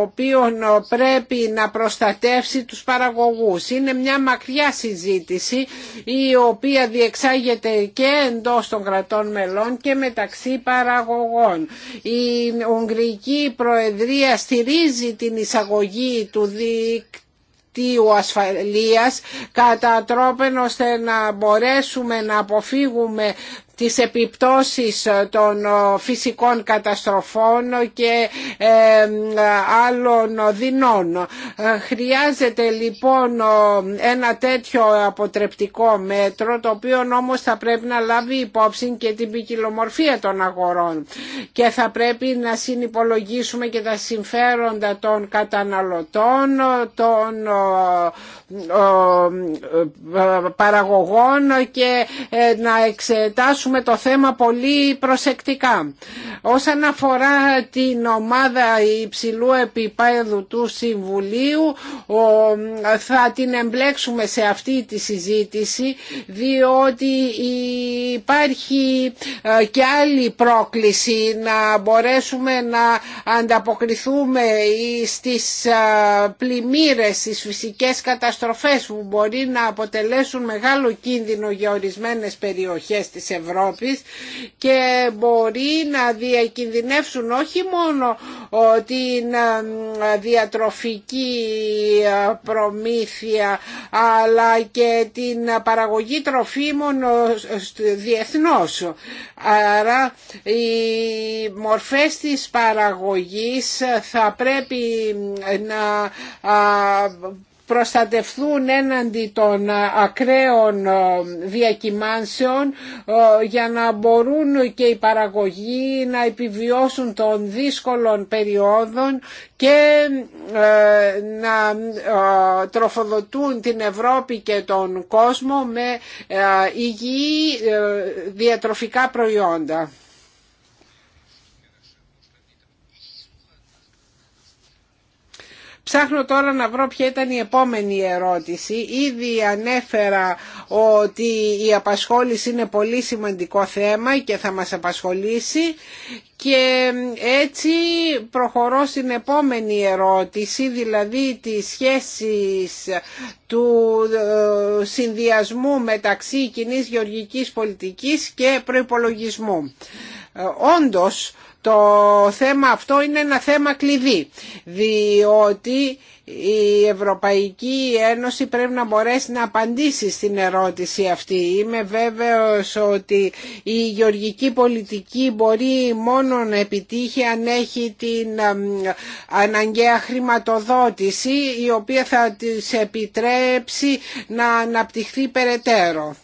[SPEAKER 3] οποίο πρέπει να προστατεύσει τους παραγωγούς. Είναι μια μακριά συζήτηση η οποία διεξάγεται και εντός των κρατών μελών και μεταξύ παραγωγών. Η Ουγγρική Προεδρία στηρίζει την εισαγωγή του δίχτυ δικτύου ο ασφαλείας κατά τρόπεν ώστε να μπορέσουμε να αποφύγουμε τις επιπτώσεις ε, των ε, φυσικών καταστροφών και ε, άλλων δεινών. Χρειάζεται λοιπόν ένα τέτοιο αποτρεπτικό μέτρο το οποίο όμως θα πρέπει να λάβει υπόψη και την ποικιλομορφία των αγορών και θα πρέπει να συνυπολογίσουμε και τα συμφέροντα των καταναλωτών, των παραγωγών και να εξετάσουμε με το θέμα πολύ προσεκτικά. Όσον αφορά την ομάδα υψηλού επίπεδου του Συμβουλίου θα την εμπλέξουμε σε αυτή τη συζήτηση διότι υπάρχει ε, και άλλη πρόκληση να μπορέσουμε να ανταποκριθούμε στις ε, πλημμύρες, στις φυσικές καταστροφές που μπορεί να αποτελέσουν μεγάλο κίνδυνο για ορισμένες περιοχές της Ευρώπης και μπορεί να διακινδυνεύσουν όχι μόνο την διατροφική προμήθεια αλλά και την παραγωγή τροφίμων διεθνώς. Άρα οι μορφές της παραγωγής θα πρέπει να προστατευθούν έναντι των ε, ακραίων ε, διακυμάνσεων ε, για να μπορούν και οι παραγωγοί να επιβιώσουν των δύσκολων περιόδων και να τροφοδοτούν την Ευρώπη και τον κόσμο με υγιή διατροφικά προϊόντα. Ψάχνω τώρα να βρω ποια ήταν η επόμενη ερώτηση. Ήδη ανέφερα ότι η απασχόληση είναι πολύ σημαντικό θέμα και θα μας απασχολήσει και έτσι προχωρώ στην επόμενη ερώτηση, δηλαδή τη σχέση του ε, συνδυασμού μεταξύ κοινής γεωργικής πολιτικής και προϋπολογισμού. Ε, όντως, το θέμα αυτό είναι ένα θέμα κλειδί, διότι η Ευρωπαϊκή Ένωση πρέπει να μπορέσει να απαντήσει στην ερώτηση αυτή. Είμαι βέβαιος ότι η γεωργική πολιτική μπορεί μόνο να επιτύχει αν έχει την αναγκαία χρηματοδότηση η οποία θα της επιτρέψει να αναπτυχθεί περαιτέρω.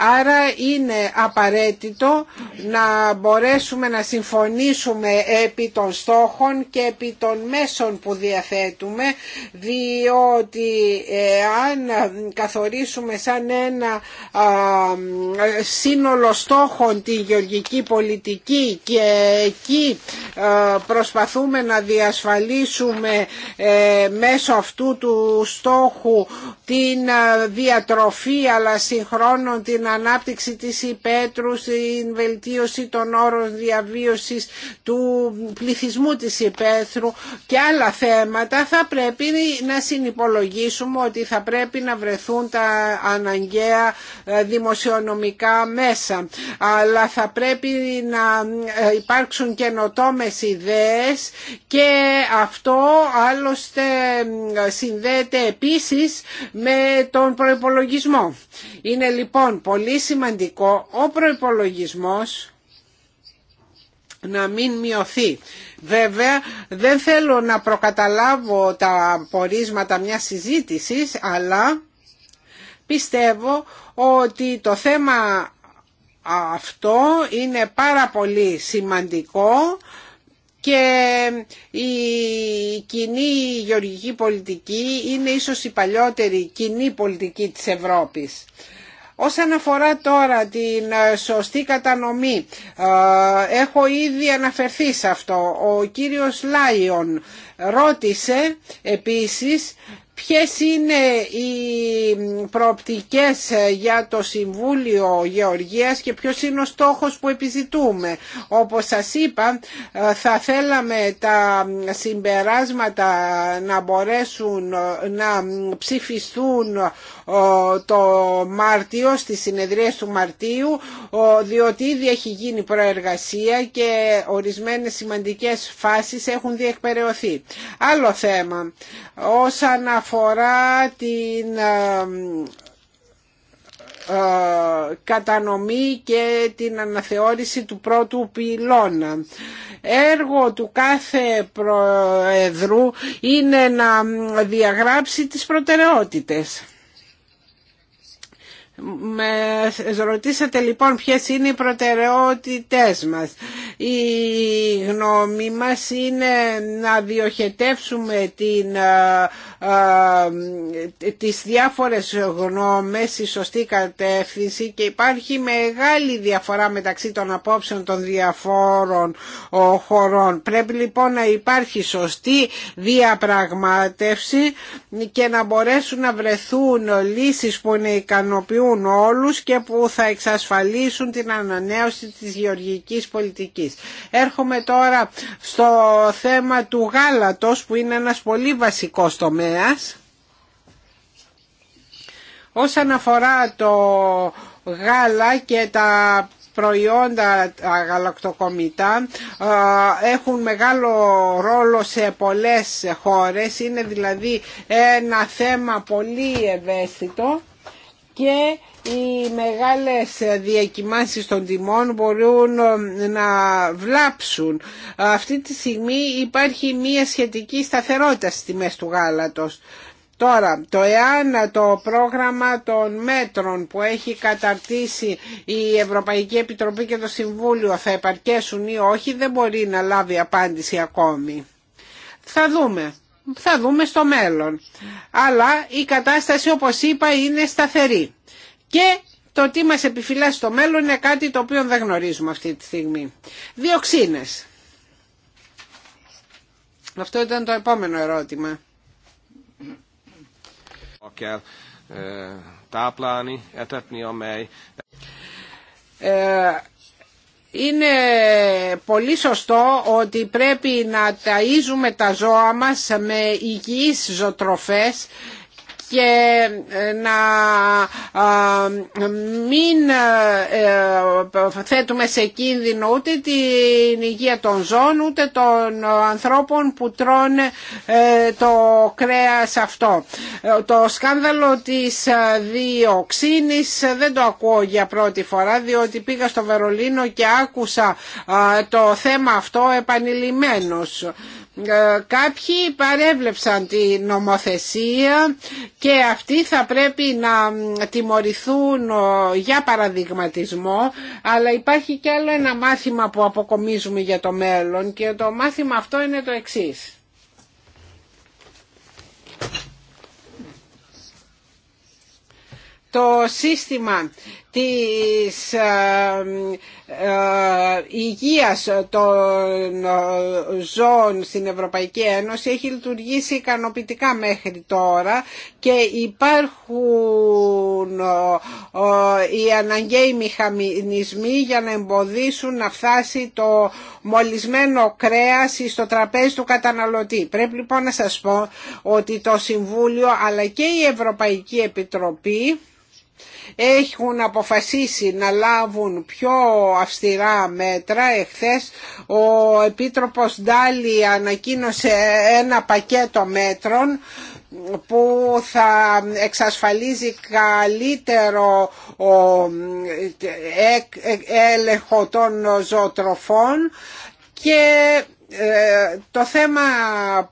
[SPEAKER 3] Άρα είναι απαραίτητο να μπορέσουμε να συμφωνήσουμε επί των στόχων και επί των μέσων που διαθέτουμε διότι αν καθορίσουμε σαν ένα σύνολο στόχων τη γεωργική πολιτική και εκεί προσπαθούμε να διασφαλίσουμε ε, μέσω αυτού του στόχου την διατροφή αλλά συγχρόνων την ανάπτυξη της υπέτρου, στην βελτίωση των όρων διαβίωσης του πληθυσμού της υπέθρου και άλλα θέματα θα πρέπει να συνυπολογίσουμε ότι θα πρέπει να βρεθούν τα αναγκαία ε, δημοσιονομικά μέσα αλλά θα πρέπει να ε, υπάρξουν καινοτόμες ιδέες και αυτό άλλωστε ε, συνδέεται επίσης με τον προϋπολογισμό. Είναι λοιπόν πολύ πολύ σημαντικό ο προϋπολογισμός να μην μειωθεί. Βέβαια δεν θέλω να προκαταλάβω τα πορίσματα μιας συζήτησης, αλλά πιστεύω ότι το θέμα αυτό είναι πάρα πολύ σημαντικό και η κοινή γεωργική πολιτική είναι ίσως η παλιότερη κοινή πολιτική της Ευρώπης. Όσον αφορά τώρα την ε, σωστή κατανομή, ε, έχω ήδη αναφερθεί σε αυτό. Ο κύριος Λάιον ρώτησε επίσης Ποιες είναι οι προοπτικές ε, για το Συμβούλιο Γεωργίας και ποιος είναι ο στόχος που επιζητούμε. Όπως σας είπα, θα θέλαμε τα συμπεράσματα να μπορέσουν να ψηφιστούν το Μάρτιο, στις συνεδρίες του Μαρτίου, διότι ήδη έχει γίνει προεργασία και ορισμένες σημαντικές φάσεις έχουν διεκπαιρεωθεί. Άλλο θέμα, όσον αφορά την ε, ε, κατανομή και την αναθεώρηση του πρώτου πυλώνα. Έργο του κάθε Προεδρού είναι να διαγράψει τις προτεραιότητες. Με ρωτήσατε λοιπόν ποιες είναι οι προτεραιότητές μας. Η γνώμη μας είναι να διοχετεύσουμε την τις διάφορες γνώμες στη σωστή κατεύθυνση και υπάρχει μεγάλη διαφορά μεταξύ των απόψεων των διαφόρων χωρών. Πρέπει λοιπόν να υπάρχει σωστή διαπραγμάτευση και να μπορέσουν να βρεθούν λύσεις που να ικανοποιούν όλους και που θα εξασφαλίσουν την ανανέωση της γεωργικής πολιτικής. Έρχομαι τώρα στο θέμα του γάλατος που είναι ένας πολύ βασικός τομέας ως Όσον αφορά το γάλα και τα προϊόντα γαλακτοκομητά έχουν μεγάλο ρόλο σε πολλές χώρες. Είναι δηλαδή ένα θέμα πολύ ευαίσθητο και οι μεγάλες διακοιμάνσεις των τιμών μπορούν ε, να βλάψουν. Αυτή τη στιγμή υπάρχει μια σχετική σταθερότητα στις τιμές του γάλατος. Τώρα, το εάν το πρόγραμμα των μέτρων που έχει καταρτήσει η Ευρωπαϊκή Επιτροπή και το Συμβούλιο θα επαρκέσουν ή όχι, δεν μπορεί να λάβει απάντηση ακόμη. Θα δούμε θα δούμε στο μέλλον. Αλλά η κατάσταση όπως είπα είναι σταθερή. Και το τι μας επιφυλάσσει στο μέλλον είναι κάτι το οποίο δεν γνωρίζουμε αυτή τη στιγμή. Διοξίνες. Αυτό ήταν το επόμενο ερώτημα. Okay. Ε, είναι πολύ σωστό ότι πρέπει να ταΐζουμε τα ζώα μας με υγιείς ζωτροφές και ε, να μην ε, ε, θέτουμε σε κίνδυνο ούτε την υγεία των ζώων ούτε των ανθρώπων που τρώνε το κρέας αυτό. Το σκάνδαλο της διοξίνης δεν το ακούω για πρώτη φορά διότι πήγα στο Βερολίνο και άκουσα το θέμα αυτό επανειλημμένος. Ε, κάποιοι παρέβλεψαν τη νομοθεσία και αυτοί θα πρέπει να τιμωρηθούν για παραδειγματισμό αλλά υπάρχει και άλλο ένα μάθημα που αποκομίζουμε για το μέλλον και το μάθημα αυτό είναι το εξής. Το σύστημα της ε, ε, υγείας των ζώων στην Ευρωπαϊκή Ένωση έχει λειτουργήσει ικανοποιητικά μέχρι τώρα και υπάρχουν ε, οι αναγκαίοι μηχανισμοί για να εμποδίσουν να φτάσει το μολυσμένο κρέας στο τραπέζι του καταναλωτή. Πρέπει λοιπόν να σας πω ότι το Συμβούλιο αλλά και η Ευρωπαϊκή Επιτροπή έχουν αποφασίσει να λάβουν πιο αυστηρά μέτρα. Εχθές ο Επίτροπος Ντάλι ανακοίνωσε ένα πακέτο μέτρων που θα εξασφαλίζει καλύτερο ε, ε, έλεγχο των ζωοτροφών και το θέμα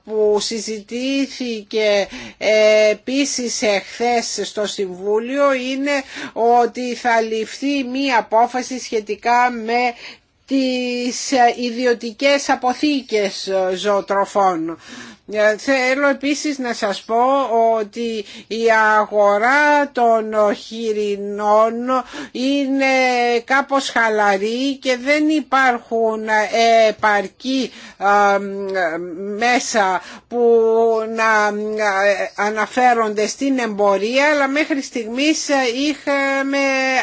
[SPEAKER 3] που συζητήθηκε ε, επίσης εχθές στο Συμβούλιο είναι ότι θα ληφθεί μία απόφαση σχετικά με τις ιδιωτικές αποθήκες ζωοτροφών. Ε, θέλω επίσης να σας πω ότι η αγορά των χοιρινών είναι κάπως χαλαρή και δεν υπάρχουν επαρκή ε, μέσα που να ε, αναφέρονται στην εμπορία αλλά μέχρι στιγμής είχαμε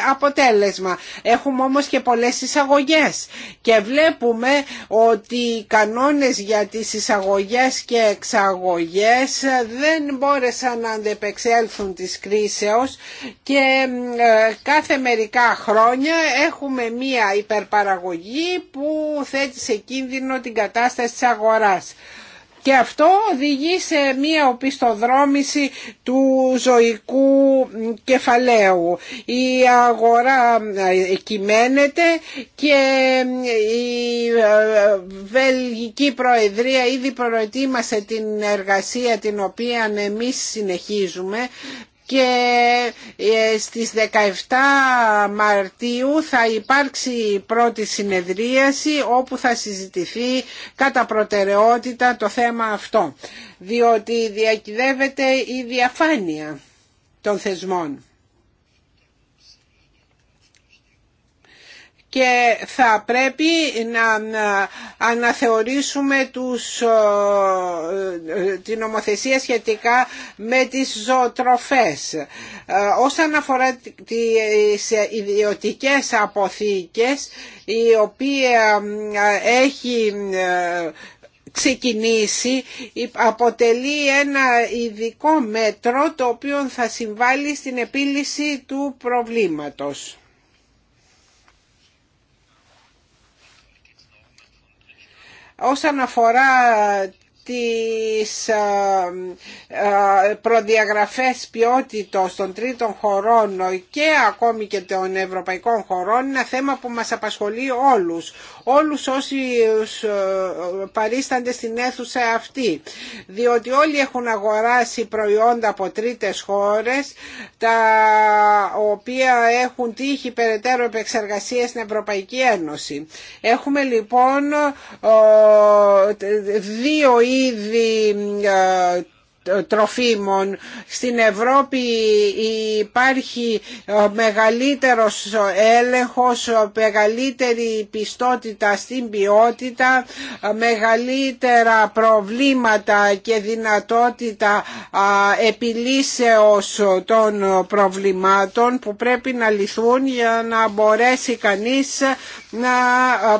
[SPEAKER 3] αποτέλεσμα. Έχουμε όμως και πολλές εισαγωγές και βλέπουμε ότι οι κανόνες για τις εισαγωγές και εξαγωγές δεν μπόρεσαν να αντεπεξέλθουν της κρίσεως και ε, κάθε μερικά χρόνια έχουμε μία υπερπαραγωγή που θέτει σε κίνδυνο την κατάσταση της αγοράς. Και αυτό οδηγεί σε μία οπισθοδρόμηση του ζωικού κεφαλαίου. Η αγορά ε, κυμαίνεται και ε, η ε, Βελγική Προεδρία ήδη προετοίμασε την εργασία την οποία εμείς συνεχίζουμε και ε, στις 17 Μαρτίου θα υπάρξει η πρώτη συνεδρίαση όπου θα συζητηθεί κατά προτεραιότητα το θέμα αυτό διότι διακυδεύεται η διαφάνεια των θεσμών. και θα πρέπει να αναθεωρήσουμε τους, την νομοθεσία σχετικά με τις ζωοτροφές. Ε, όσον αφορά τις ιδιωτικές αποθήκες, η οποία ε, έχει ε, ξεκινήσει αποτελεί ένα ειδικό μέτρο το οποίο θα συμβάλλει στην επίλυση του προβλήματος. όσον αφορά τις προδιαγραφές ποιότητος των τρίτων χωρών και ακόμη και των ευρωπαϊκών χωρών είναι ένα θέμα που μας απασχολεί όλους. Όλους όσοι ε, παρίστανται στην αίθουσα αυτή. Διότι όλοι έχουν αγοράσει προϊόντα από τρίτες χώρες τα οποία έχουν τύχει περαιτέρω επεξεργασία στην Ευρωπαϊκή Ένωση. Έχουμε λοιπόν ε, δύο ήδη τροφίμων. Στην Ευρώπη υπάρχει μεγαλύτερος έλεγχος, μεγαλύτερη πιστότητα στην ποιότητα, μεγαλύτερα προβλήματα και δυνατότητα επιλύσεως των προβλημάτων που πρέπει να λυθούν για να μπορέσει κανείς να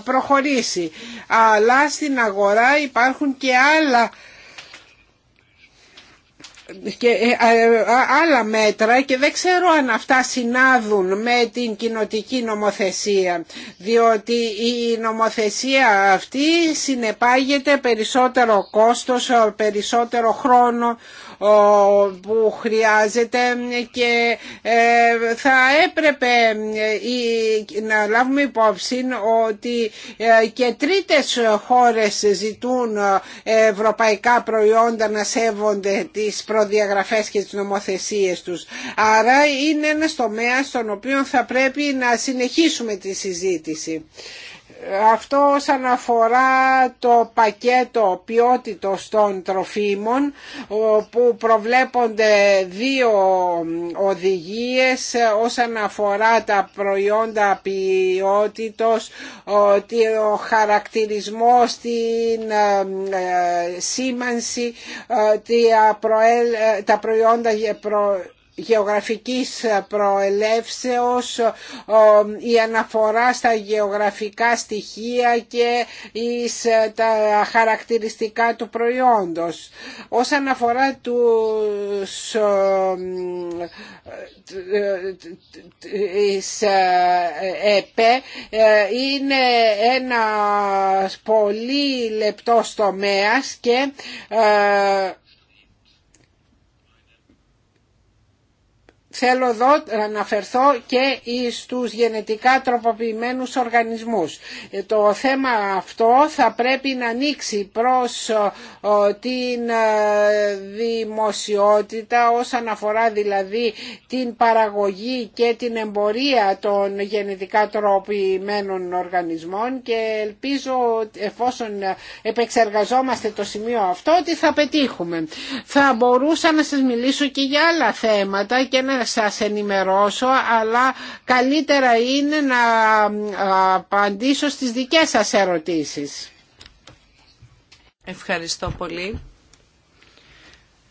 [SPEAKER 3] προχωρήσει. Αλλά στην αγορά υπάρχουν και άλλα και ε, άλλα μέτρα και δεν ξέρω αν αυτά συνάδουν με την κοινοτική νομοθεσία διότι η νομοθεσία αυτή συνεπάγεται περισσότερο κόστος, περισσότερο χρόνο που χρειάζεται και ε, θα έπρεπε ε, να λάβουμε υπόψη ότι και τρίτες χώρες ζητούν ευρωπαϊκά προϊόντα να σέβονται τις προδιαγραφές και τις νομοθεσίες τους. Άρα είναι ένας τομέας στον οποίο θα πρέπει να συνεχίσουμε τη συζήτηση αυτό όσον αφορά το πακέτο ποιότητος των τροφίμων που προβλέπονται δύο οδηγίες όσον αφορά τα προϊόντα ποιότητος, ο χαρακτηρισμός, την ε, ε, σήμανση, ε, τα προϊόντα γεωγραφικής προελεύσεως, η αναφορά στα γεωγραφικά στοιχεία και τα χαρακτηριστικά του προϊόντος. Όσον αφορά τους, τις ΕΠΕ, είναι ένα πολύ λεπτό τομέας και ε, Θέλω εδώ να αναφερθώ και στους γενετικά τροποποιημένους οργανισμούς. Ε, το θέμα αυτό θα πρέπει να ανοίξει προς ε, την ε, δημοσιότητα όσον αφορά δηλαδή την παραγωγή και την εμπορία των γενετικά τροποποιημένων οργανισμών και ελπίζω εφόσον επεξεργαζόμαστε το σημείο αυτό ότι θα πετύχουμε. Θα μπορούσα να σας μιλήσω και για άλλα θέματα και σας ενημερώσω αλλά καλύτερα είναι να ε, απαντήσω στις δικές σας ερωτήσεις.
[SPEAKER 1] Ευχαριστώ πολύ.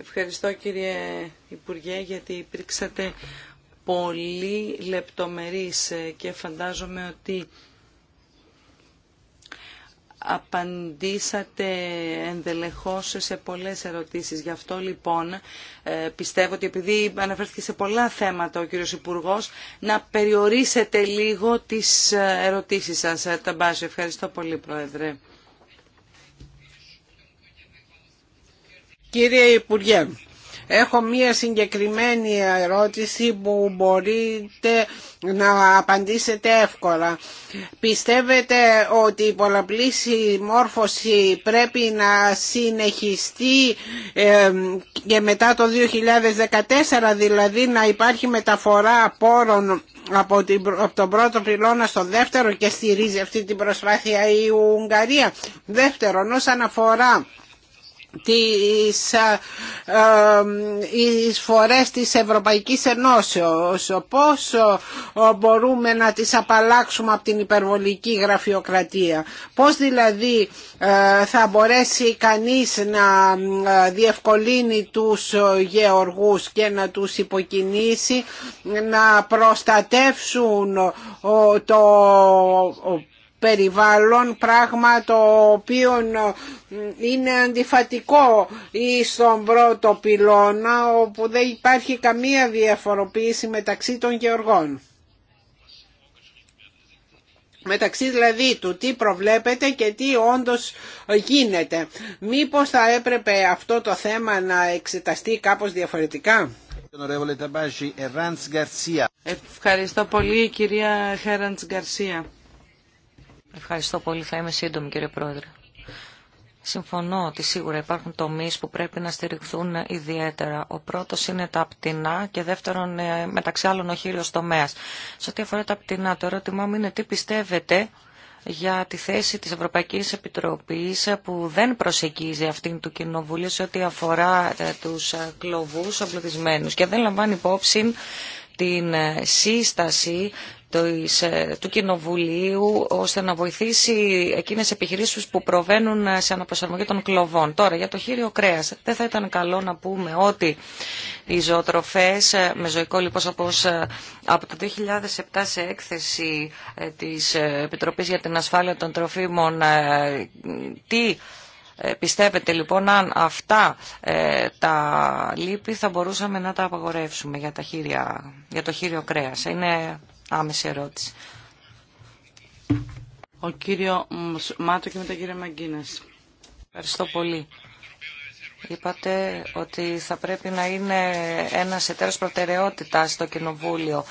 [SPEAKER 1] Ευχαριστώ κύριε Υπουργέ γιατί υπήρξατε πολύ λεπτομερείς ε, και φαντάζομαι ότι απαντήσατε ενδελεχώς σε πολλές ερωτήσεις. Γι' αυτό λοιπόν ε, πιστεύω ότι επειδή αναφέρθηκε σε πολλά θέματα ο κύριος Υπουργός, να περιορίσετε λίγο τις ε, ερωτήσεις σας. Ε, Ταμπάζω, ευχαριστώ πολύ Πρόεδρε.
[SPEAKER 3] Κύριε Υπουργέ, Έχω μία συγκεκριμένη ερώτηση που μπορείτε να απαντήσετε εύκολα. Πιστεύετε ότι η πολλαπλή συμμόρφωση πρέπει να συνεχιστεί και μετά το 2014 δηλαδή να υπάρχει μεταφορά πόρων από, την, από τον πρώτο πυλώνα στο δεύτερο και στηρίζει αυτή την προσπάθεια η Ουγγαρία. Δεύτερον όσον αφορά ε, ε, τις φορές της Ευρωπαϊκής Ενώσεως πώς ε, μπορούμε να τις απαλλάξουμε από την υπερβολική γραφειοκρατία πώς δηλαδή θα μπορέσει κανείς να διευκολύνει τους γεωργούς και να τους υποκινήσει να προστατεύσουν το περιβάλλον, πράγμα το οποίο ε, είναι αντιφατικό ή στον πρώτο πυλώνα όπου δεν υπάρχει καμία διαφοροποίηση μεταξύ των γεωργών. Μεταξύ δηλαδή του τι προβλέπετε και τι όντως γίνεται. Μήπως θα έπρεπε αυτό το θέμα να εξεταστεί κάπως διαφορετικά. Ευχαριστώ πολύ κυρία Χέραντς
[SPEAKER 4] Γκαρσία. Ευχαριστώ πολύ. Θα είμαι σύντομη, κύριε Πρόεδρε. Συμφωνώ ότι σίγουρα υπάρχουν τομεί που πρέπει να στηριχθούν ιδιαίτερα. Ο πρώτο είναι τα πτηνά και δεύτερον, ε, μεταξύ άλλων, ο χείριο τομέα. Σε ό,τι αφορά τα πτηνά, το ερώτημά μου είναι τι πιστεύετε για τη θέση της Ευρωπαϊκής Επιτροπής που δεν προσεγγίζει αυτήν του Κοινοβουλίου σε ό,τι αφορά ε, τους ε, κλωβούς ομπλωτισμένους και δεν λαμβάνει υπόψη την ε, σύσταση ε, του Κοινοβουλίου ώστε να βοηθήσει εκείνες επιχειρήσεις που προβαίνουν ε, σε αναπροσαρμογή των κλοβών. Τώρα για το χείριο κρέας δεν θα ήταν καλό να πούμε ότι οι ζωοτροφές με ζωικό λίπος όπως από το 2007 σε έκθεση της Επιτροπής για την Ασφάλεια των Τροφίμων τι ε, πιστεύετε λοιπόν αν αυτά ε, τα λύπη θα μπορούσαμε να τα απαγορεύσουμε για, τα για το χείριο κρέας. Είναι άμεση ερώτηση. Ο κύριο Μάτο και μετά κύριε Μαγκίνας. Ευχαριστώ πολύ. Είπατε ότι θα πρέπει να είναι ένας εταίρος προτεραιότητας στο Κοινοβούλιο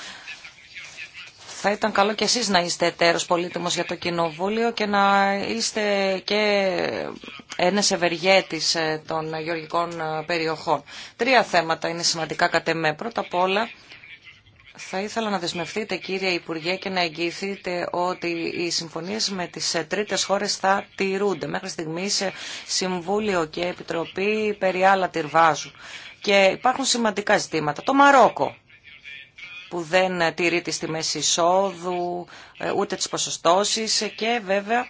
[SPEAKER 4] θα ήταν καλό και εσείς να είστε εταίρος πολύτιμος για το Κοινοβούλιο και να είστε και ένας ευεργέτης ε, των γεωργικών ε, περιοχών. Τρία θέματα είναι σημαντικά κατ' εμέ. Πρώτα απ' όλα, θα ήθελα να δεσμευτείτε κύριε Υπουργέ και να εγγυηθείτε ότι οι συμφωνίες με τις ε, τρίτες χώρες θα τηρούνται. Μέχρι στιγμής Συμβούλιο και Επιτροπή περί άλλα τυρβάζουν. Και υπάρχουν σημαντικά ζητήματα. Το Μαρόκο που δεν τηρεί τις τιμές εισόδου, ε, ούτε τις ποσοστώσεις και βέβαια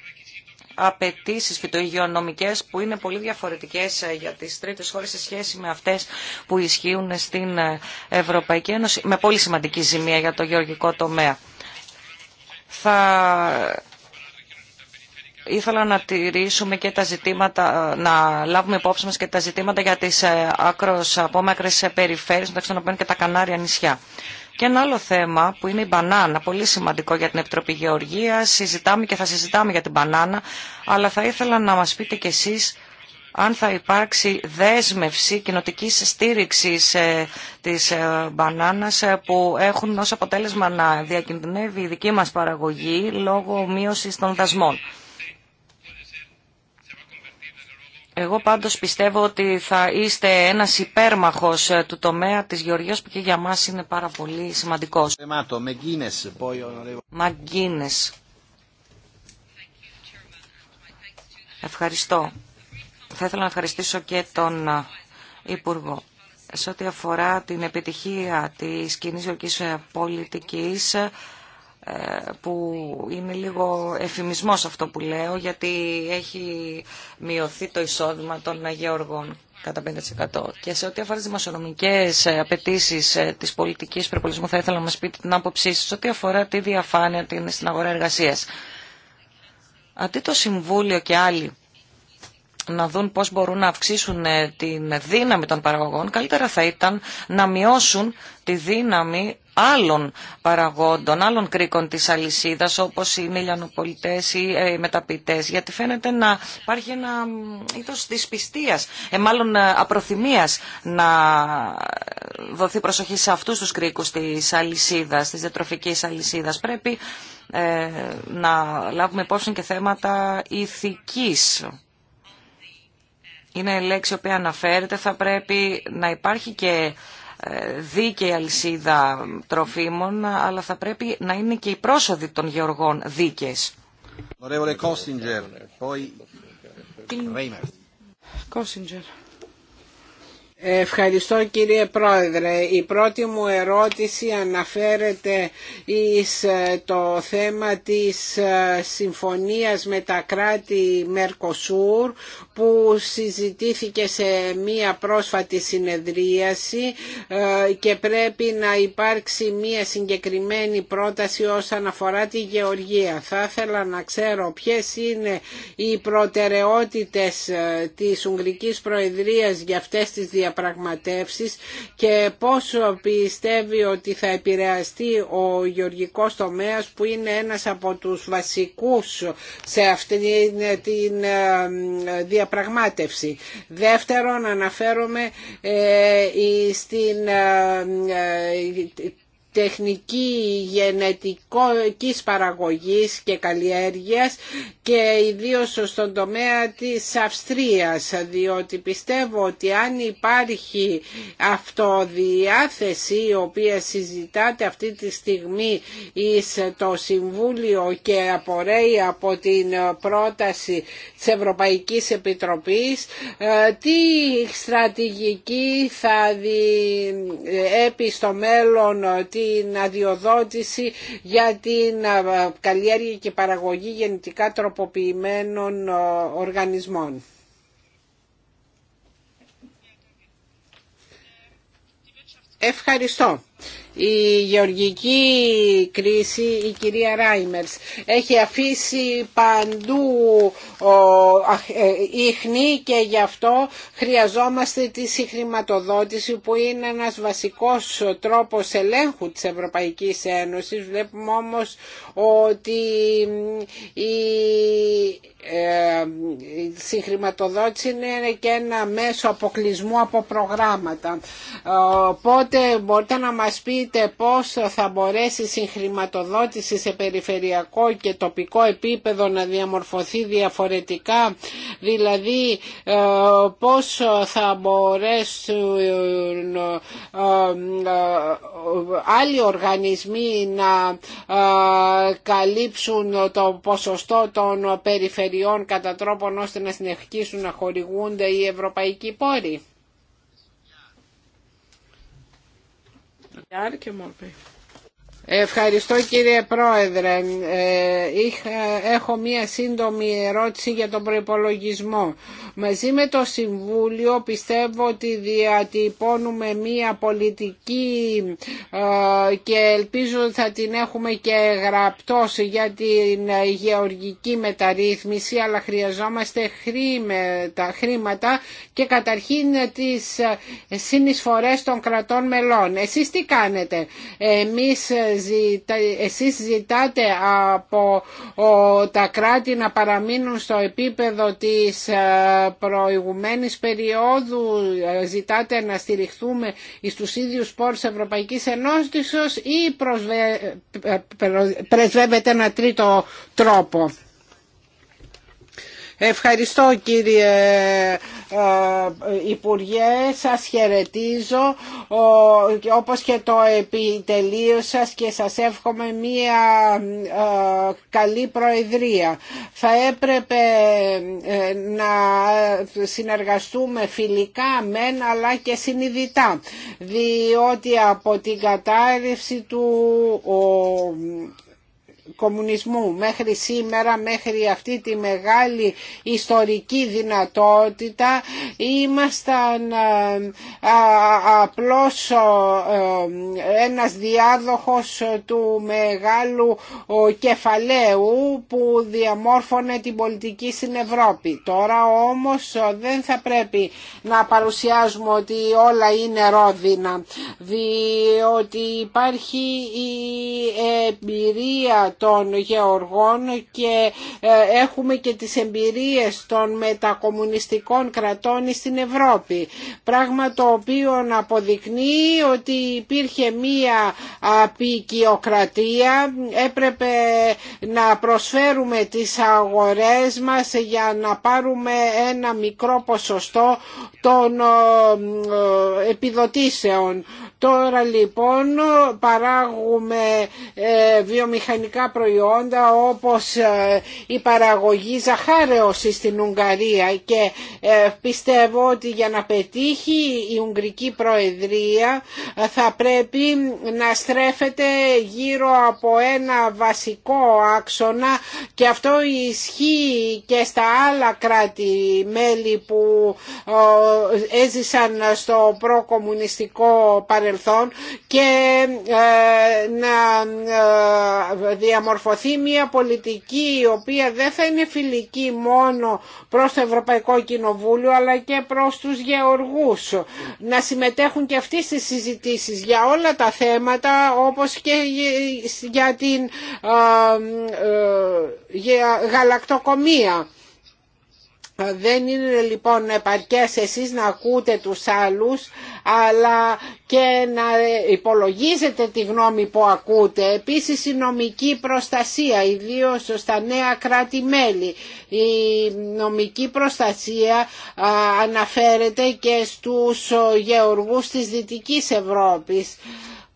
[SPEAKER 4] απαιτήσει φυτοϊγειονομικές που είναι πολύ διαφορετικές ε, για τις τρίτε χώρες σε σχέση με αυτές που ισχύουν στην ε, Ευρωπαϊκή Ένωση, με πολύ σημαντική ζημία για το γεωργικό τομέα. Θα ήθελα να τηρήσουμε και τα ζητήματα, να λάβουμε υπόψη μας και τα ζητήματα για τις άκρος απόμακρες περιφέρειες, μεταξύ των οποίων και τα Κανάρια νησιά. Και ένα άλλο θέμα που είναι η μπανάνα, πολύ σημαντικό για την Επιτροπή Γεωργία. Συζητάμε και θα συζητάμε για την μπανάνα, αλλά θα ήθελα να μας πείτε κι εσείς αν θα υπάρξει δέσμευση κοινοτική στήριξη ε, της ε, μπανάνας ε, που έχουν ως αποτέλεσμα να διακινδυνεύει η δική μας παραγωγή λόγω μείωση των δασμών. Εγώ πάντως πιστεύω ότι θα είστε ένας υπέρμαχος ε, του τομέα της γεωργίας που και για μας είναι πάρα πολύ σημαντικός. Μαγκίνες. Ευχαριστώ. Θα ήθελα να ευχαριστήσω και τον ε, Υπουργό. Σε ό,τι αφορά την επιτυχία της κοινή γεωργικής ε, πολιτικής, που είναι λίγο εφημισμός αυτό που λέω, γιατί έχει μειωθεί το εισόδημα των γεωργών κατά 5%. Και σε ό,τι αφορά τι δημοσιονομικές ε, απαιτήσει ε, τη πολιτική προπολισμού, θα ήθελα να μας πείτε την άποψή σα ό,τι αφορά τη διαφάνεια την, στην αγορά εργασίας. Αντί το Συμβούλιο και άλλοι να δουν πώς μπορούν να αυξήσουν ε, την δύναμη των παραγωγών, καλύτερα θα ήταν να μειώσουν τη δύναμη άλλων παραγόντων, άλλων κρίκων της αλυσίδας, όπως οι μιλιανοπολιτές ή οι ε, μεταπητές, γιατί φαίνεται να υπάρχει ένα είδος δυσπιστίας, ε, μάλλον ε, απροθυμίας να δοθεί προσοχή σε αυτούς τους κρίκους της αλυσίδας, της διατροφικής αλυσίδας. Πρέπει να λάβουμε υπόψη και θέματα ηθικής είναι λέξη η οποία αναφέρεται, θα πρέπει να υπάρχει και ε, δίκαιη αλυσίδα τροφίμων, αλλά θα πρέπει να είναι και οι πρόσοδοι των γεωργών
[SPEAKER 3] δίκαιες. Ευχαριστώ κύριε Πρόεδρε. Η πρώτη μου ερώτηση αναφέρεται εις ε, το θέμα της ε, συμφωνίας με τα κράτη Μερκοσούρ που συζητήθηκε σε μία πρόσφατη συνεδρίαση ε, και πρέπει να υπάρξει μία συγκεκριμένη πρόταση όσον αφορά τη γεωργία. Θα ήθελα να ξέρω ποιες είναι οι προτεραιότητες της Ουγγρικής Προεδρίας για αυτές τις διαπραγματεύσεις διαπραγματεύσεις και πόσο πιστεύει ότι θα επηρεαστεί ο γεωργικός τομέας που είναι ένας από τους βασικούς σε αυτή την ε, διαπραγμάτευση. Δεύτερον αναφέρομαι στην ε, τεχνική γενετικής παραγωγής και καλλιέργειας και ιδίως στον τομέα της Αυστρίας διότι πιστεύω ότι αν υπάρχει αυτοδιάθεση η οποία συζητάται αυτή τη στιγμή εις το Συμβούλιο και απορρέει από την πρόταση της Ευρωπαϊκής Επιτροπής ε, τι στρατηγική θα επί στο μέλλον την αδειοδότηση για την καλλιέργεια και παραγωγή γεννητικά τροποποιημένων οργανισμών. Ευχαριστώ η γεωργική κρίση, η κυρία Ράιμερς, έχει αφήσει παντού ε, ίχνη και γι' αυτό χρειαζόμαστε τη συγχρηματοδότηση που είναι ένας βασικός τρόπος ελέγχου της Ευρωπαϊκής Ένωσης. Βλέπουμε όμως ότι ε, η συγχρηματοδότηση είναι και ένα μέσο αποκλεισμού από προγράμματα. Οπότε μπορείτε να μας πει δείτε πώς θα μπορέσει η συγχρηματοδότηση σε περιφερειακό και τοπικό επίπεδο να διαμορφωθεί διαφορετικά, δηλαδή ε, πώς θα μπορέσουν ε, ε, άλλοι οργανισμοί να καλύψουν το ποσοστό των περιφερειών κατά τρόπον ώστε να συνεχίσουν να χορηγούνται οι ευρωπαϊκοί πόροι. Iar και Ευχαριστώ κύριε Πρόεδρε. Ε, έχω μία σύντομη ερώτηση για τον προϋπολογισμό. Μαζί με το Συμβούλιο πιστεύω ότι διατυπώνουμε μία πολιτική ε, και ελπίζω θα την έχουμε και γραπτός για την γεωργική μεταρρύθμιση αλλά χρειαζόμαστε χρήματα, χρήματα και καταρχήν τις συνεισφορές των κρατών μελών. Εσείς τι κάνετε. Εμείς ζητα, εσείς ζητάτε από τα κράτη να παραμείνουν στο επίπεδο της προηγουμένης περίοδου, ζητάτε να στηριχθούμε στους ίδιους πόρους Ευρωπαϊκής Ενώστησης ή πρεσβεύετε ένα τρίτο τρόπο. Ευχαριστώ κύριε ε, Υπουργέ, σας χαιρετίζω όπως και το επιτελείο σας και σας εύχομαι μία ε, καλή προεδρία. Θα έπρεπε ε, να συνεργαστούμε φιλικά μεν αλλά και συνειδητά διότι από την κατάρρευση του κομμουνισμού μέχρι σήμερα, μέχρι αυτή τη μεγάλη ιστορική δυνατότητα ήμασταν ε, απλώς ε, ένας διάδοχος του μεγάλου κεφαλαίου που διαμόρφωνε την πολιτική στην Ευρώπη. Τώρα όμως ε, δεν θα πρέπει να παρουσιάζουμε ότι όλα είναι ρόδινα διότι υπάρχει η εμπειρία των γεωργών και ε, έχουμε και τις εμπειρίες των μετακομμουνιστικών κρατών στην Ευρώπη. Πράγμα το οποίο αποδεικνύει ότι υπήρχε μία απεικιοκρατία, έπρεπε να προσφέρουμε τις αγορές μας για να πάρουμε ένα μικρό ποσοστό των ε, ε, επιδοτήσεων. Τώρα λοιπόν παράγουμε ε, βιομηχανικά προϊόντα όπως ε, η παραγωγή ζαχάρεως στην Ουγγαρία και ε, πιστεύω ότι για να πετύχει η Ουγγρική Προεδρία θα πρέπει να στρέφεται γύρω από ένα βασικό άξονα και αυτό ισχύει και στα άλλα κράτη-μέλη που έζησαν στο προκομμουνιστικό παρελθόν και ε, να ε, διαμορφωθεί μια πολιτική η οποία δεν θα είναι φιλική μόνο προς το Ευρωπαϊκό Κοινοβούλιο αλλά και προς τους γεωργούς να συμμετέχουν και αυτοί στις συζητήσεις για όλα τα θέματα όπως και για την ε, γαλακτοκομία ε, δεν είναι λοιπόν επαρκές εσείς να ακούτε τους άλλους αλλά και να υπολογίζετε τη γνώμη που ακούτε. Επίσης η νομική προστασία, ιδίως στα νέα κράτη-μέλη. Η νομική προστασία αναφέρεται και στους γεωργούς της Δυτικής Ευρώπης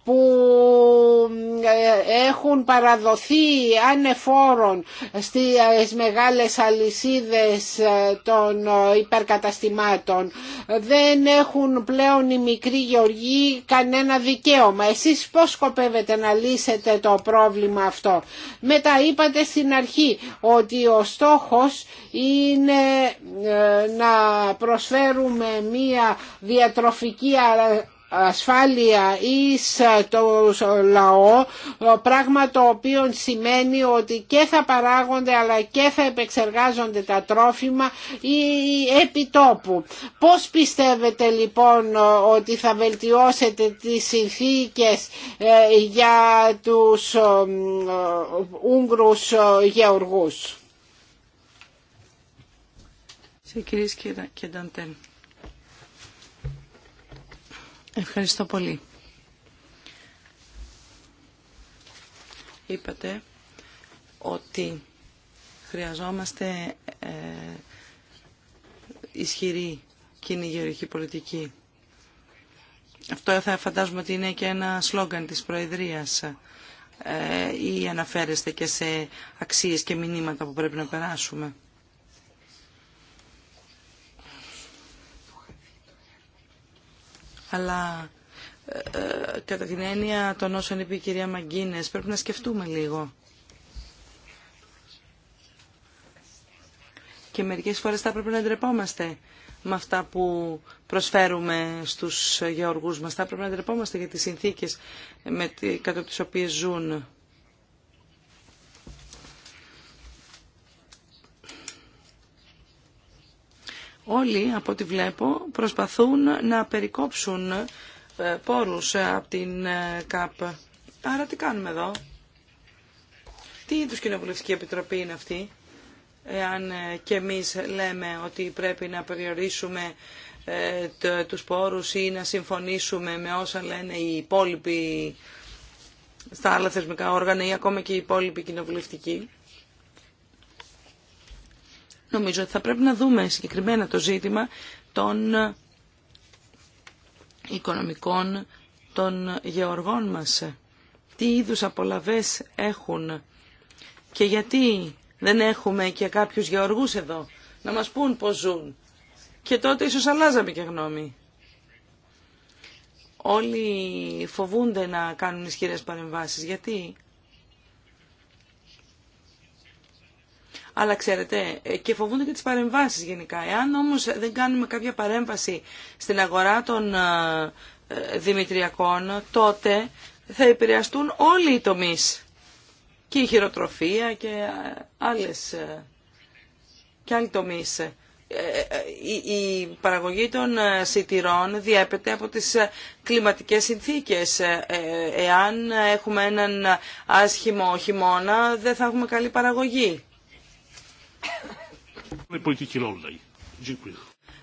[SPEAKER 3] που ε, έχουν παραδοθεί ανεφόρων στις μεγάλες αλυσίδες ε, των ε, υπερκαταστημάτων. Δεν έχουν πλέον οι μικροί γεωργοί κανένα δικαίωμα. Εσείς πώς σκοπεύετε να λύσετε το πρόβλημα αυτό. Μετά είπατε στην αρχή ότι ο στόχος είναι να προσφέρουμε μία διατροφική ασφάλεια εις ε, το λαό ε, πράγμα το οποίο σημαίνει ότι και θα παράγονται αλλά και θα επεξεργάζονται τα τρόφιμα ή επιτόπου. Πώς πιστεύετε λοιπόν ε, ότι θα βελτιώσετε τις συνθήκες για τους Ούγγρους γεωργούς.
[SPEAKER 1] Σε κυρίες και Ευχαριστώ πολύ. Είπατε ότι χρειαζόμαστε ε, ισχυρή κυνηγερική πολιτική. Αυτό θα φαντάζομαι ότι είναι και ένα σλόγγαν της Προεδρίας ε, ή αναφέρεστε και σε αξίες και μηνύματα που πρέπει να περάσουμε. αλλά ε, ε, κατά την έννοια των όσων είπε η κυρία Μαγκίνες πρέπει να σκεφτούμε λίγο. Και μερικές φορές θα πρέπει να ντρεπόμαστε με αυτά που προσφέρουμε στους γεωργούς μας. Θα πρέπει να ντρεπόμαστε για τις συνθήκες με, κατά τις οποίες ζουν. Όλοι, από ό,τι βλέπω, προσπαθούν να περικόψουν ε, πόρους ε, από την ε, ΚΑΠ. Άρα τι κάνουμε εδώ. Τι είδους κοινοβουλευτική επιτροπή είναι αυτή, εάν και εμείς λέμε ότι πρέπει να περιορίσουμε τους πόρους ή να συμφωνήσουμε με όσα λένε οι υπόλοιποι στα άλλα θεσμικά όργανα ή ακόμα και οι υπόλοιποι κοινοβουλευτικοί νομίζω ότι θα πρέπει να δούμε συγκεκριμένα το ζήτημα των οικονομικών των γεωργών μας. Τι είδους απολαβές έχουν και γιατί δεν έχουμε και κάποιους γεωργούς εδώ να μας πούν πώς ζουν. Και τότε ίσως αλλάζαμε και γνώμη. Όλοι φοβούνται να κάνουν ισχυρές παρεμβάσεις. Γιατί αλλά ξέρετε, ε, και φοβούνται και τις παρεμβάσεις γενικά. Εάν όμως δεν κάνουμε κάποια παρέμβαση στην αγορά των ε, ε, δημητριακών, τότε θα επηρεαστούν όλοι οι τομείς. Και η χειροτροφία και άλλες και άλλοι τομείς. Η παραγωγή των σιτηρών διέπεται από τις κλιματικές συνθήκες. Εάν έχουμε έναν άσχημο χειμώνα, δεν θα έχουμε καλή παραγωγή.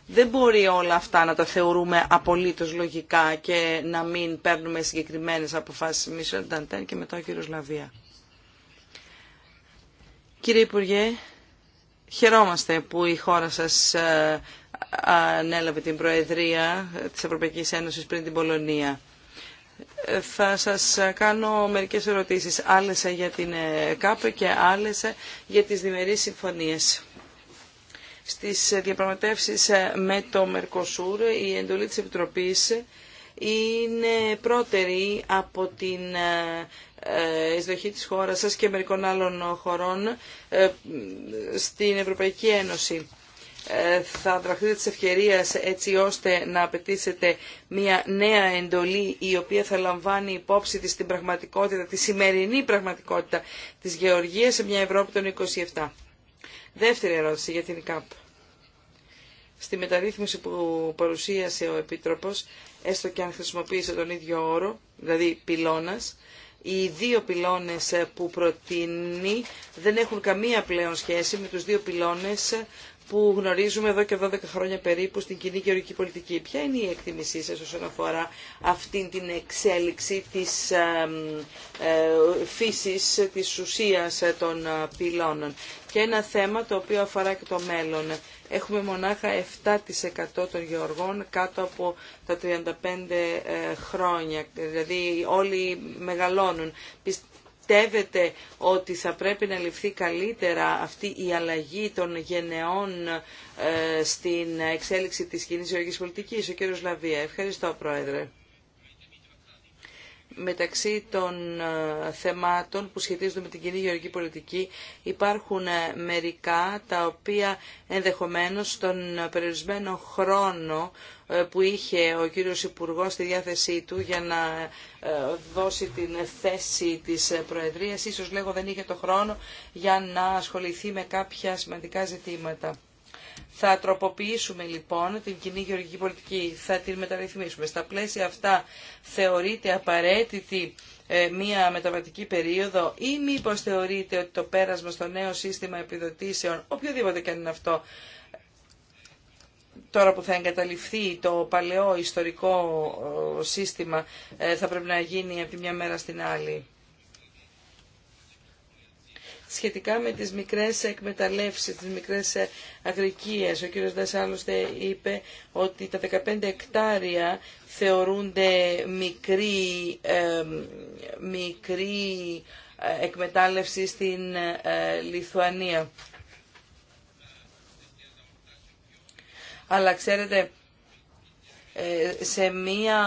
[SPEAKER 1] Δεν μπορεί όλα αυτά να τα θεωρούμε απολύτως λογικά και να μην παίρνουμε συγκεκριμένες αποφάσεις εμείς Νταντέν και μετά ο κύριος Λαβία. Κύριε Υπουργέ, χαιρόμαστε που η χώρα σας ε, ανέλαβε την Προεδρία της Ευρωπαϊκής Ένωσης πριν την Πολωνία θα σας κάνω μερικές ερωτήσεις, άλλες για την κάπε και άλλες για τις διμερείς συμφωνίες. Στις διαπραγματεύσεις ε, με το Μερκοσούρ, η εντολή της Επιτροπής είναι πρώτερη από την ε, ε, εισδοχή της χώρας σας και μερικών άλλων χωρών στην Ευρωπαϊκή Ένωση. Ε, θα δραχτείτε της ευκαιρίας έτσι ώστε να απαιτήσετε μια νέα εντολή η οποία θα λαμβάνει υπόψη της την πραγματικότητα, τη σημερινή πραγματικότητα της γεωργίας σε μια Ευρώπη των 27. Δεύτερη ερώτηση για την ΚΑΠ. Στη μεταρρύθμιση που παρουσίασε ο Επίτροπος, έστω και αν χρησιμοποίησε τον ίδιο όρο, δηλαδή πυλώνας, οι δύο πυλώνες που προτείνει δεν έχουν καμία πλέον σχέση με τους δύο πυλώνες που γνωρίζουμε εδώ και 12 χρόνια περίπου στην κοινή γεωργική πολιτική. Ποια είναι η εκτίμησή σας όσον αφορά αυτήν την εξέλιξη της ε, φύσης, της ουσίας ε, των ε, πυλώνων. Και ένα θέμα το οποίο αφορά και το μέλλον. Έχουμε μονάχα 7% των γεωργών κάτω από τα 35 χρόνια. Δηλαδή όλοι μεγαλώνουν πιστεύετε ότι θα πρέπει να ληφθεί καλύτερα αυτή η αλλαγή των γενεών ε, στην εξέλιξη της κοινής γεωργικής πολιτικής. Ο κύριος Λαβία. Ευχαριστώ, Πρόεδρε μεταξύ των ε, θεμάτων που σχετίζονται με την κοινή γεωργική πολιτική υπάρχουν ε, μερικά τα οποία ενδεχομένως τον περιορισμένο χρόνο ε, που είχε ο κύριος Υπουργός στη διάθεσή του για να δώσει την θέση της Προεδρίας. Ίσως λέγω δεν είχε το χρόνο για να ασχοληθεί με κάποια σημαντικά ζητήματα. Θα τροποποιήσουμε λοιπόν την κοινή γεωργική πολιτική, θα την μεταρρυθμίσουμε. Στα πλαίσια αυτά θεωρείται απαραίτητη ε, μία μεταβατική περίοδο ή μήπω θεωρείται ότι το πέρασμα στο νέο σύστημα επιδοτήσεων, οποιοδήποτε και αν αυτό, τώρα που θα εγκαταληφθεί το παλαιό ιστορικό ε, σύστημα, ε, θα πρέπει να γίνει από τη μια μέρα στην άλλη σχετικά με τις μικρές εκμεταλλεύσεις, τις μικρές αγρικίες. Ο κύριος Δες είπε ότι τα 15 εκτάρια θεωρούνται μικρή, ε, μικρή εκμετάλλευση στην ε, Λιθουανία. Αλλά ξέρετε, ε, σε μία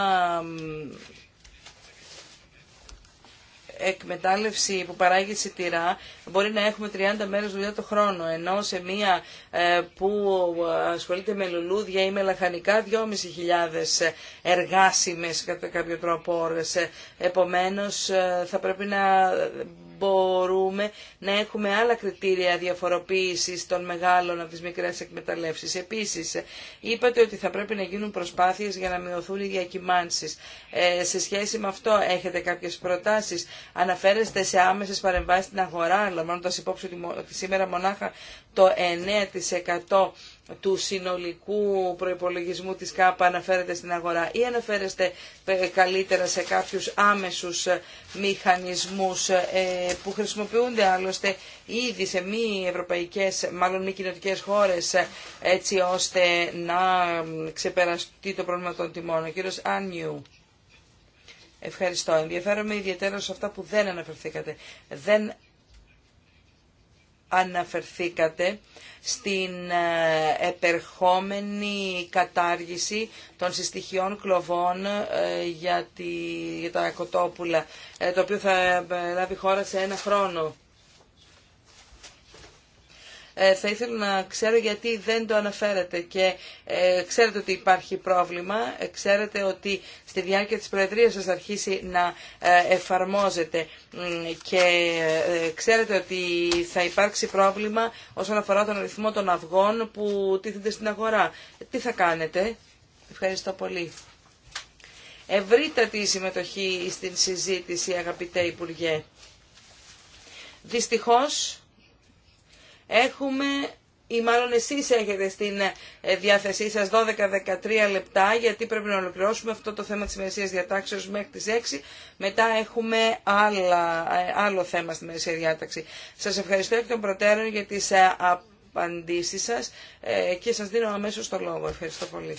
[SPEAKER 1] εκμετάλλευση που παράγει σιτηρά μπορεί να έχουμε 30 μέρες δουλειά το χρόνο, ενώ σε μία ε, που ασχολείται με λουλούδια ή με λαχανικά 2.500 εργάσιμες κατά κάποιο τρόπο ώρες. Ε, επομένως ε, θα πρέπει να μπορούμε να έχουμε άλλα κριτήρια διαφοροποίησης των μεγάλων από τις μικρές εκμεταλλεύσεις. Επίσης, είπατε ότι θα πρέπει να γίνουν προσπάθειες για να μειωθούν οι διακυμάνσεις. Ε, σε σχέση με αυτό έχετε κάποιες προτάσεις. Αναφέρεστε σε άμεσες παρεμβάσεις στην αγορά, λαμβάνοντας υπόψη ότι σήμερα μονάχα το 9% του συνολικού προϋπολογισμού της ΚΑΠΑ αναφέρεται στην αγορά ή αναφέρεστε ε, καλύτερα σε κάποιους άμεσους ε, μηχανισμούς ε, που χρησιμοποιούνται άλλωστε ήδη σε μη ευρωπαϊκές, μάλλον μη κοινωτικές χώρες έτσι ώστε να ξεπεραστεί το πρόβλημα των τιμών. Ο κύριος Άνιου. Ευχαριστώ. Ενδιαφέρομαι ιδιαίτερα σε αυτά που δεν αναφερθήκατε. Δεν αναφερθήκατε στην ε, επερχόμενη κατάργηση των συστοιχειών κλοβών ε, για τα κοτόπουλα, ε, το οποίο θα λάβει χώρα σε ένα χρόνο. Ε, θα ήθελα να ξέρω γιατί δεν το αναφέρατε και ε, ξέρετε ότι υπάρχει πρόβλημα, ε, ξέρετε ότι στη διάρκεια της Προεδρίας σας αρχίσει να εφαρμόζεται και ξέρετε ότι θα υπάρξει πρόβλημα όσον αφορά τον αριθμό των αυγών που τίθενται στην αγορά. Τι θα κάνετε. Ευχαριστώ πολύ. Ευρύτατη η συμμετοχή στην συζήτηση, αγαπητέ Υπουργέ. Δυστυχώς, Έχουμε ή μάλλον εσείς έχετε στην ε, διάθεσή σας 12-13 λεπτά γιατί πρέπει να ολοκληρώσουμε αυτό το θέμα της ημερησία διατάξεω μέχρι τις 6. Μετά έχουμε ε, άλλο θέμα στη ημερησία διάταξη. Σας ευχαριστώ εκ των προτέρων για τι ε, απαντήσεις σας και σας δίνω αμέσω το λόγο. Ευχαριστώ
[SPEAKER 3] πολύ.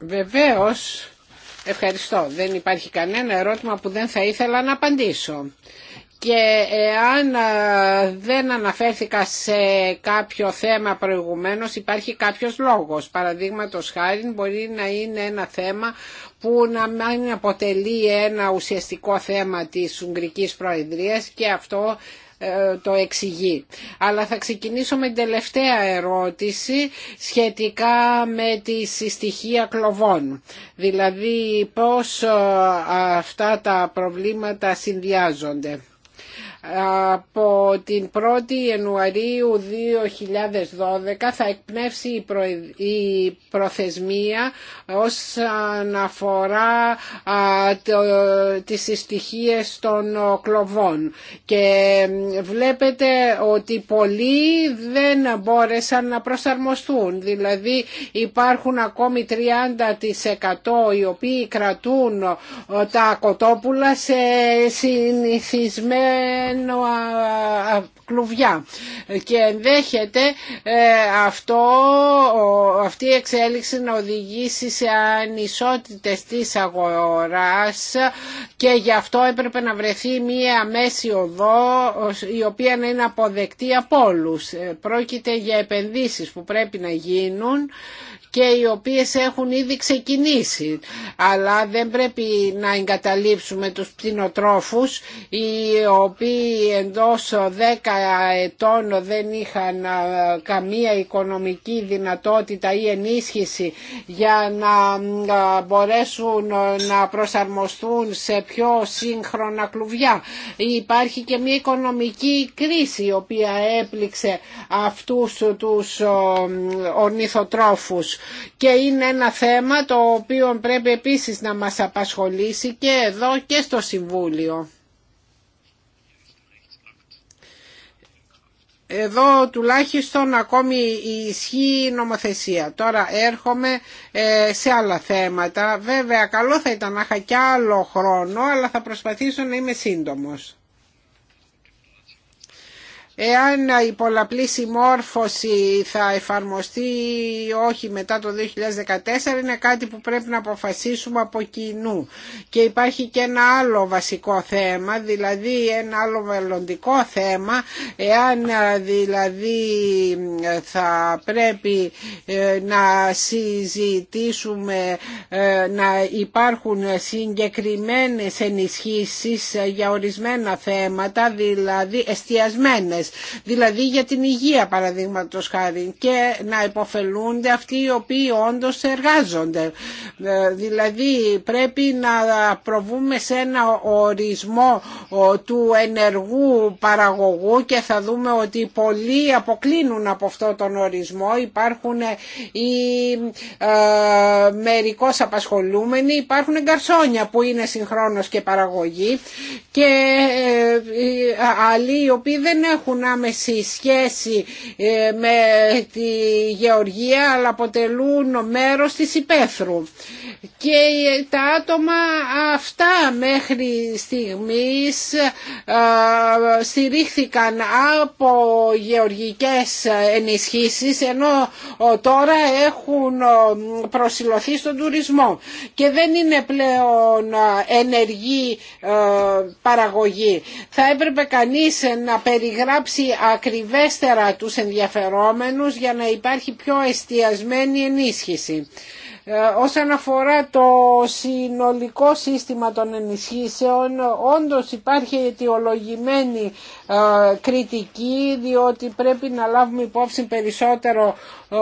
[SPEAKER 3] Βεβαίως Ευχαριστώ. Δεν υπάρχει κανένα ερώτημα που δεν θα ήθελα να απαντήσω. Και αν ε, δεν αναφέρθηκα σε κάποιο θέμα προηγουμένως υπάρχει κάποιος λόγος. Παραδείγματος χάρη μπορεί να είναι ένα θέμα που να μην αποτελεί ένα ουσιαστικό θέμα της Ουγγρικής Προεδρίας και αυτό ε, το εξηγεί. Αλλά θα ξεκινήσω με την τελευταία ερώτηση σχετικά με τη συστοιχεία κλοβών. Δηλαδή πώς ε, αυτά τα προβλήματα συνδυάζονται από την 1η Ιανουαρίου 2012 θα εκπνεύσει η προθεσμία όσον αφορά τις συστοιχίες των κλοβών και βλέπετε ότι πολλοί δεν μπόρεσαν να προσαρμοστούν δηλαδή υπάρχουν ακόμη 30% οι οποίοι κρατούν τα κοτόπουλα σε συνηθισμένα κλουβιά και ενδέχεται ε, αυτό, αυτή η εξέλιξη να οδηγήσει σε ανισότητες της αγοράς και γι' αυτό έπρεπε να βρεθεί μία μέση οδό η οποία να είναι αποδεκτή από όλους. Ε, πρόκειται για επενδύσεις που πρέπει να γίνουν και οι οποίες έχουν ήδη ξεκινήσει. Αλλά δεν πρέπει να εγκαταλείψουμε τους πτυνοτρόφους οι οποίοι Εντό εντός 10 ετών δεν είχαν καμία οικονομική δυνατότητα ή ενίσχυση για να μπορέσουν να προσαρμοστούν σε πιο σύγχρονα κλουβιά. Υπάρχει και μια οικονομική κρίση η οποία έπληξε αυτούς τους ορνηθοτρόφους και είναι ένα θέμα το οποίο πρέπει επίσης να μας απασχολήσει και εδώ και στο Συμβούλιο. Εδώ τουλάχιστον ακόμη ισχύει η νομοθεσία. Τώρα έρχομαι ε, σε άλλα θέματα. Βέβαια καλό θα ήταν να είχα και άλλο χρόνο, αλλά θα προσπαθήσω να είμαι σύντομος. Εάν η πολλαπλή συμμόρφωση θα εφαρμοστεί ή όχι μετά το 2014 είναι κάτι που πρέπει να αποφασίσουμε από κοινού. Και υπάρχει και ένα άλλο βασικό θέμα, δηλαδή ένα άλλο μελλοντικό θέμα, εάν ε, δηλαδή θα πρέπει ε, να συζητήσουμε ε, να υπάρχουν συγκεκριμένες ενισχύσεις για ορισμένα θέματα, δηλαδή εστιασμένες δηλαδή για την υγεία παραδείγματος χάρη και να υποφελούνται αυτοί οι οποίοι όντως εργάζονται. Ε, δηλαδή πρέπει να προβούμε σε ένα ορισμό του ενεργού παραγωγού και θα δούμε ότι πολλοί αποκλίνουν από αυτό τον ορισμό. Υπάρχουν ε, οι ε, μερικώς απασχολούμενοι, υπάρχουν γκαρσόνια που είναι συγχρόνως και παραγωγή και ε, άλλοι οι οποίοι δεν έχουν έχουν άμεση σχέση ε, με τη γεωργία αλλά αποτελούν μέρος της υπαίθρου. Και τα άτομα αυτά μέχρι στιγμής ε, στηρίχθηκαν από γεωργικές ενισχύσεις ενώ ε, τώρα έχουν προσιλωθεί στον τουρισμό και δεν είναι πλέον ενεργή παραγωγή. Θα έπρεπε κανείς να περιγράψει γράψει ακριβέστερα τους ενδιαφερόμενους για να υπάρχει πιο εστιασμένη ενίσχυση. Ε, όσον αφορά το συνολικό σύστημα των ενισχύσεων, όντως υπάρχει αιτιολογημένη ε, κριτική διότι πρέπει να λάβουμε υπόψη περισσότερο ε,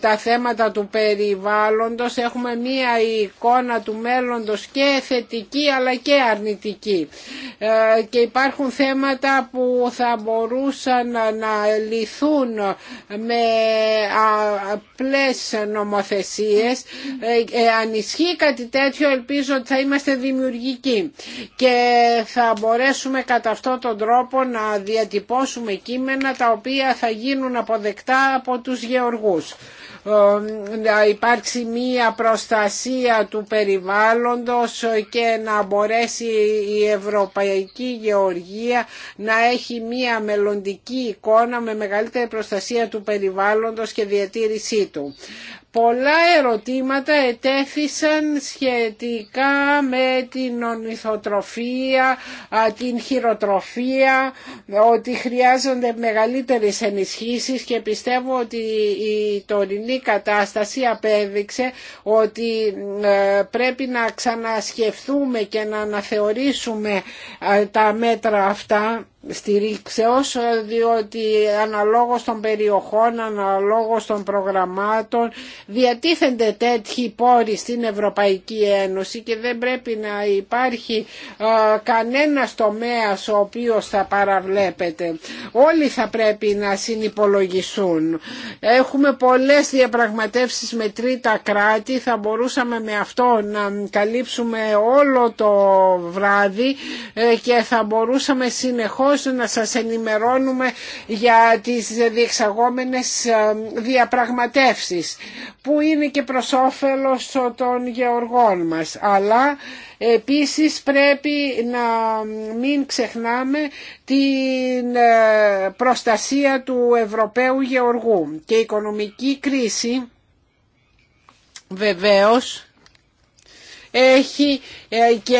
[SPEAKER 3] τα θέματα του περιβάλλοντος. Έχουμε μία εικόνα του μέλλοντος και θετική αλλά και αρνητική. Ε, και υπάρχουν θέματα που θα μπορούσαν να λυθούν με απλές νομοθεσίες. Αν ισχύει κάτι τέτοιο ελπίζω ότι θα είμαστε δημιουργικοί και θα μπορέσουμε κατά αυτόν τον τρόπο να να διατυπώσουμε κείμενα τα οποία θα γίνουν αποδεκτά από τους γεωργούς ε, να υπάρξει μία προστασία του περιβάλλοντος και να μπορέσει η Ευρωπαϊκή Γεωργία να έχει μία μελλοντική εικόνα με μεγαλύτερη προστασία του περιβάλλοντος και διατήρησή του πολλά ερωτήματα ετέθησαν σχετικά με την ονειθοτροφία, την χειροτροφία, ότι χρειάζονται μεγαλύτερες ενισχύσεις και πιστεύω ότι η τωρινή κατάσταση απέδειξε ότι ε, πρέπει να ξανασκεφτούμε και να αναθεωρήσουμε τα μέτρα αυτά στηρίξεως διότι αναλόγως των περιοχών, αναλόγως των προγραμμάτων διατίθενται τέτοιοι πόροι στην Ευρωπαϊκή Ένωση και δεν πρέπει να υπάρχει κανένας τομέας ο οποίος θα παραβλέπεται. Όλοι θα πρέπει να συνυπολογιστούν. Έχουμε πολλές διαπραγματεύσεις με τρίτα κράτη, θα μπορούσαμε με αυτό να καλύψουμε όλο το βράδυ ε, και θα μπορούσαμε συνεχώς συνεχώς να σας ενημερώνουμε για τις διεξαγόμενες ε, διαπραγματεύσεις που είναι και προς όφελος των γεωργών μας. Αλλά επίσης πρέπει να μην ξεχνάμε την ε, προστασία του Ευρωπαίου γεωργού και η οικονομική κρίση βεβαίως έχει ε, και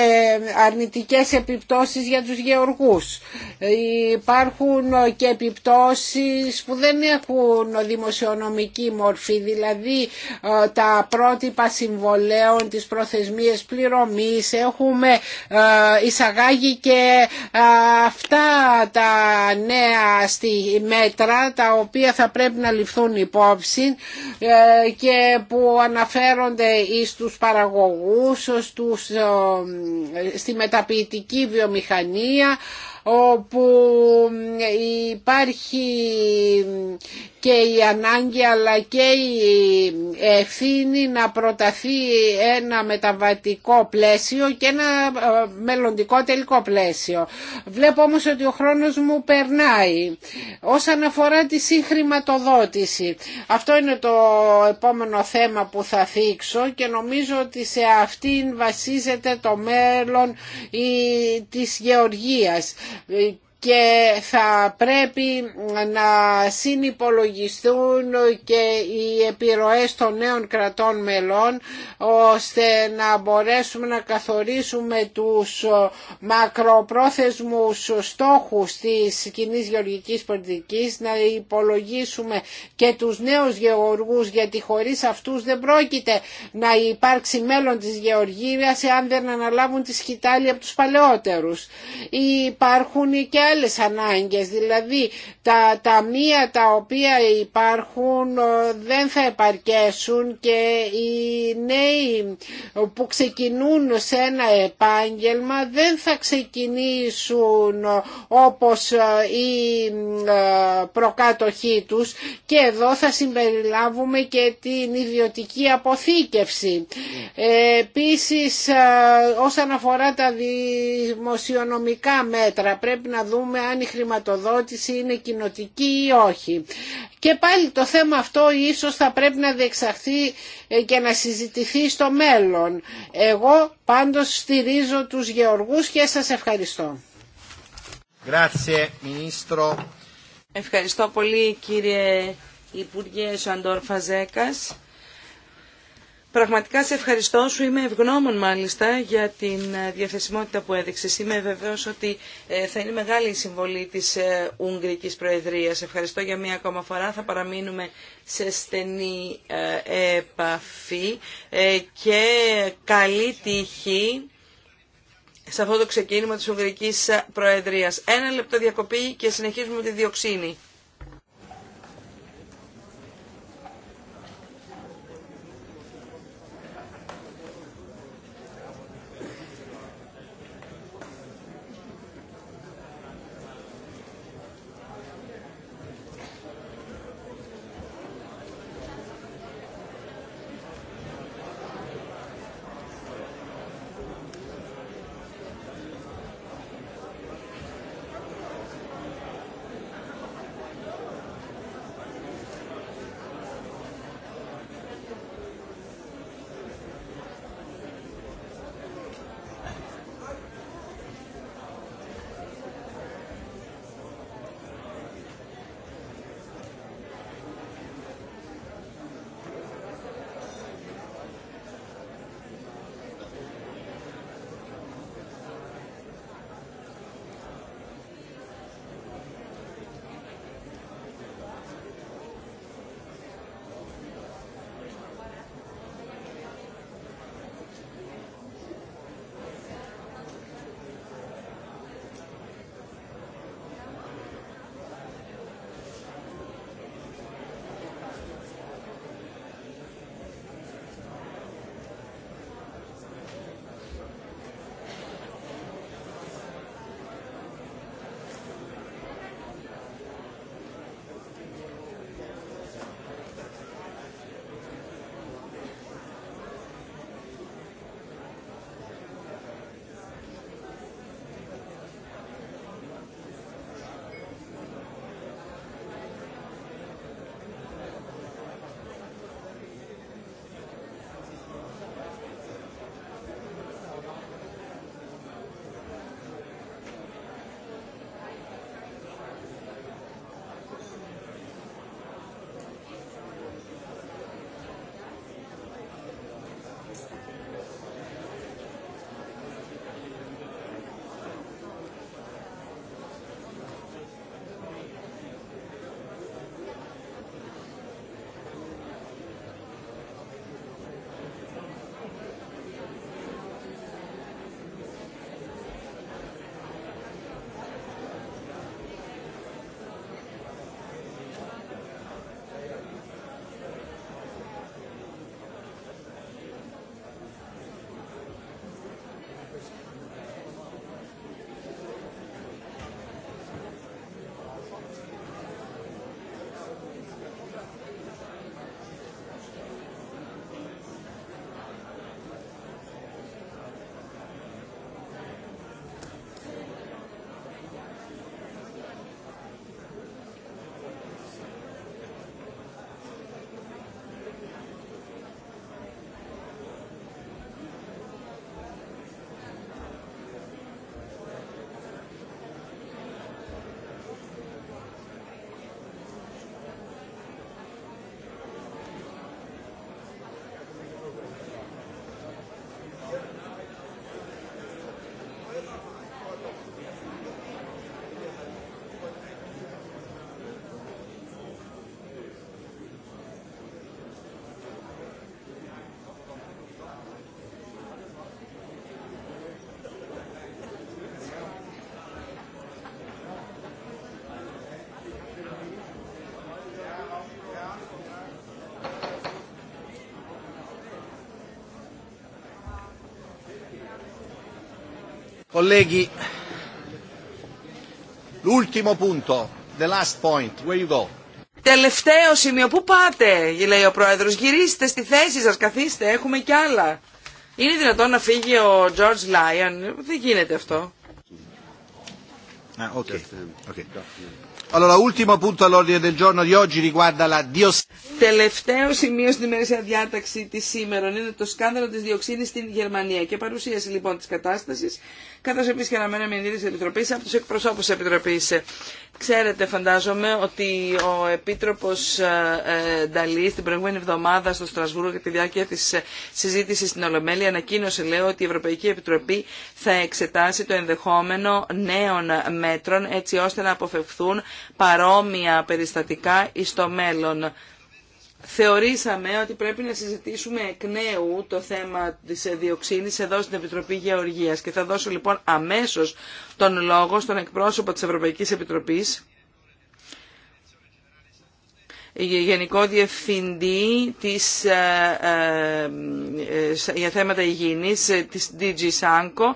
[SPEAKER 3] αρνητικές επιπτώσεις για τους γεωργούς. Ε, υπάρχουν και επιπτώσεις που δεν έχουν δημοσιονομική μορφή, δηλαδή ε, τα πρότυπα συμβολέων, τις προθεσμίες πληρωμής, έχουμε εισαγάγει και αυτά τα νέα στη μέτρα τα οποία θα πρέπει να ληφθούν υπόψη και που αναφέρονται τους παραγωγούς, στους στη μεταποιητική βιομηχανία όπου υπάρχει και η ανάγκη αλλά και η ευθύνη να προταθεί ένα μεταβατικό πλαίσιο και ένα ε, μελλοντικό τελικό πλαίσιο. Βλέπω όμως ότι ο χρόνος μου περνάει. Όσον αφορά τη συγχρηματοδότηση, αυτό είναι το επόμενο θέμα που θα θίξω και νομίζω ότι σε αυτήν βασίζεται το μέλλον της γεωργίας και θα πρέπει να συνυπολογιστούν και οι επιρροές των νέων κρατών μελών ώστε να μπορέσουμε να καθορίσουμε τους μακροπρόθεσμους στόχους της κοινή γεωργικής πολιτικής να υπολογίσουμε και τους νέους γεωργούς γιατί χωρίς αυτούς δεν πρόκειται να υπάρξει μέλλον της γεωργίας εάν δεν αναλάβουν τη σκητάλη από τους παλαιότερους. Υπάρχουν και άλλες δηλαδή τα ταμεία τα οποία υπάρχουν ε, δεν θα επαρκέσουν και οι νέοι που ξεκινούν σε ένα επάγγελμα δεν θα ξεκινήσουν όπως ε, οι ε, προκάτοχοί τους και εδώ θα συμπεριλάβουμε και την ιδιωτική αποθήκευση. Επίσης όσον αφορά τα δημοσιονομικά μέτρα πρέπει να δούμε δούμε αν η χρηματοδότηση είναι κοινοτική ή όχι. Και πάλι το θέμα αυτό ίσως θα πρέπει να διεξαχθεί ε, και να συζητηθεί στο μέλλον. Εγώ πάντως στηρίζω τους γεωργούς και σας ευχαριστώ.
[SPEAKER 1] Ευχαριστώ πολύ κύριε Υπουργέ Σαντόρ Φαζέκας. Πραγματικά σε ευχαριστώ σου. Είμαι ευγνώμων μάλιστα για την ε, διαθεσιμότητα που έδειξες. Είμαι βεβαίως ότι ε, θα είναι μεγάλη η συμβολή της ε, Ουγγρικής Προεδρίας. Ευχαριστώ για μία ακόμα φορά. Θα παραμείνουμε σε στενή επαφή και καλή τύχη σε αυτό το ξεκίνημα της Ουγγρικής Προεδρίας. Ένα λεπτό διακοπή και συνεχίζουμε με τη διοξίνη.
[SPEAKER 2] Τελευταίο σημείο, πού πάτε, λέει ο πρόεδρος,
[SPEAKER 1] γυρίστε στη θέση σας, καθίστε, έχουμε κι άλλα. Είναι δυνατόν να φύγει ο George Lyon, δεν γίνεται αυτό.
[SPEAKER 2] Τελευταίο σημείο στην
[SPEAKER 1] ημερήσια διάταξη τη σήμερα είναι το σκάνδαλο της διοξίνη στην Γερμανία και παρουσίαση λοιπόν της κατάστασης Καθώ επίση και αναμένω μηνύδες τη Επιτροπή από του εκπροσώπους τη Επιτροπής. Ξέρετε φαντάζομαι ότι ο Επίτροπος ε, ε, Νταλή την προηγούμενη εβδομάδα στο Στρασβούργο και τη διάρκεια τη ε, συζήτηση στην Ολομέλη ανακοίνωσε λέω ότι η Ευρωπαϊκή Επιτροπή θα εξετάσει το ενδεχόμενο νέων μέτρων έτσι ώστε να αποφευχθούν παρόμοια περιστατικά ει το μέλλον θεωρήσαμε ότι πρέπει να συζητήσουμε εκ νέου το θέμα της διοξίνης εδώ στην Επιτροπή Γεωργίας και θα δώσω λοιπόν αμέσως τον λόγο στον εκπρόσωπο της Ευρωπαϊκής Επιτροπής Γενικό Διευθυντή της, ε, ε, ε, για θέματα υγιεινής της DG Sanko,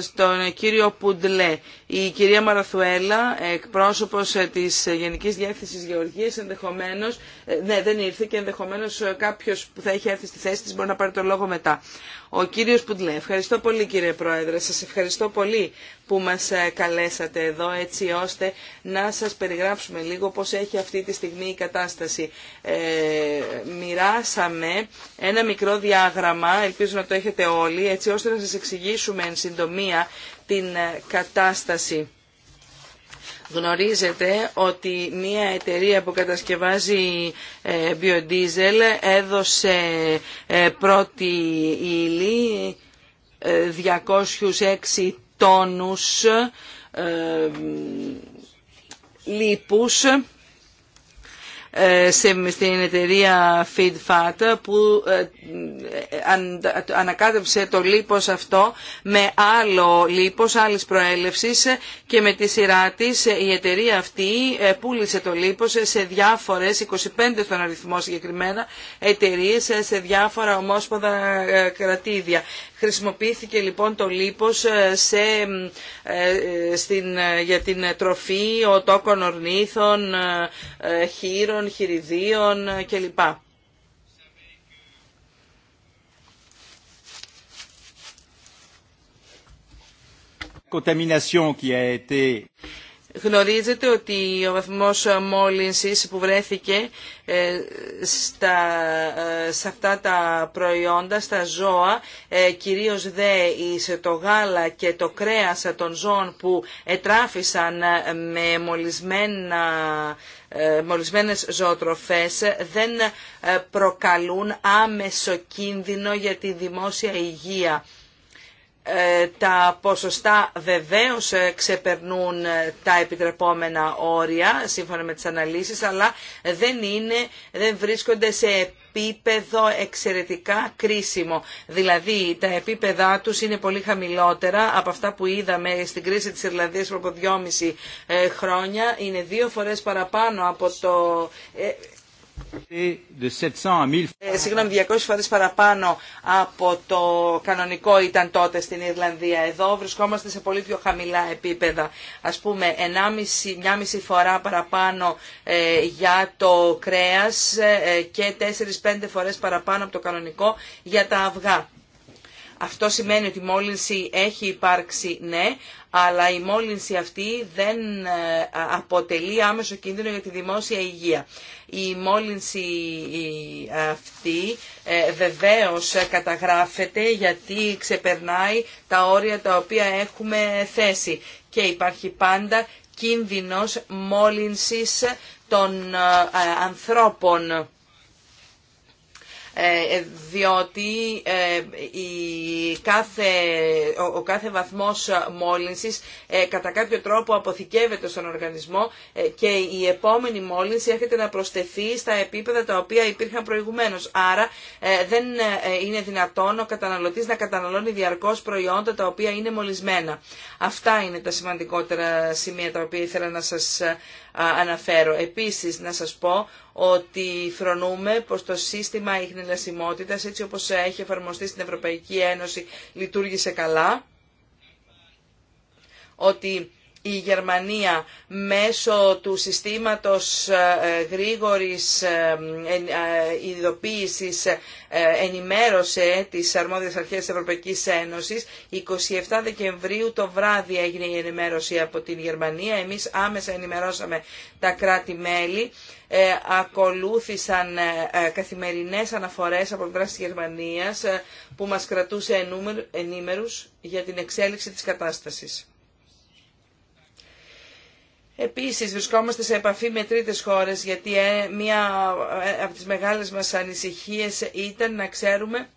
[SPEAKER 1] στον κύριο Πουντλέ. Η κυρία Μαραθουέλα, εκπρόσωπος της Γενικής Διεύθυνσης Γεωργίας, ενδεχομένως, ναι δεν ήρθε και ενδεχομένως κάποιος που θα έχει έρθει στη θέση της μπορεί να πάρει το λόγο μετά. Ο κύριος Πουντλέ. Ευχαριστώ πολύ κύριε Πρόεδρε. Σας ευχαριστώ πολύ που μας ε, καλέσατε εδώ έτσι ώστε να σας περιγράψουμε λίγο πώς έχει αυτή τη στιγμή η κατάσταση. Ε, μοιράσαμε ένα μικρό διάγραμμα, ελπίζω να το έχετε όλοι, έτσι ώστε να σας εξηγήσουμε εν συντομία την ε, κατάσταση. Γνωρίζετε ότι μια εταιρεία που κατασκευάζει ε, biodiesel έδωσε ε, πρώτη ύλη 206 ε, τόνους λίπους ε, στην εταιρεία FeedFat που ε, ανακάτεψε το λίπος αυτό με άλλο λίπος άλλης προέλευσης και με τη σειρά της η εταιρεία αυτή ε, πούλησε το λίπος σε διάφορες, 25 στον αριθμό συγκεκριμένα, εταιρείες σε διάφορα ομόσποδα κρατήδια. Χρησιμοποιήθηκε λοιπόν το λίπος ε, σε, ε, ε, στην, για την τροφή οτόκων ορνήθων, χείρων, χειριδίων κλπ. Contamination qui a été Γνωρίζετε ότι ο βαθμός μόλυνσης που βρέθηκε ε, στα, ε, σε αυτά τα προϊόντα, στα ζώα, ε, κυρίως δε σε το γάλα και το κρέας των ζώων που ετράφησαν με μολυσμένα, μολυσμένες ζωοτροφές δεν προκαλούν άμεσο κίνδυνο για τη δημόσια υγεία. Ε, τα ποσοστά βεβαίως ε, ξεπερνούν ε, τα επιτρεπόμενα όρια σύμφωνα με τις αναλύσεις αλλά δεν, είναι, δεν βρίσκονται σε επίπεδο εξαιρετικά κρίσιμο. Δηλαδή τα επίπεδά τους είναι πολύ χαμηλότερα από αυτά που είδαμε στην κρίση της Ιρλανδίας από 2,5 χρόνια. Είναι δύο φορές παραπάνω από το ε, συγγνώμη, 200 φορές παραπάνω από το κανονικό ήταν τότε στην Ιρλανδία. Εδώ βρισκόμαστε σε πολύ πιο χαμηλά επίπεδα. Ας πούμε, 1,5 φορά παραπάνω ε, για το κρέας ε, και 4-5 φορές παραπάνω από το κανονικό για τα αυγά. Αυτό σημαίνει ότι η μόλυνση έχει υπάρξει, ναι, αλλά η μόλυνση αυτή δεν ε, αποτελεί άμεσο κίνδυνο για τη δημόσια υγεία. Η μόλυνση αυτή ε, βεβαίως καταγράφεται γιατί ξεπερνάει τα όρια τα οποία έχουμε θέσει και υπάρχει πάντα κίνδυνος μόλυνσης των ε, ανθρώπων ε, διότι ε, η κάθε, ο κάθε βαθμός μόλυνσης ε, κατά κάποιο τρόπο αποθηκεύεται στον οργανισμό και η επόμενη μόλυνση έρχεται να προσθεθεί στα επίπεδα τα οποία υπήρχαν προηγουμένως. Άρα δεν είναι δυνατόν ο καταναλωτής να καταναλώνει διαρκώς προϊόντα τα οποία είναι μολυσμένα. Αυτά είναι τα σημαντικότερα σημεία τα οποία ήθελα να σας αναφέρω. Επίσης να σας πω ότι φρονούμε πως το σύστημα ειχνηλασιμότητας έτσι όπως έχει εφαρμοστεί στην Ευρωπαϊκή Ένωση λειτουργήσε καλά, ότι η Γερμανία μέσω του συστήματος ε, γρήγορης ε, ε, ειδοποίησης ενημέρωσε τις αρμόδιες αρχές της Ευρωπαϊκής Ένωσης. 27 Δεκεμβρίου το βράδυ έγινε η ενημέρωση από την Γερμανία. Εμείς άμεσα ενημερώσαμε τα κράτη-μέλη. ακολούθησαν καθημερινές αναφορές από πλευρά της Γερμανίας που μας κρατούσε ενήμερους για την εξέλιξη της κατάστασης. Επίσης βρισκόμαστε σε επαφή με τρίτες χώρες γιατί ε, μία ε, από τις μεγάλες μας ανησυχίες ήταν να ξέρουμε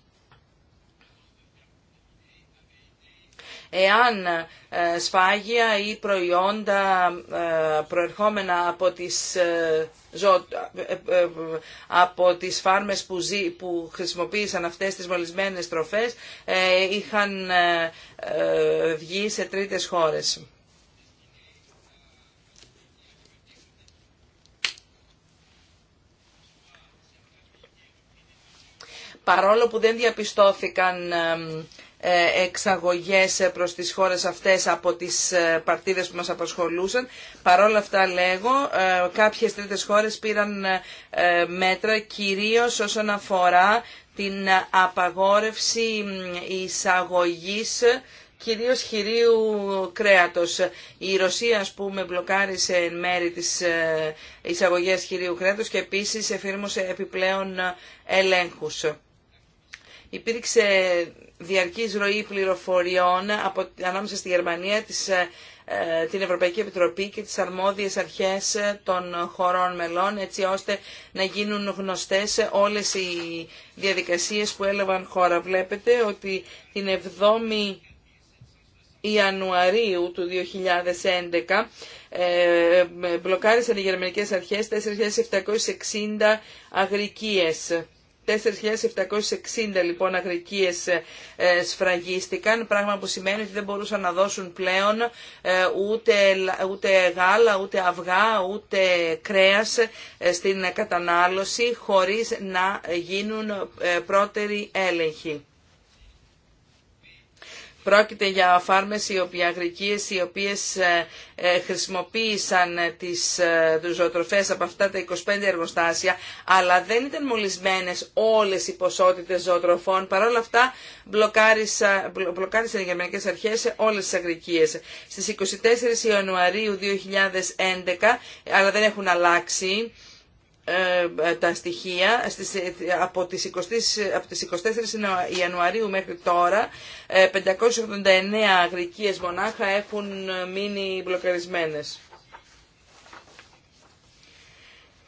[SPEAKER 1] εάν ε, σφάγια ή προϊόντα προερχόμενα από τις, από τις φάρμες που, που χρησιμοποίησαν αυτές τις μολυσμένες τροφές είχαν βγει σε τρίτες χώρες. παρόλο που δεν διαπιστώθηκαν ε, εξαγωγές προς τις χώρες αυτές από τις ε, παρτίδες που μας απασχολούσαν. Παρόλα αυτά λέγω, ε, κάποιες τρίτες χώρες πήραν μέτρα κυρίως όσον αφορά την απαγόρευση εισαγωγής κυρίως χειρίου κρέατος. Η Ρωσία, ας πούμε, μπλοκάρισε εν μέρη τις εισαγωγής χειρίου κρέατος και επίσης εφήρμοσε επιπλέον ελέγχους. Υπήρξε διαρκής ροή πληροφοριών από, ανάμεσα στη Γερμανία, της, ε, ε, την Ευρωπαϊκή Επιτροπή και τις αρμόδιες αρχές των χωρών μελών, έτσι ώστε να γίνουν γνωστές όλες οι διαδικασίες που έλαβαν χώρα. Βλέπετε ότι την 7η Ιανουαρίου του 2011 ε, μπλοκάρισαν οι γερμανικές αρχές 4.760 αγρικίες 4.760 λοιπόν αγρικίες ε, ε, σφραγίστηκαν, πράγμα που σημαίνει ότι δεν μπορούσαν να δώσουν πλέον ε, ούτε, ούτε γάλα, ούτε αυγά, ούτε κρέας στην κατανάλωση χωρίς να γίνουν πρώτεροι έλεγχοι. Πρόκειται για φάρμες οι οποίοι οι οποίες ε, ε, χρησιμοποίησαν ε, τις ζωοτροφές από αυτά τα 25 εργοστάσια, αλλά δεν ήταν μολυσμένες όλες οι ποσότητες ζωοτροφών. Παρ' όλα αυτά μπλοκάρισαν, μπλοκάρισαν οι γερμανικές αρχές όλες τις αγρικίες. Στις 24 Ιανουαρίου 2011, αλλά δεν έχουν αλλάξει, ε, ε, τα στοιχεία στις, ε, από, τις 20, από τις 24 Ιανουαρίου μέχρι τώρα 589 αγρικίες μονάχα έχουν μείνει μπλοκαρισμένες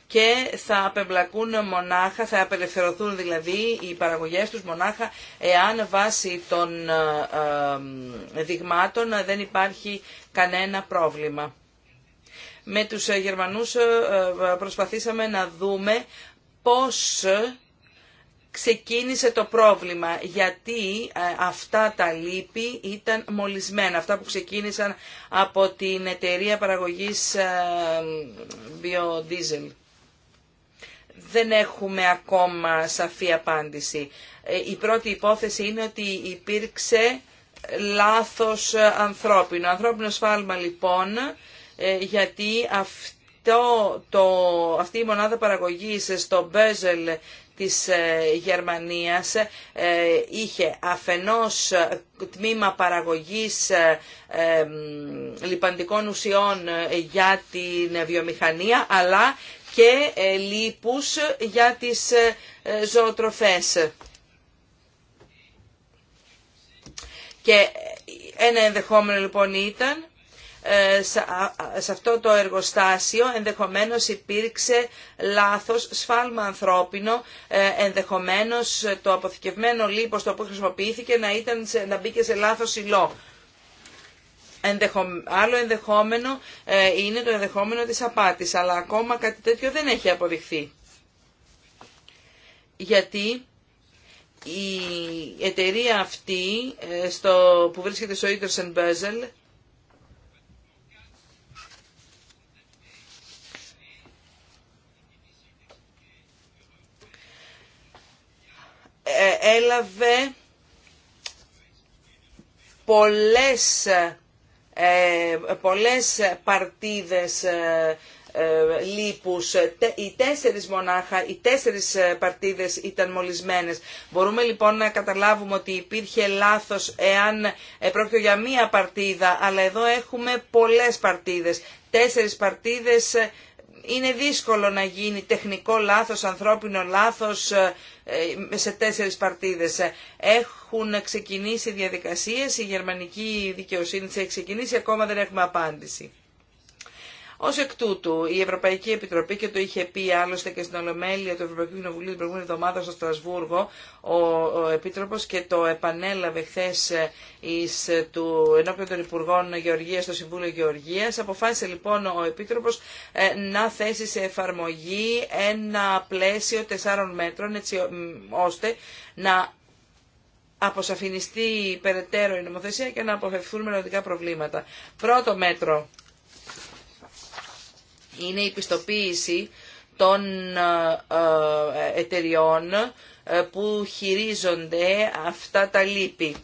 [SPEAKER 1] και θα απεμπλακούν μονάχα, θα απελευθερωθούν δηλαδή οι παραγωγές τους μονάχα εάν βάσει των δειγμάτων δεν υπάρχει κανένα πρόβλημα. Με τους ε, Γερμανούς ε, ε, προσπαθήσαμε να δούμε πώς ξεκίνησε το πρόβλημα, γιατί αυτά τα λύπη ήταν μολυσμένα, αυτά που ξεκίνησαν από την εταιρεία παραγωγής biodiesel. Δεν έχουμε ακόμα σαφή απάντηση. Η πρώτη υπόθεση είναι ότι υπήρξε λάθος ανθρώπινο. Ανθρώπινο σφάλμα λοιπόν ε, γιατί αυτό το, αυτή η μονάδα παραγωγής στο Μπέζελ της ε, Γερμανίας ε, είχε αφενός τμήμα παραγωγής λιπαντικών ουσιών για την βιομηχανία αλλά και λίπους για τις ζωοτροφές. Και ένα ενδεχόμενο λοιπόν ήταν σε αυτό το εργοστάσιο ενδεχομένως υπήρξε λάθος, σφάλμα ανθρώπινο, ε, ενδεχομένως το αποθηκευμένο λίπος το οποίο χρησιμοποιήθηκε να, ήταν, να μπήκε σε λάθος υλό. Άλλο ενδεχόμενο ε, είναι το ενδεχόμενο της απάτης, αλλά ακόμα κάτι τέτοιο δεν έχει αποδειχθεί. Γιατί η εταιρεία αυτή ε, στο, που βρίσκεται στο Ιντερσεν Μπέζελ Ε, έλαβε πολλές, ε, πολλές παρτίδες ε, λίπους. Οι τέσσερις μονάχα, οι τέσσερις παρτίδες ήταν μολυσμένες. Μπορούμε λοιπόν να καταλάβουμε ότι υπήρχε λάθος εάν πρόκειται για μία παρτίδα, αλλά εδώ έχουμε πολλές παρτίδες. Τέσσερις παρτίδες είναι δύσκολο να γίνει τεχνικό λάθος, ανθρώπινο λάθος, ε, σε τέσσερις παρτίδες. Ε, έχουν ξεκινήσει διαδικασίες, η γερμανική δικαιοσύνη έχει ξεκινήσει, ακόμα δεν έχουμε απάντηση. Ω εκ τούτου, η Ευρωπαϊκή Επιτροπή, και το είχε πει άλλωστε και στην Ολομέλεια του Ευρωπαϊκού Κοινοβουλίου την προηγούμενη εβδομάδα στο Στρασβούργο, ο, ο Επίτροπος και το επανέλαβε χθε ε, ε, του ενώπιον των Υπουργών Γεωργία στο Συμβούλιο Γεωργία. Αποφάσισε λοιπόν ο Επίτροπος ε, να θέσει σε εφαρμογή ένα πλαίσιο τεσσάρων μέτρων έτσι ώστε να αποσαφινιστεί περαιτέρω η νομοθεσία και να αποφευθούν μελλοντικά προβλήματα. Πρώτο μέτρο είναι η πιστοποίηση των ε, ε, εταιριών ε, που χειρίζονται αυτά τα λύπη.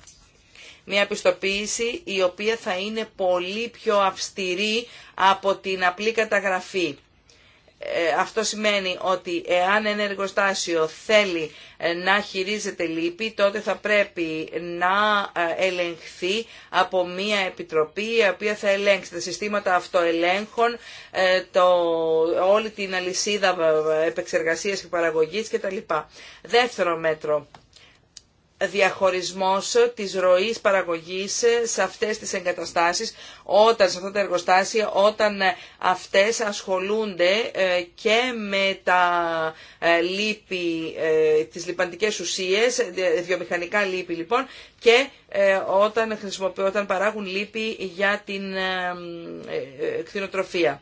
[SPEAKER 1] Μια πιστοποίηση η οποία θα είναι πολύ πιο αυστηρή από την απλή καταγραφή. Ε, αυτό σημαίνει ότι εάν ένα εργοστάσιο θέλει ε, να χειρίζεται λύπη, τότε θα πρέπει να ε, ελεγχθεί από μια επιτροπή η οποία θα ελέγξει τα συστήματα αυτοελέγχων, το, όλη την αλυσίδα επεξεργασίας και παραγωγής κτλ. Δεύτερο μέτρο διαχωρισμός της ροής παραγωγής σε αυτές τις εγκαταστάσεις, όταν, σε αυτά τα εργοστάσια, όταν ε, αυτές ασχολούνται ε, και με τα ε, λίπη, τις λιπαντικές ουσίες, βιομηχανικά λίπη λοιπόν, και όταν, όταν παράγουν λίπη για την κτηνοτροφία.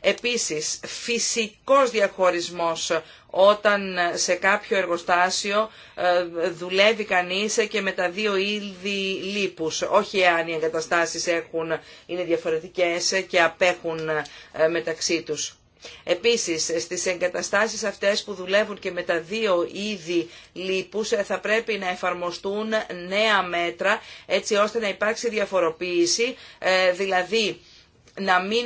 [SPEAKER 1] Επίσης, φυσικός διαχωρισμός όταν σε κάποιο εργοστάσιο ε, δουλεύει κανείς και με τα δύο είδη λίπους. Όχι εάν οι εγκαταστάσεις έχουν, είναι διαφορετικές και απέχουν ε, μεταξύ τους. Επίσης, στις εγκαταστάσεις αυτές που δουλεύουν και με τα δύο είδη λίπους ε, θα πρέπει να εφαρμοστούν νέα μέτρα έτσι ώστε να υπάρξει διαφοροποίηση, δηλαδή να μην,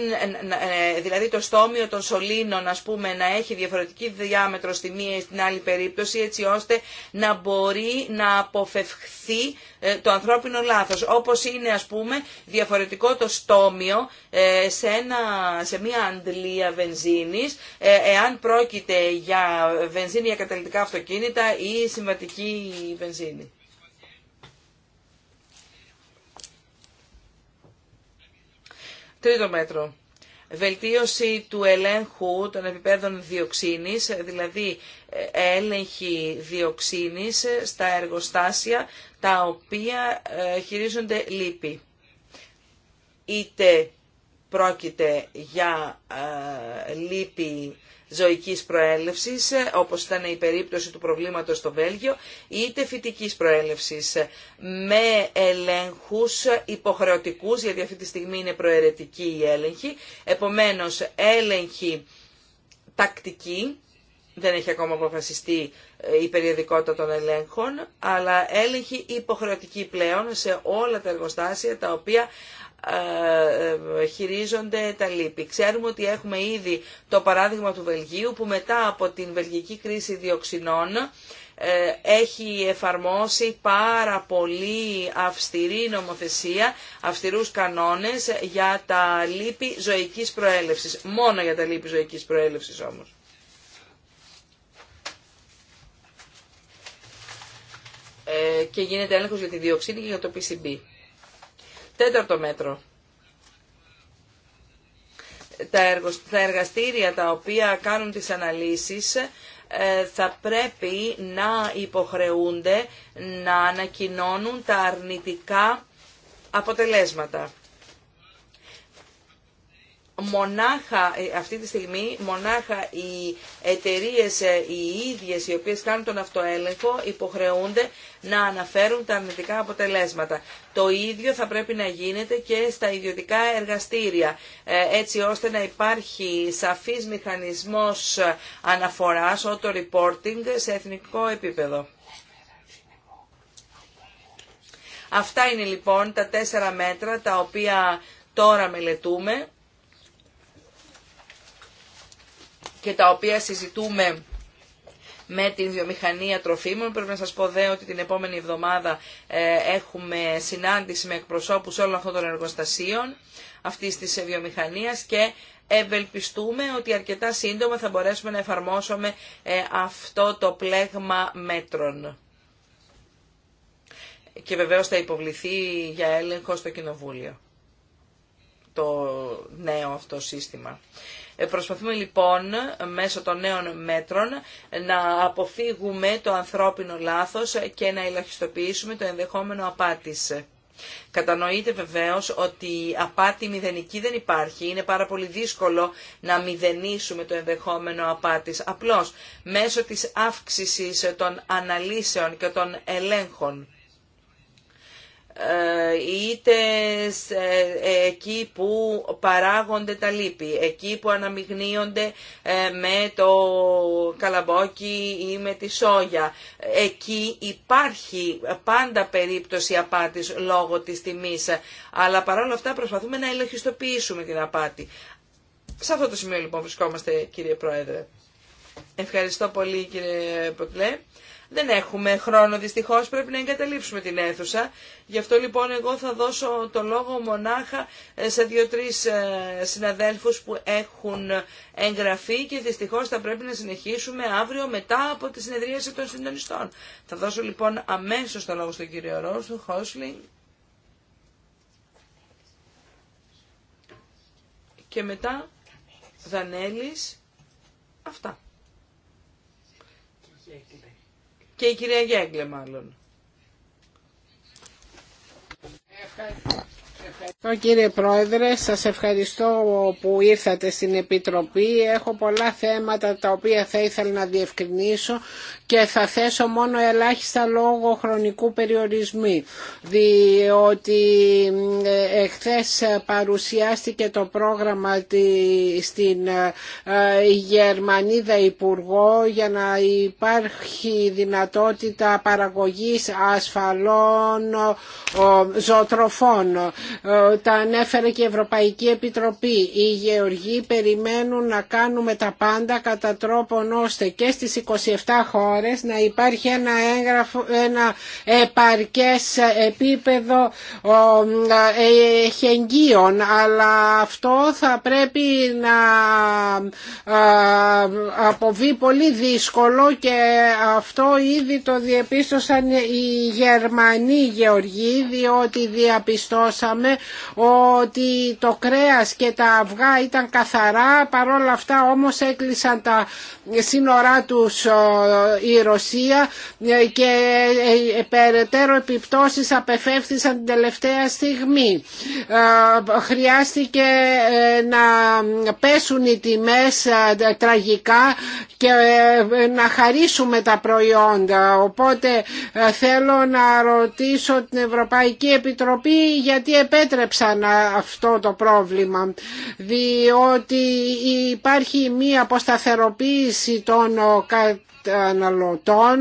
[SPEAKER 1] ε, δηλαδή το στόμιο των σωλήνων πούμε, να έχει διαφορετική διάμετρο στη μία ή στην άλλη περίπτωση έτσι ώστε να μπορεί να αποφευχθεί ε, το ανθρώπινο λάθος. Όπως είναι ας πούμε διαφορετικό το στόμιο ε, σε, ένα, σε μία αντλία βενζίνης εάν πρόκειται για βενζίνη για καταλυτικά αυτοκίνητα ή συμβατική βενζίνη. Τρίτο μέτρο. Βελτίωση του ελέγχου των επιπέδων διοξίνης, δηλαδή ε, έλεγχη διοξίνης στα εργοστάσια τα οποία ε, χειρίζονται λύπη. Είτε πρόκειται για ε, λύπη ζωικής προέλευσης, ε, όπως ήταν η περίπτωση του προβλήματος στο Βέλγιο, είτε φυτικής προέλευσης, ε, με ελέγχους υποχρεωτικούς, γιατί αυτή τη στιγμή είναι προαιρετική η έλεγχη, επομένως έλεγχη τακτική, δεν έχει ακόμα αποφασιστεί ε, η περιοδικότητα των ελέγχων, αλλά έλεγχη υποχρεωτική πλέον σε όλα τα εργοστάσια τα οποία ε, ε, χειρίζονται τα λύπη. Ξέρουμε ότι έχουμε ήδη το παράδειγμα του Βελγίου που μετά από την βελγική κρίση διοξινών ε, έχει εφαρμόσει πάρα πολύ αυστηρή νομοθεσία, αυστηρούς κανόνες για τα λύπη ζωικής προέλευσης. Μόνο για τα λύπη ζωικής προέλευσης όμως. Και γίνεται έλεγχος για τη διοξίνη και για το PCB. Τέταρτο μέτρο. Τα εργαστήρια τα οποία κάνουν τις αναλύσεις ε, θα πρέπει να υποχρεούνται να ανακοινώνουν τα αρνητικά αποτελέσματα μονάχα ε, αυτή τη στιγμή μονάχα οι εταιρείε ε, οι ίδιες οι οποίες κάνουν τον αυτοέλεγχο υποχρεούνται να αναφέρουν τα αρνητικά αποτελέσματα. Το ίδιο θα πρέπει να γίνεται και στα ιδιωτικά εργαστήρια ε, έτσι ώστε να υπάρχει σαφής μηχανισμός αναφοράς, auto reporting σε εθνικό επίπεδο. Αυτά είναι λοιπόν τα τέσσερα μέτρα τα οποία τώρα μελετούμε και τα οποία συζητούμε με την βιομηχανία τροφίμων. Πρέπει να σας πω δε ότι την επόμενη εβδομάδα ε, έχουμε συνάντηση με εκπροσώπους όλων αυτών των εργοστασίων αυτής της βιομηχανίας και ευελπιστούμε ότι αρκετά σύντομα θα μπορέσουμε να εφαρμόσουμε ε, αυτό το πλέγμα μέτρων. Και βεβαίως θα υποβληθεί για έλεγχο στο Κοινοβούλιο το νέο αυτό σύστημα. Ε, προσπαθούμε λοιπόν μέσω των νέων μέτρων να αποφύγουμε το ανθρώπινο λάθος και να ελαχιστοποιήσουμε το ενδεχόμενο απάτης. Κατανοείται βεβαίως ότι απάτη μηδενική δεν υπάρχει. Είναι πάρα πολύ δύσκολο να μηδενίσουμε το ενδεχόμενο απάτης. Απλώς μέσω της αύξησης των αναλύσεων και των ελέγχων ε, είτε ε, ε, εκεί που παράγονται τα λίπη, εκεί που αναμειγνύονται με το καλαμπόκι ή με τη σόγια. Εκεί υπάρχει πάντα περίπτωση απάτης λόγω της τιμής, αλλά παρόλα αυτά προσπαθούμε να ελοχιστοποιήσουμε την απάτη. Σε αυτό το σημείο λοιπόν βρισκόμαστε κύριε Πρόεδρε. Ευχαριστώ πολύ κύριε Ποκλέ. Δεν έχουμε χρόνο δυστυχώς, πρέπει να εγκαταλείψουμε την αίθουσα. Γι' αυτό λοιπόν εγώ θα δώσω το λόγο μονάχα ε, σε δύο-τρεις ε, συναδέλφους που έχουν εγγραφεί και δυστυχώς θα πρέπει να συνεχίσουμε αύριο μετά από τη συνεδρίαση των συντονιστών. Θα δώσω λοιπόν αμέσως το λόγο στον κύριο Ρώσου, Χόσλινγκ. και μετά Δανέλης. Αυτά. και η κυρία Γέγκλε μάλλον.
[SPEAKER 3] Ευχαριστώ κύριε Πρόεδρε, σας ευχαριστώ που ήρθατε στην Επιτροπή. Έχω πολλά θέματα τα οποία θα ήθελα να διευκρινίσω και θα θέσω μόνο ελάχιστα λόγω χρονικού περιορισμού. Διότι ε, εχθές παρουσιάστηκε το πρόγραμμα στην ε, Γερμανίδα Υπουργό για να υπάρχει δυνατότητα παραγωγής ασφαλών ζωοτροφών ε, τα ανέφερε και η Ευρωπαϊκή Επιτροπή. Οι γεωργοί περιμένουν να κάνουμε τα πάντα κατά τρόπον ώστε και στις 27 χώρες να υπάρχει ένα, έγγραφο, ένα επαρκές επίπεδο ε, χεγγίων. αλλά αυτό θα πρέπει να ε, αποβεί πολύ δύσκολο και αυτό ήδη το διεπίστωσαν οι Γερμανοί γεωργοί διότι διαπιστώσαμε ότι το κρέας και τα αυγά ήταν καθαρά παρόλα αυτά όμως έκλεισαν τα σύνορά τους η Ρωσία ε, και ε, ε, περαιτέρω επιπτώσεις απεφεύθησαν την τελευταία στιγμή. Χρειάστηκε να πέσουν οι τιμές τραγικά και να χαρίσουμε τα προϊόντα. Οπότε θέλω να ρωτήσω την Ευρωπαϊκή Επιτροπή γιατί επέτρεψαν αυτό το πρόβλημα. Διότι υπάρχει μία αποσταθεροποίηση των καταναλωτών.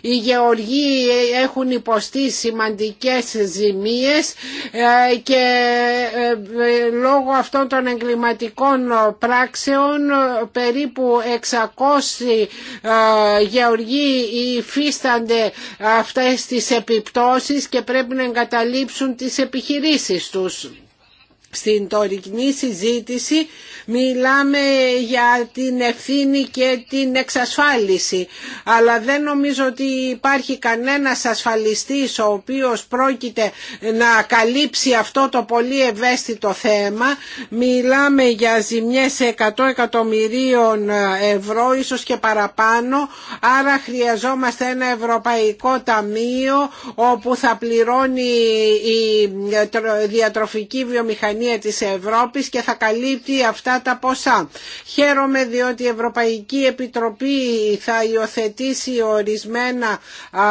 [SPEAKER 3] Οι γεωργοί έχουν υποστεί σημαντικές ζημίες ε, και ε, ε, λόγω αυτών των εγκληματικών πράξεων περίπου 600 γεωργοί υφίστανται αυτές τις επιπτώσεις και πρέπει να εγκαταλείψουν τις επιχειρήσεις τους. Στην τωρινή συζήτηση μιλάμε για την ευθύνη και την εξασφάλιση αλλά δεν νομίζω ότι υπάρχει κανένας ασφαλιστής ο οποίος πρόκειται να καλύψει αυτό το πολύ ευαίσθητο θέμα μιλάμε για ζημιές 100 εκατομμυρίων ευρώ ίσως και παραπάνω άρα χρειαζόμαστε ένα ευρωπαϊκό ταμείο όπου θα πληρώνει η διατροφική βιομηχανία της Ευρώπης και θα καλύπτει αυτά τα ποσά. Χαίρομαι διότι η Ευρωπαϊκή Επιτροπή θα υιοθετήσει ορισμένα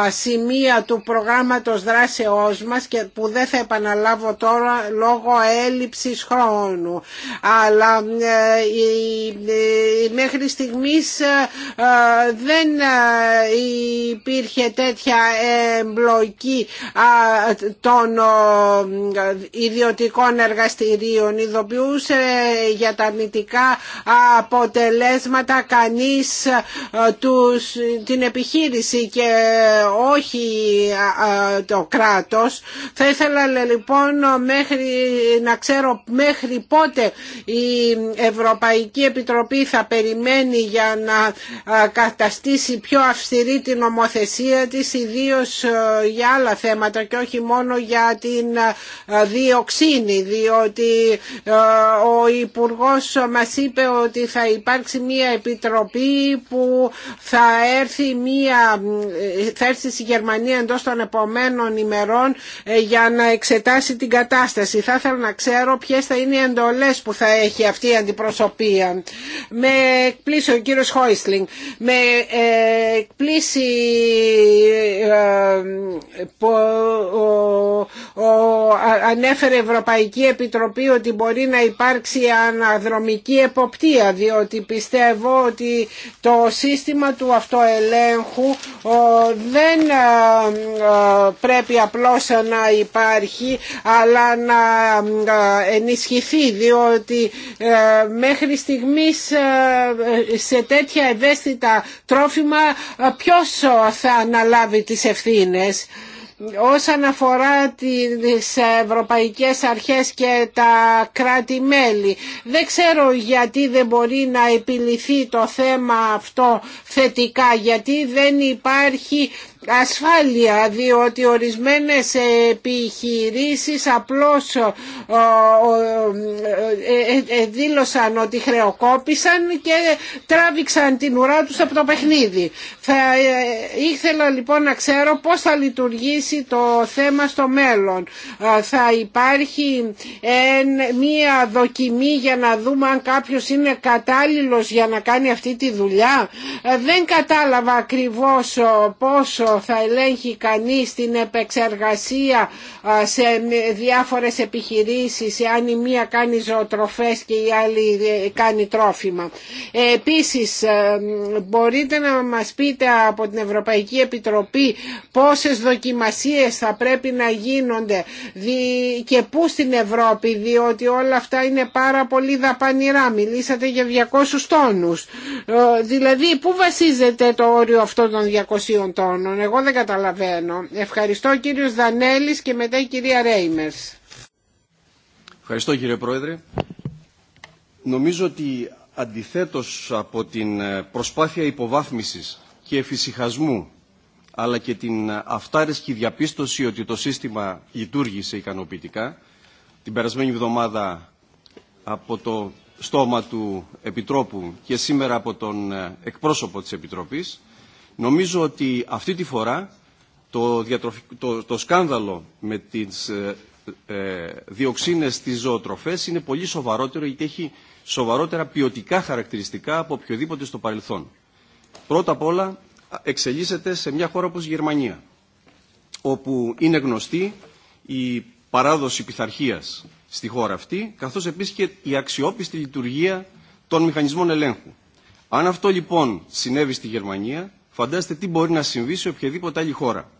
[SPEAKER 3] σημεία του προγράμματος δράσεώς μας και που δεν θα επαναλάβω τώρα λόγω έλλειψης χρόνου. Αλλά ε, ε, μέχρι στιγμής ε, δεν υπήρχε τέτοια εμπλοκή των ιδιωτικών εργαστηρίων δικαστηρίων. Ειδοποιούσε για τα αρνητικά αποτελέσματα κανείς ε, τους, την επιχείρηση και όχι ε, ε, το κράτος. Θα ήθελα λοιπόν να ξέρω μέχρι πότε η Ευρωπαϊκή Επιτροπή θα περιμένει για να καταστήσει πιο αυστηρή την νομοθεσία της ιδίως για άλλα θέματα και όχι μόνο για την διοξίνη διότι ότι ε, ο Υπουργός μας είπε ότι θα υπάρξει μια επιτροπή που θα έρθει, μια, ε, θα έρθει στη Γερμανία εντός των επομένων ημερών ε, για να εξετάσει την κατάσταση. Θα ήθελα να ξέρω ποιες θα είναι οι εντολές που θα έχει αυτή η αντιπροσωπεία. Με εκπλήσει ο κύριος Χόισλινγκ. Με εκπλήσει που ανέφερε η Ευρωπαϊκή Επιτροπή ότι μπορεί να υπάρξει αναδρομική εποπτεία διότι πιστεύω ότι το σύστημα του αυτοελέγχου δεν ε, ε, πρέπει απλώς να υπάρχει αλλά να ε, ενισχυθεί διότι μέχρι στιγμής σε τέτοια ευαίσθητα τρόφιμα ποιος θα αναλάβει τις ευθύνες όσον αφορά τις ευρωπαϊκές αρχές και τα κράτη-μέλη. Δεν ξέρω γιατί δεν μπορεί να επιληθεί το θέμα αυτό θετικά, γιατί δεν υπάρχει ασφάλεια διότι ορισμένες επιχειρήσεις απλώς ε, ε, ε, δήλωσαν ότι χρεοκόπησαν και τράβηξαν την ουρά τους από το παιχνίδι. Θα ήθελα λοιπόν να ξέρω πώς θα λειτουργήσει το θέμα στο μέλλον. Θα υπάρχει μία δοκιμή για να δούμε αν κάποιος είναι κατάλληλος για να κάνει αυτή τη δουλειά. Δεν κατάλαβα ακριβώς πόσο θα ελέγχει κανείς την επεξεργασία σε διάφορες επιχειρήσεις αν η μία κάνει ζωοτροφές και η άλλη ε, κάνει τρόφιμα. Ε, επίσης ε, μπορείτε να μας πείτε από την Ευρωπαϊκή Επιτροπή πόσες δοκιμασίες θα πρέπει να γίνονται και πού στην Ευρώπη διότι όλα αυτά είναι πάρα πολύ δαπανηρά. Μιλήσατε για 200 τόνους. Δηλαδή πού βασίζεται το όριο αυτών των 200 τόνων εγώ δεν καταλαβαίνω. Ευχαριστώ κύριος Δανέλης και μετά η κυρία Ρέιμερς.
[SPEAKER 2] Ευχαριστώ κύριε Πρόεδρε. Νομίζω ότι αντιθέτως από την ε, προσπάθεια υποβάθμισης και εφησυχασμού αλλά και την ε, αυτάρεσκη διαπίστωση ότι το σύστημα λειτουργήσε ικανοποιητικά την περασμένη εβδομάδα από το στόμα του Επιτρόπου και σήμερα από τον ε, εκπρόσωπο της Επιτροπής Νομίζω ότι αυτή τη φορά το, το, σκάνδαλο με τις ε, ε, διοξίνες στις ζωοτροφές είναι πολύ σοβαρότερο γιατί έχει σοβαρότερα ποιοτικά χαρακτηριστικά από οποιοδήποτε στο παρελθόν. Πρώτα απ' όλα εξελίσσεται σε μια χώρα όπως η Γερμανία, όπου είναι γνωστή η παράδοση πειθαρχία στη χώρα αυτή, καθώς επίσης και η αξιόπιστη λειτουργία των μηχανισμών ελέγχου. Αν αυτό λοιπόν συνέβη στη Γερμανία, φαντάζεστε τι μπορεί να συμβεί σε οποιαδήποτε άλλη χώρα.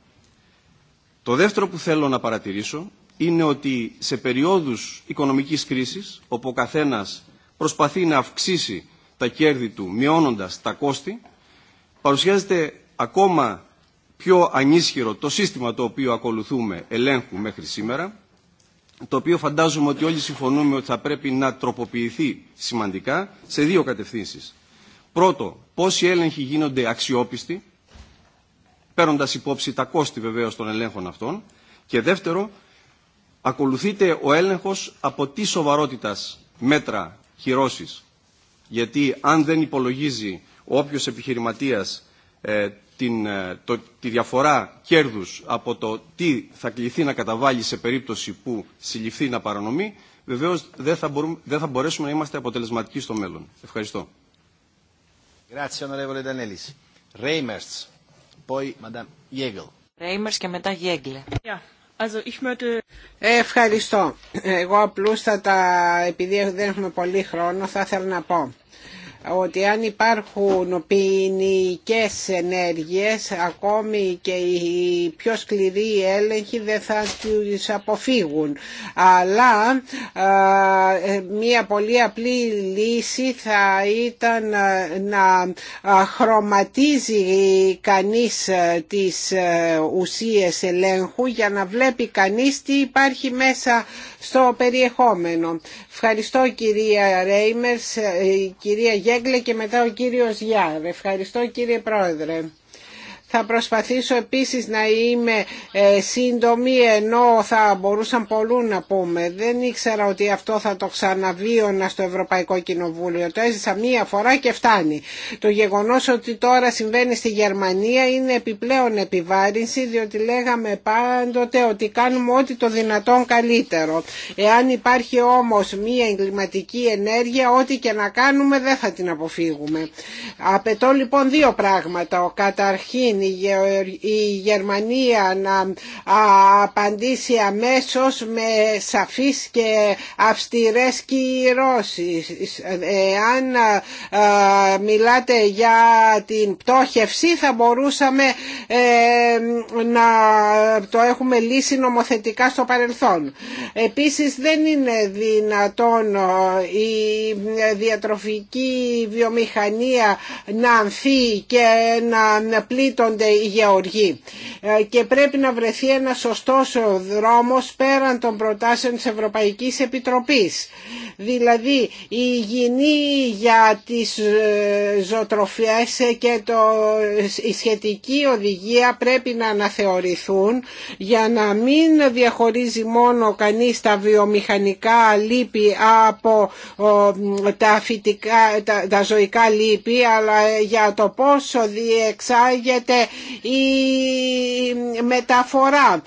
[SPEAKER 2] Το δεύτερο που θέλω να παρατηρήσω είναι ότι σε περιόδους οικονομικής κρίσης, όπου ο καθένας προσπαθεί να αυξήσει τα κέρδη του μειώνοντας τα κόστη, παρουσιάζεται ακόμα πιο ανίσχυρο το σύστημα το οποίο ακολουθούμε ελέγχου μέχρι σήμερα, το οποίο φαντάζομαι ότι όλοι συμφωνούμε ότι θα πρέπει να τροποποιηθεί σημαντικά σε δύο κατευθύνσεις. Πρώτο, πόσοι έλεγχοι γίνονται αξιόπιστοι, παίρνοντα υπόψη τα κόστη βεβαίω των ελέγχων αυτών. Και δεύτερο, ακολουθείται ο έλεγχο από τι σοβαρότητα μέτρα χειρώσει, Γιατί αν δεν υπολογίζει ο όποιο επιχειρηματία ε, ε τη διαφορά κέρδου από το τι θα κληθεί να καταβάλει σε περίπτωση που συλληφθεί να παρανομεί, βεβαίω δεν δεν θα μπορέσουμε να είμαστε αποτελεσματικοί στο μέλλον. Ευχαριστώ.
[SPEAKER 3] Ευχαριστώ. Εγώ απλούστατα, επειδή δεν έχουμε πολύ χρόνο, θα ήθελα να πω ότι αν υπάρχουν ποινικέ ενέργειες ακόμη και οι πιο σκληροί έλεγχοι δεν θα τις αποφύγουν αλλά μια πολύ απλή λύση θα ήταν να χρωματίζει κανείς τις ε, ουσίες ελέγχου για να βλέπει κανείς τι υπάρχει μέσα στο περιεχόμενο. Ευχαριστώ κυρία Ρέιμερς, ε, κυρία Γέγκλε και μετά ο κύριος Γιάρ. Ευχαριστώ κύριε Πρόεδρε. Θα προσπαθήσω επίσης να είμαι ε, σύντομη ενώ θα μπορούσαν πολλού να πούμε. Δεν ήξερα ότι αυτό θα το ξαναβίωνα στο Ευρωπαϊκό Κοινοβούλιο. Το έζησα μία φορά και φτάνει. Το γεγονός ότι τώρα συμβαίνει στη Γερμανία είναι επιπλέον επιβάρυνση διότι λέγαμε πάντοτε ότι κάνουμε ό,τι το δυνατόν καλύτερο. Εάν υπάρχει όμως μία εγκληματική ενέργεια, ό,τι και να κάνουμε δεν θα την αποφύγουμε. Απαιτώ λοιπόν δύο πράγματα. Ο καταρχήν η Γερμανία να απαντήσει αμέσως με σαφείς και αυστηρές κυρώσεις. Εάν μιλάτε για την πτώχευση θα μπορούσαμε ε, να το έχουμε λύσει νομοθετικά στο παρελθόν. Επίσης δεν είναι δυνατόν ε, η διατροφική βιομηχανία να ανθεί και να πλήττονται οι ε, Και πρέπει να βρεθεί ένα σωστό δρόμος πέραν των προτάσεων της Ευρωπαϊκής Επιτροπής δηλαδή η υγιεινή για τις ε, ζωοτροφές και το, η σχετική οδηγία πρέπει να αναθεωρηθούν για να μην διαχωρίζει μόνο κανείς τα βιομηχανικά λύπη από τα, φυτικά, τα, ζωικά λύπη αλλά για το πόσο διεξάγεται η μεταφορά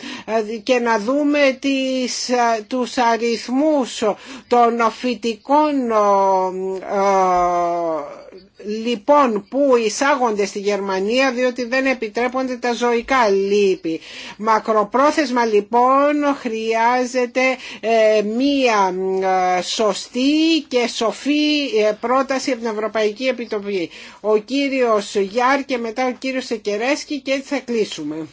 [SPEAKER 3] και να δούμε τις, ε, τους αριθμούς των ε, λοιπόν που εισάγονται στη Γερμανία διότι δεν επιτρέπονται τα ζωικά λύπη. Μακροπρόθεσμα λοιπόν χρειάζεται ε, μία ε, σωστή και σοφή ε, πρόταση από την Ευρωπαϊκή Επιτροπή. Ο κύριος Γιάρ και μετά ο κύριος Σεκερέσκη και έτσι θα κλείσουμε.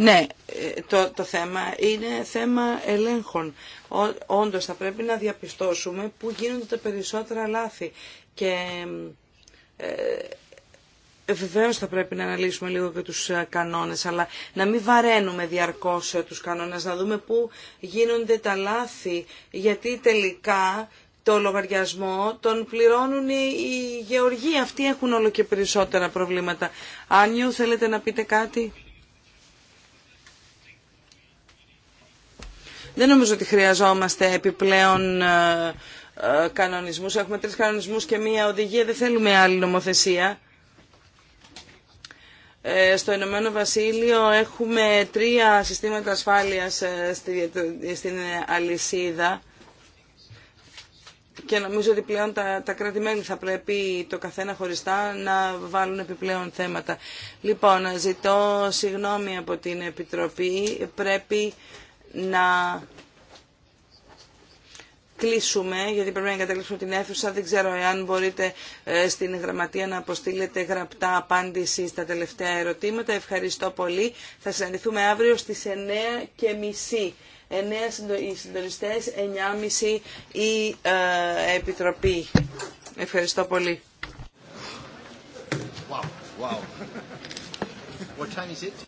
[SPEAKER 1] Ναι, ε, το, το θέμα είναι θέμα ελέγχων. Ό, όντως θα πρέπει να διαπιστώσουμε πού γίνονται τα περισσότερα λάθη. Και ε, Βεβαίω θα πρέπει να αναλύσουμε λίγο και τους ε, κανόνες, αλλά να μην βαραίνουμε διαρκώς ε, τους κανόνες, να δούμε πού γίνονται τα λάθη, γιατί τελικά το λογαριασμό τον πληρώνουν οι γεωργοί. Αυτοί έχουν όλο και περισσότερα προβλήματα. Άνιου, θέλετε να πείτε κάτι. Δεν νομίζω ότι χρειαζόμαστε επιπλέον ε, ε, κανονισμούς. Έχουμε τρεις κανονισμούς και μία οδηγία. Δεν θέλουμε άλλη νομοθεσία. Ε, στο Ηνωμένο Βασίλειο έχουμε τρία συστήματα ασφάλειας στην αλυσίδα και νομίζω ότι πλέον τα, τα θα πρέπει το καθένα χωριστά να βάλουν επιπλέον θέματα. Λοιπόν, ζητώ συγγνώμη από την Επιτροπή. Πρέπει να κλείσουμε, γιατί πρέπει να εγκαταλείψουμε την αίθουσα. Δεν ξέρω εάν μπορείτε ε, στην γραμματεία να αποστείλετε γραπτά απάντηση στα τελευταία ερωτήματα. Ευχαριστώ πολύ. Θα συναντηθούμε αύριο στις 9.30. 9 οι συντονιστές, 9.30 η ε, Επιτροπή. Ευχαριστώ πολύ. Wow, wow. What time is it?